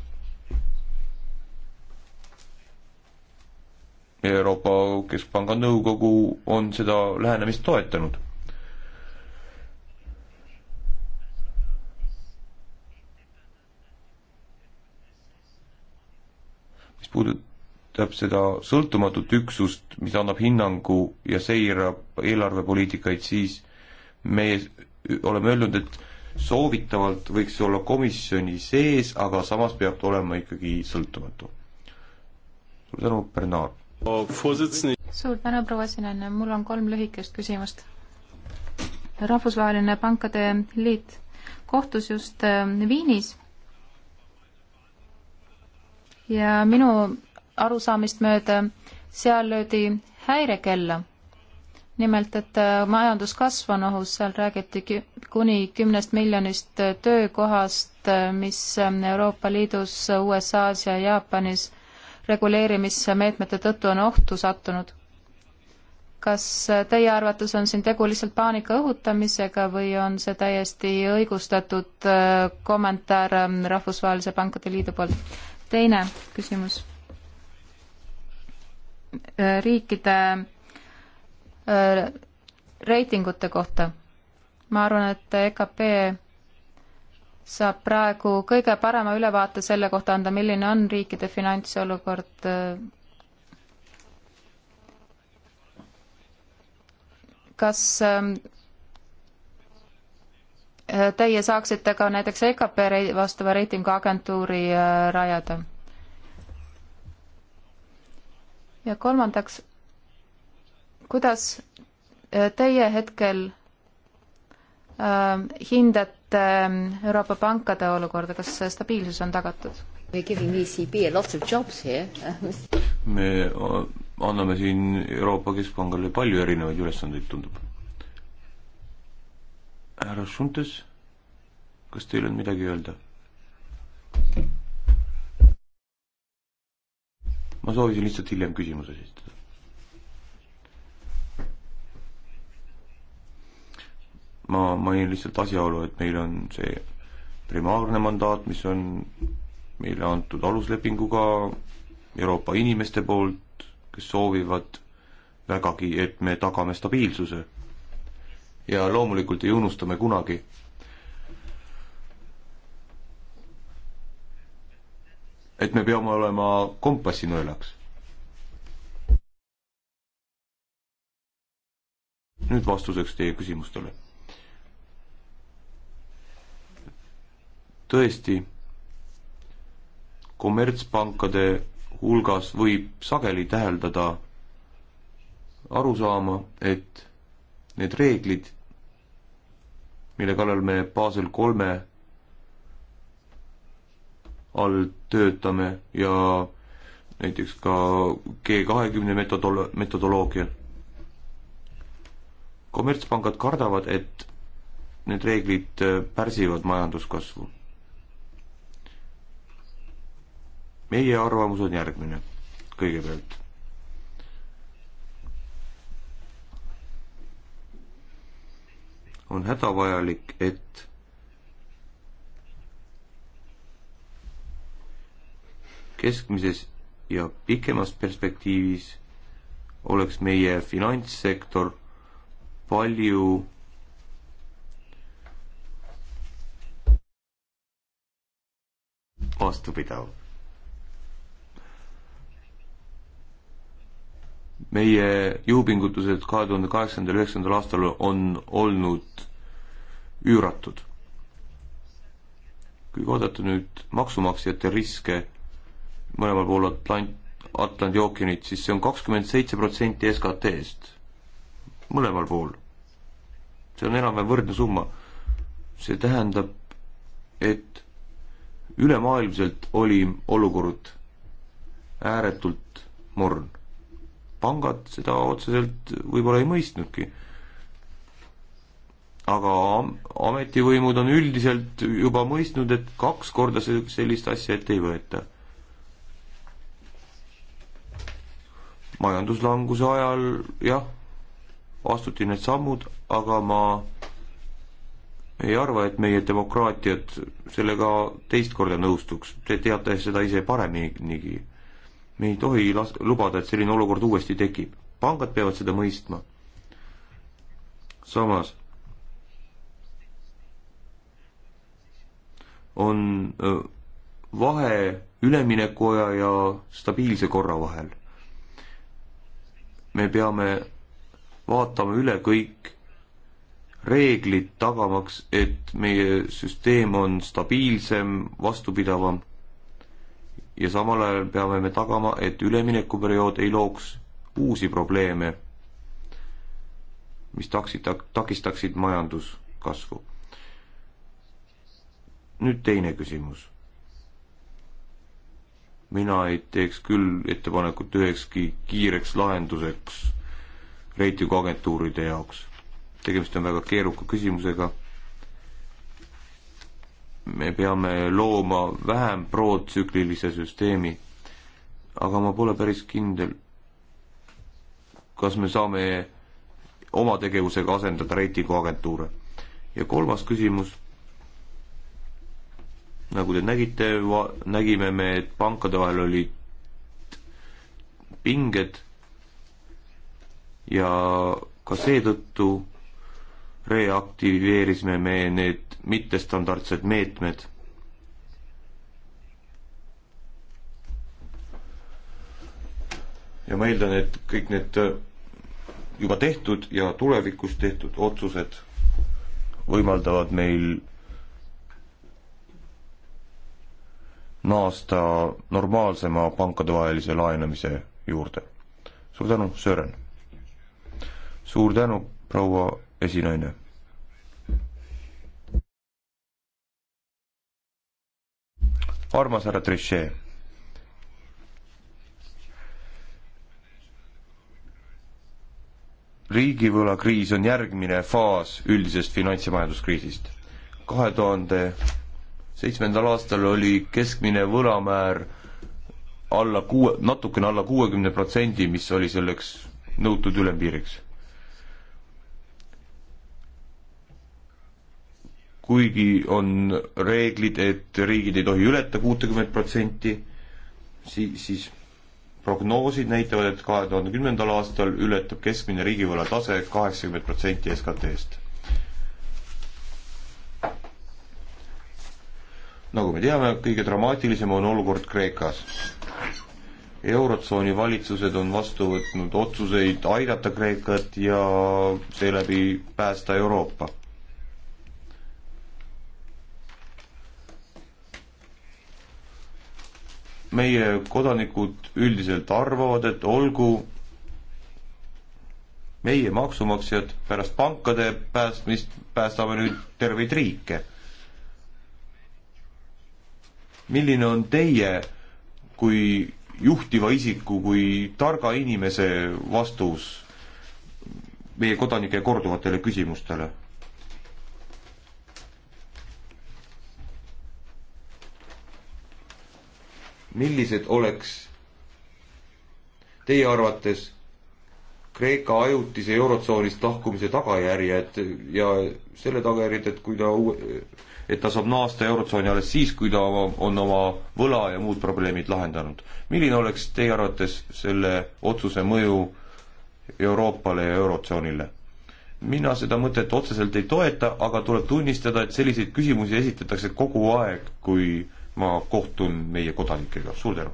Euroopa Keskpanga nõukogu on seda lähenemist toetanud. mis puudutab seda sõltumatut üksust, mis annab hinnangu ja seirab eelarvepoliitikaid, siis meie oleme öelnud, et soovitavalt võiks see olla komisjoni sees, aga samas peab ta olema ikkagi sõltumatu. suur tänu, Bernard! suur tänu, proua Sinane, mul on kolm lühikest küsimust. rahvusvaheline Pankade Liit kohtus just äh, Viinis ja minu arusaamist mööda seal löödi häirekella nimelt, et äh, majanduskasv on ohus, seal räägiti kuni kümnest miljonist äh, töökohast, äh, mis ähm, Euroopa Liidus, USA-s ja Jaapanis reguleerimismeetmete tõttu on ohtu sattunud. kas teie arvates on siin tegu lihtsalt paanika õhutamisega või on see täiesti õigustatud kommentaar ähm, Rahvusvahelise Pankade Liidu poolt? teine küsimus. riikide Äh, reitingute kohta. ma arvan, et EKP saab praegu kõige parema ülevaate selle kohta anda, milline on riikide finantsolukord. Äh, kas äh, teie saaksite ka näiteks EKP vastava reitinguagentuuri rajada? ja kolmandaks kuidas äh, teie hetkel äh, hindate ähm, Euroopa pankade olukorda, kas stabiilsus on tagatud? E me äh, anname siin Euroopa Keskpangale palju erinevaid ülesandeid, tundub. härra Šuntes, kas teil on midagi öelda? ma soovisin lihtsalt hiljem küsimuse esitada. ma mainin lihtsalt asjaolu, et meil on see primaarne mandaat, mis on meile antud aluslepinguga Euroopa inimeste poolt, kes soovivad vägagi, et me tagame stabiilsuse. ja loomulikult ei unusta me kunagi. et me peame olema kompassi nõelaks. nüüd vastuseks teie küsimustele tõesti, kommertspankade hulgas võib sageli täheldada arusaama, et need reeglid, mille kallal me Basel kolme all töötame ja näiteks ka G kahekümne metodolo-, metodoloogial. kommertspangad kardavad, et need reeglid pärsivad majanduskasvu meie arvamus on järgmine, kõigepealt. on hädavajalik, et keskmises ja pikemas perspektiivis oleks meie finantssektor palju vastupidav meie jõupingutused kahe tuhande kaheksandal, üheksandal aastal on olnud üüratud. kui vaadata nüüd maksumaksjate riske mõlemal pool Atlant-, Atlandi ookeanit, siis see on kakskümmend seitse protsenti SKT-st, mõlemal pool. see on enam-vähem võrdne summa. see tähendab, et ülemaailmselt oli olukord ääretult morn pangad seda otseselt võib-olla ei mõistnudki. aga ametivõimud on üldiselt juba mõistnud, et kaks korda sellist asja ette ei võeta. majanduslanguse ajal jah, astuti need sammud, aga ma ei arva, et meie demokraatiad sellega teist korda nõustuks, te teate seda ise pareminigi me ei tohi las-, lubada, et selline olukord uuesti tekib. pangad peavad seda mõistma. samas on vahe üleminekuaja ja stabiilse korra vahel. me peame vaatama üle kõik reeglid, tagamaks, et meie süsteem on stabiilsem, vastupidavam ja samal ajal peame me tagama, et üleminekuperiood ei looks uusi probleeme, mis taksid, takistaksid majanduskasvu. nüüd teine küsimus. mina ei teeks küll ettepanekut ühekski kiireks lahenduseks reitinguagentuuride jaoks. tegemist on väga keeruka küsimusega me peame looma vähem protsüklilise süsteemi. aga ma pole päris kindel, kas me saame oma tegevusega asendada reitinguagentuure. ja kolmas küsimus, nagu te nägite, nägime me, et pankade vahel olid pinged ja ka seetõttu reaktiveerisime me need mittestandardsed meetmed. ja ma eeldan, et kõik need äh, juba tehtud ja tulevikus tehtud otsused võimaldavad meil naasta normaalsema pankadevahelise laenamise juurde. suur tänu, Sören! suur tänu, proua esinaine. armas härra Trichet. riigivõlakriis on järgmine faas üldisest finants- ja majanduskriisist. kahe tuhande seitsmendal aastal oli keskmine võlamäär alla kuue, natukene alla kuuekümne protsendi, mis oli selleks nõutud ülempiiriks kuigi on reeglid, et riigid ei tohi ületa kuutekümmet protsenti, siis, siis prognoosid näitavad, et kahe tuhande kümnendal aastal ületab keskmine riigivõla tase kaheksakümmend protsenti SKT-st. nagu me teame, kõige dramaatilisem on olukord Kreekas. eurotsooni valitsused on vastu võtnud otsuseid aidata Kreekat ja seeläbi päästa Euroopa meie kodanikud üldiselt arvavad, et olgu meie maksumaksjad pärast pankade päästmist, päästame nüüd terveid riike. milline on teie kui juhtiva isiku, kui targa inimese vastus meie kodanike korduvatele küsimustele? millised oleks teie arvates Kreeka ajutise eurotsoonist lahkumise tagajärjed ja selle tagajärjed, et kui ta uue, et ta saab naasta eurotsooni alles siis, kui ta on oma võla ja muud probleemid lahendanud. milline oleks teie arvates selle otsuse mõju Euroopale ja Eurotsoonile? mina seda mõtet otseselt ei toeta, aga tuleb tunnistada, et selliseid küsimusi esitatakse kogu aeg, kui äh, ma kohtun meie kodanikega, suur tänu!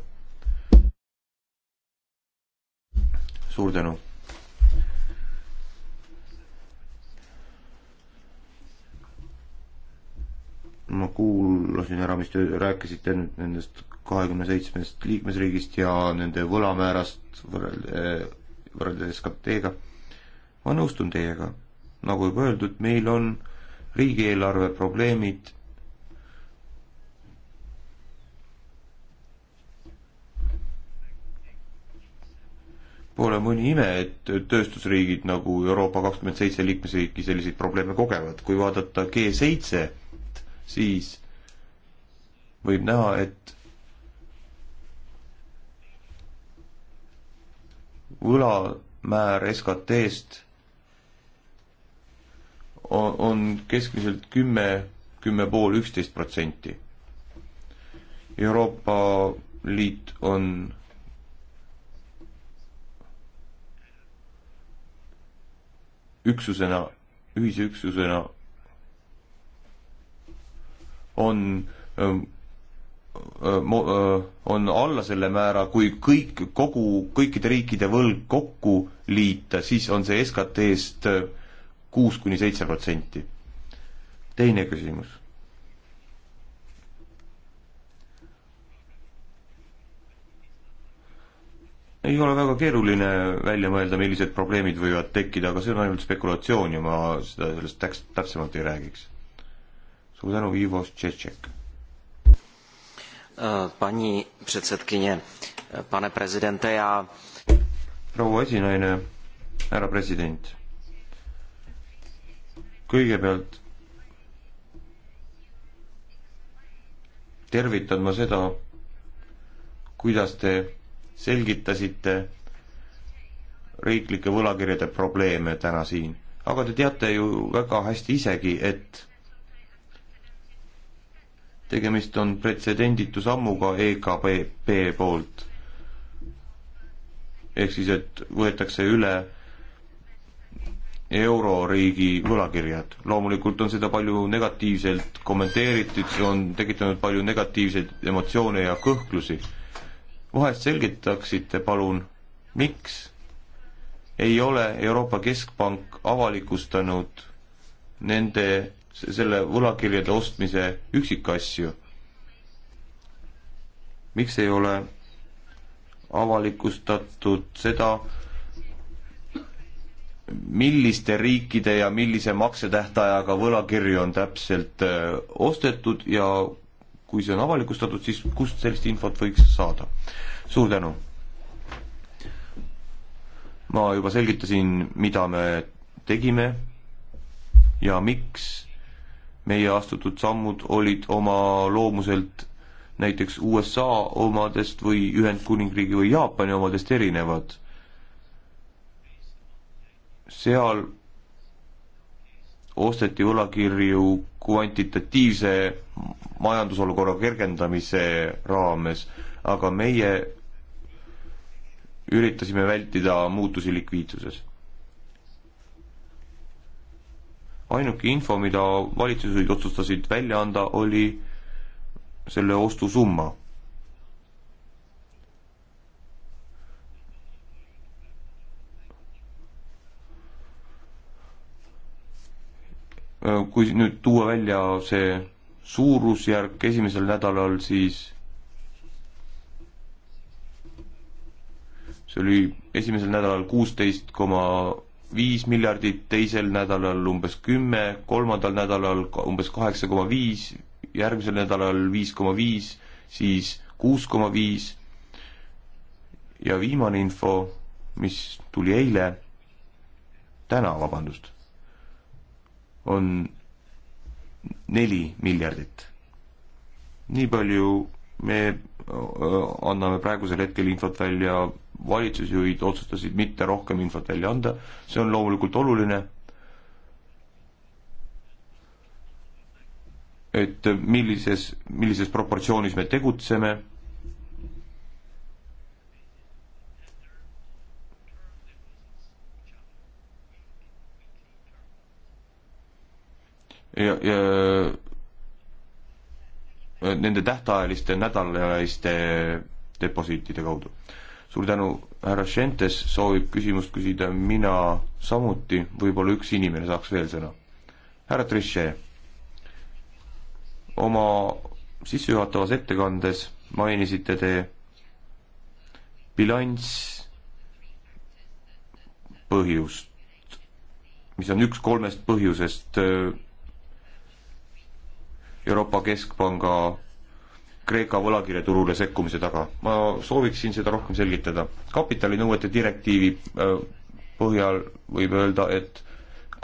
suur tänu! ma kuulasin ära, mis te rääkisite nüüd nendest kahekümne seitsmest liikmesriigist ja nende võlamäärast võrreldes, võrreldes SKT-ga. ma nõustun teiega, nagu juba öeldud, meil on riigieelarve probleemid Pole mõni ime, et tööstusriigid nagu Euroopa kakskümmend seitse liikmesriiki selliseid probleeme kogevad. kui vaadata G7, siis võib näha, et võlamäär SKT-st on keskmiselt kümme, kümme pool, üksteist protsenti. Euroopa Liit on üksusena, ühisüksusena on ähm, äh, äh, on alla selle määra, kui kõik, kogu, kõikide riikide võlg kokku liita, siis on see SKT-st kuus kuni seitse protsenti. teine küsimus ei ole väga keeruline välja mõelda, millised probleemid võivad tekkida, aga see on ainult spekulatsioon ja ma seda, sellest täks-, täpsemalt ei räägiks. suur tänu, Ivo Tšetšek. Äh, pani predsedkinje, äh, pane presidente ja proua esinaine, härra president. kõigepealt tervitan ma seda, kuidas te selgitasite riiklike võlakirjade probleeme täna siin, aga te teate ju väga hästi isegi, et tegemist on pretsedenditu sammuga EKP poolt. ehk siis, et võetakse üle euroriigi võlakirjad. loomulikult on seda palju negatiivselt kommenteeritud, see on tekitanud palju negatiivseid emotsioone ja kõhklusi vahest selgitaksite palun, miks ei ole Euroopa Keskpank avalikustanud nende, selle võlakirjade ostmise üksikasju? miks ei ole avalikustatud seda, milliste riikide ja millise maksetähtajaga võlakirju on täpselt äh, ostetud ja kui see on avalikustatud, siis kust sellist infot võiks saada? suur tänu! ma juba selgitasin, mida me tegime ja miks meie astutud sammud olid oma loomuselt näiteks USA omadest või Ühendkuningriigi või Jaapani omadest erinevad. seal osteti võlakirju kvantitatiivse majandusolukorra kergendamise raames, aga meie üritasime vältida muutusi likviidsuses. ainuke info, mida valitsused otsustasid välja anda, oli selle ostusumma kui nüüd tuua välja see suurusjärk esimesel nädalal, siis see oli esimesel nädalal kuusteist koma viis miljardit, teisel nädalal umbes kümme, kolmandal nädalal umbes kaheksa koma viis, järgmisel nädalal viis koma viis, siis kuus koma viis ja viimane info, mis tuli eile, täna, vabandust, on neli miljardit. nii palju me anname praegusel hetkel infot välja, valitsusjuhid otsustasid mitte rohkem infot välja anda, see on loomulikult oluline, et millises, millises proportsioonis me tegutseme ja, ja äh, nende tähtajaliste nädalaliste deposiitide kaudu. suur tänu, härra Šentes soovib küsimust küsida mina samuti, võib-olla üks inimene saaks veel sõna. härra Trichet, oma sissejuhatavas ettekandes mainisite te bilanss põhjust, mis on üks kolmest põhjusest äh, Euroopa Keskpanga Kreeka võlakirjaturule sekkumise taga. ma sooviksin seda rohkem selgitada. kapitalinõuete direktiivi äh, põhjal võib öelda, et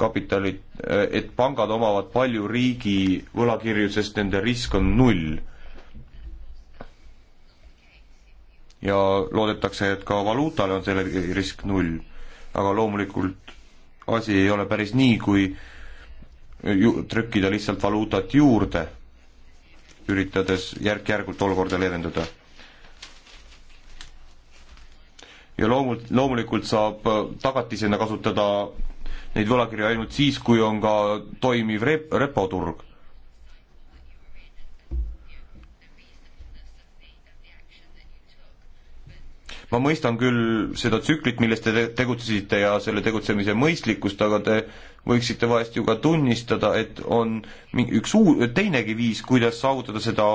kapitalid, äh, et pangad omavad palju riigi võlakirju, sest nende risk on null. ja loodetakse, et ka valuutale on selle risk null. aga loomulikult asi ei ole päris nii, kui äh, ju-, trükkida lihtsalt valuutat juurde, üritades järk-järgult olukorda leevendada. ja loomult, loomulikult saab äh, tagatisena kasutada neid võlakirju ainult siis, kui on ka toimiv rep-, repoturg. ma mõistan küll seda tsüklit, milles te tegutsesite ja selle tegutsemise mõistlikkust, aga te äh, võiksite vahest ju ka tunnistada, et on mingi üks uu-, teinegi viis, kuidas saavutada seda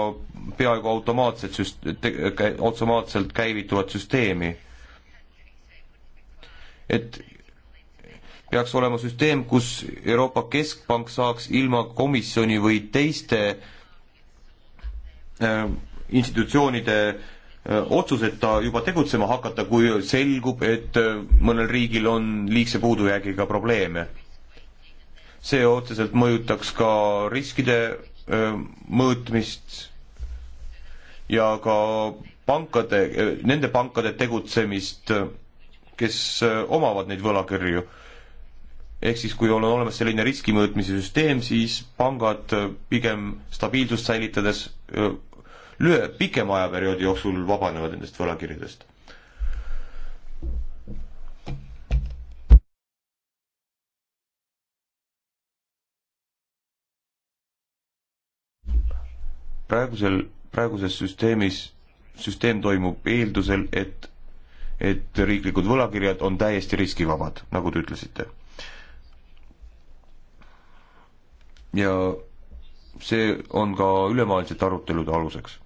peaaegu automaatset süst-, automaatselt käivituvat süsteemi. et peaks olema süsteem, kus Euroopa Keskpank saaks ilma komisjoni või teiste äh, institutsioonide äh, otsuseta juba tegutsema hakata, kui selgub, et äh, mõnel riigil on liigse puudujäägiga probleeme see otseselt mõjutaks ka riskide mõõtmist ja ka pankade, nende pankade tegutsemist, kes omavad neid võlakirju. ehk siis, kui on olemas selline riski mõõtmise süsteem, siis pangad pigem stabiilsust säilitades lühe, pikema ajaperioodi jooksul vabanevad nendest võlakirjadest praegusel, praeguses süsteemis, süsteem toimub eeldusel, et, et riiklikud võlakirjad on täiesti riskivabad, nagu te ütlesite. ja see on ka ülemaailmsete arutelude aluseks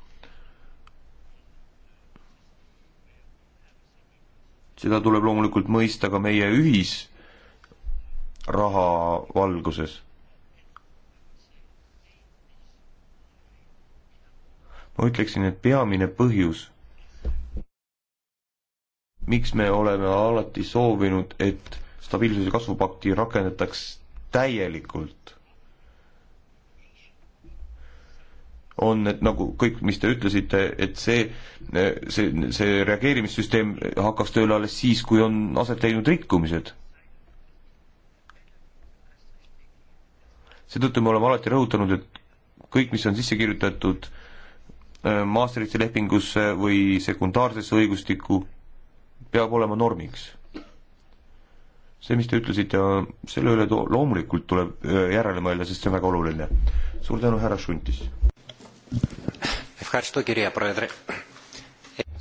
seda tuleb loomulikult mõista ka meie ühisraha valguses. ma ütleksin, et peamine põhjus, miks me oleme alati soovinud, et stabiilsuse kasvupakti rakendataks täielikult, on, et nagu kõik, mis te ütlesite, et see, see, see reageerimissüsteem hakkas tööle alles siis, kui on aset leidnud rikkumised seetõttu me oleme alati rõhutanud, et kõik, mis on sisse kirjutatud Äh, Maastrichti lepingusse või sekundaarsesse õigustikku, peab olema normiks. see, mis te ütlesite, selle üle to-, loomulikult tuleb äh, järele mõelda, sest see on väga oluline. suur tänu, härra Šuntis!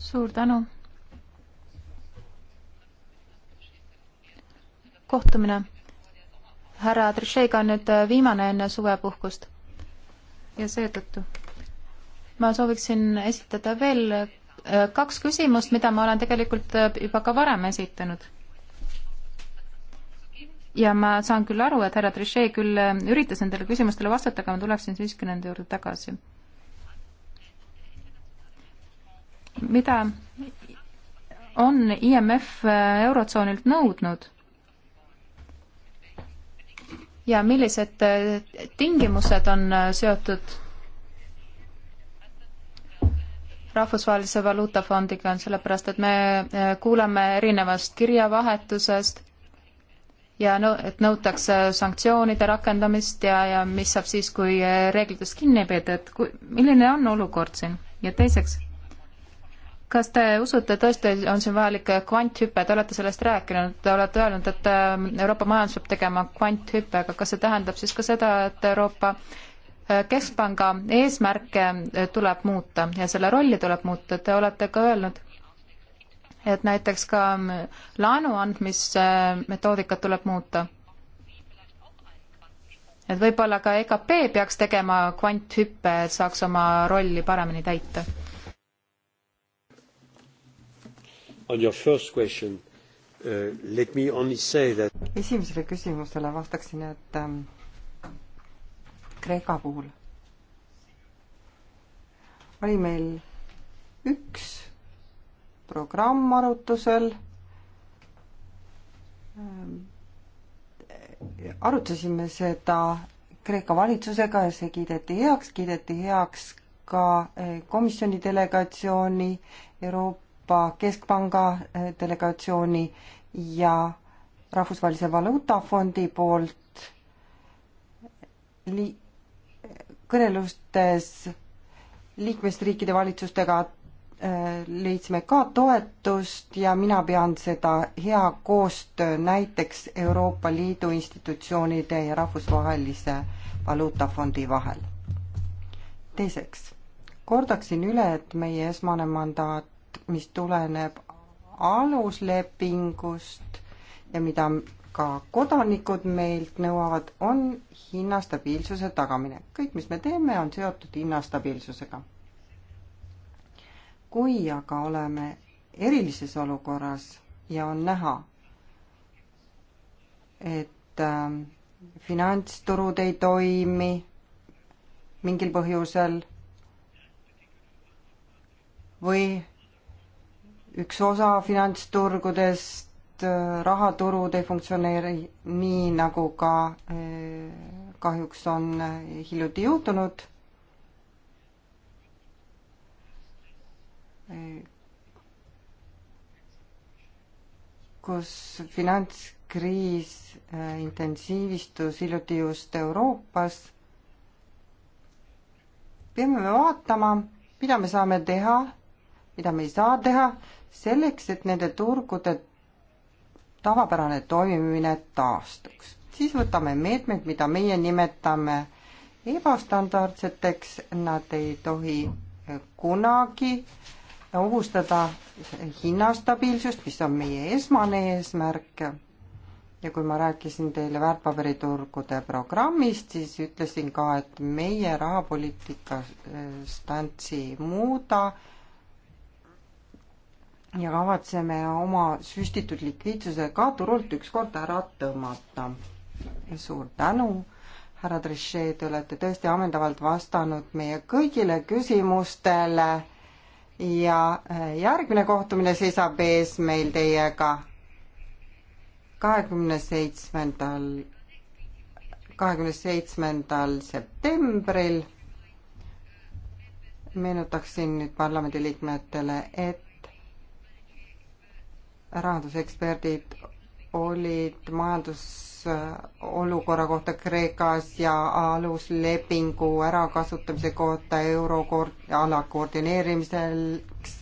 suur tänu! kohtumine härra Trichet'ga on nüüd viimane enne suvepuhkust ja seetõttu ma sooviksin esitada veel äh, kaks küsimust, mida ma olen tegelikult äh, juba ka varem esitanud. ja ma saan küll aru, et härra Trichet küll äh, üritas nendele küsimustele vastata, aga ma tuleksin siiski nende juurde tagasi. mida on IMF Eurotsoonilt nõudnud? ja millised tingimused on seotud Rahvusvahelise Valuutafondiga, sellepärast et me eh, kuuleme erinevast kirjavahetusest ja no, et nõutakse sanktsioonide rakendamist ja, ja mis saab siis, kui eh, reeglitest kinni ei peeta, et kui, milline on olukord siin? ja teiseks, kas te usute tõesti, on siin vajalik kvanthüpe, te olete sellest rääkinud, te olete öelnud, et eh, Euroopa majandus peab tegema kvanthüppe, aga kas see tähendab siis ka seda, et Euroopa äh, keskpanga eesmärke tuleb muuta ja selle rolli tuleb muuta, te olete ka öelnud, et näiteks ka laenu andmismetoodikat tuleb muuta. et võib-olla ka EKP peaks tegema kvanthüppe, et saaks oma rolli paremini täita. On your first question uh, let me only say that esimesele küsimusele vastaksin, et um, Kreeka puhul oli meil üks programm arutusel. arutasime seda Kreeka valitsusega ja see kiideti heaks, kiideti heaks ka komisjoni delegatsiooni, Euroopa Keskpanga delegatsiooni ja Rahvusvahelise Valuutafondi poolt li-, kõnelustes liikmesriikide valitsustega äh, leidsime ka toetust ja mina pean seda hea koostöö näiteks Euroopa Liidu institutsioonide ja Rahvusvahelise Valuutafondi vahel. teiseks, kordaksin üle, et meie esmane mandaat, mis tuleneb aluslepingust ja mida ka kodanikud meilt nõuavad, on hinnastabiilsuse tagamine. kõik, mis me teeme, on seotud hinnastabiilsusega. kui aga oleme erilises olukorras ja on näha, et äh, finantsturud ei toimi mingil põhjusel või üks osa finantsturgudest Äh, rahaturud ei funktsioneeri nii, nagu ka äh, kahjuks on äh, hiljuti juhtunud. kus finantskriis intensiivistus hiljuti just Euroopas. peame me vaatama, mida me saame teha, mida me ei saa teha selleks, et nende turgude tavapärane toimimine taastuks. siis võtame meetmed, mida meie nimetame ebastandardseteks, nad ei tohi kunagi ohustada hinnastabiilsust, mis on meie esmane eesmärk. ja kui ma rääkisin teile väärtpaberiturgude programmist, siis ütlesin ka, et meie rahapoliitika stantsi ei muuda ja kavatseme oma süstitud likviidsuse ka turult ükskord ära tõmmata. suur tänu, härra Trichet, te olete tõesti ammendavalt vastanud meie kõigile küsimustele ja äh, järgmine kohtumine seisab ees meil teiega kahekümne seitsmendal, kahekümne seitsmendal septembril meenutaksin nüüd parlamendiliikmetele, et rahanduseksperdid olid majandusolukorra kohta Kreekas ja aluslepingu ärakasutamise kohta euroala koordineerimiseks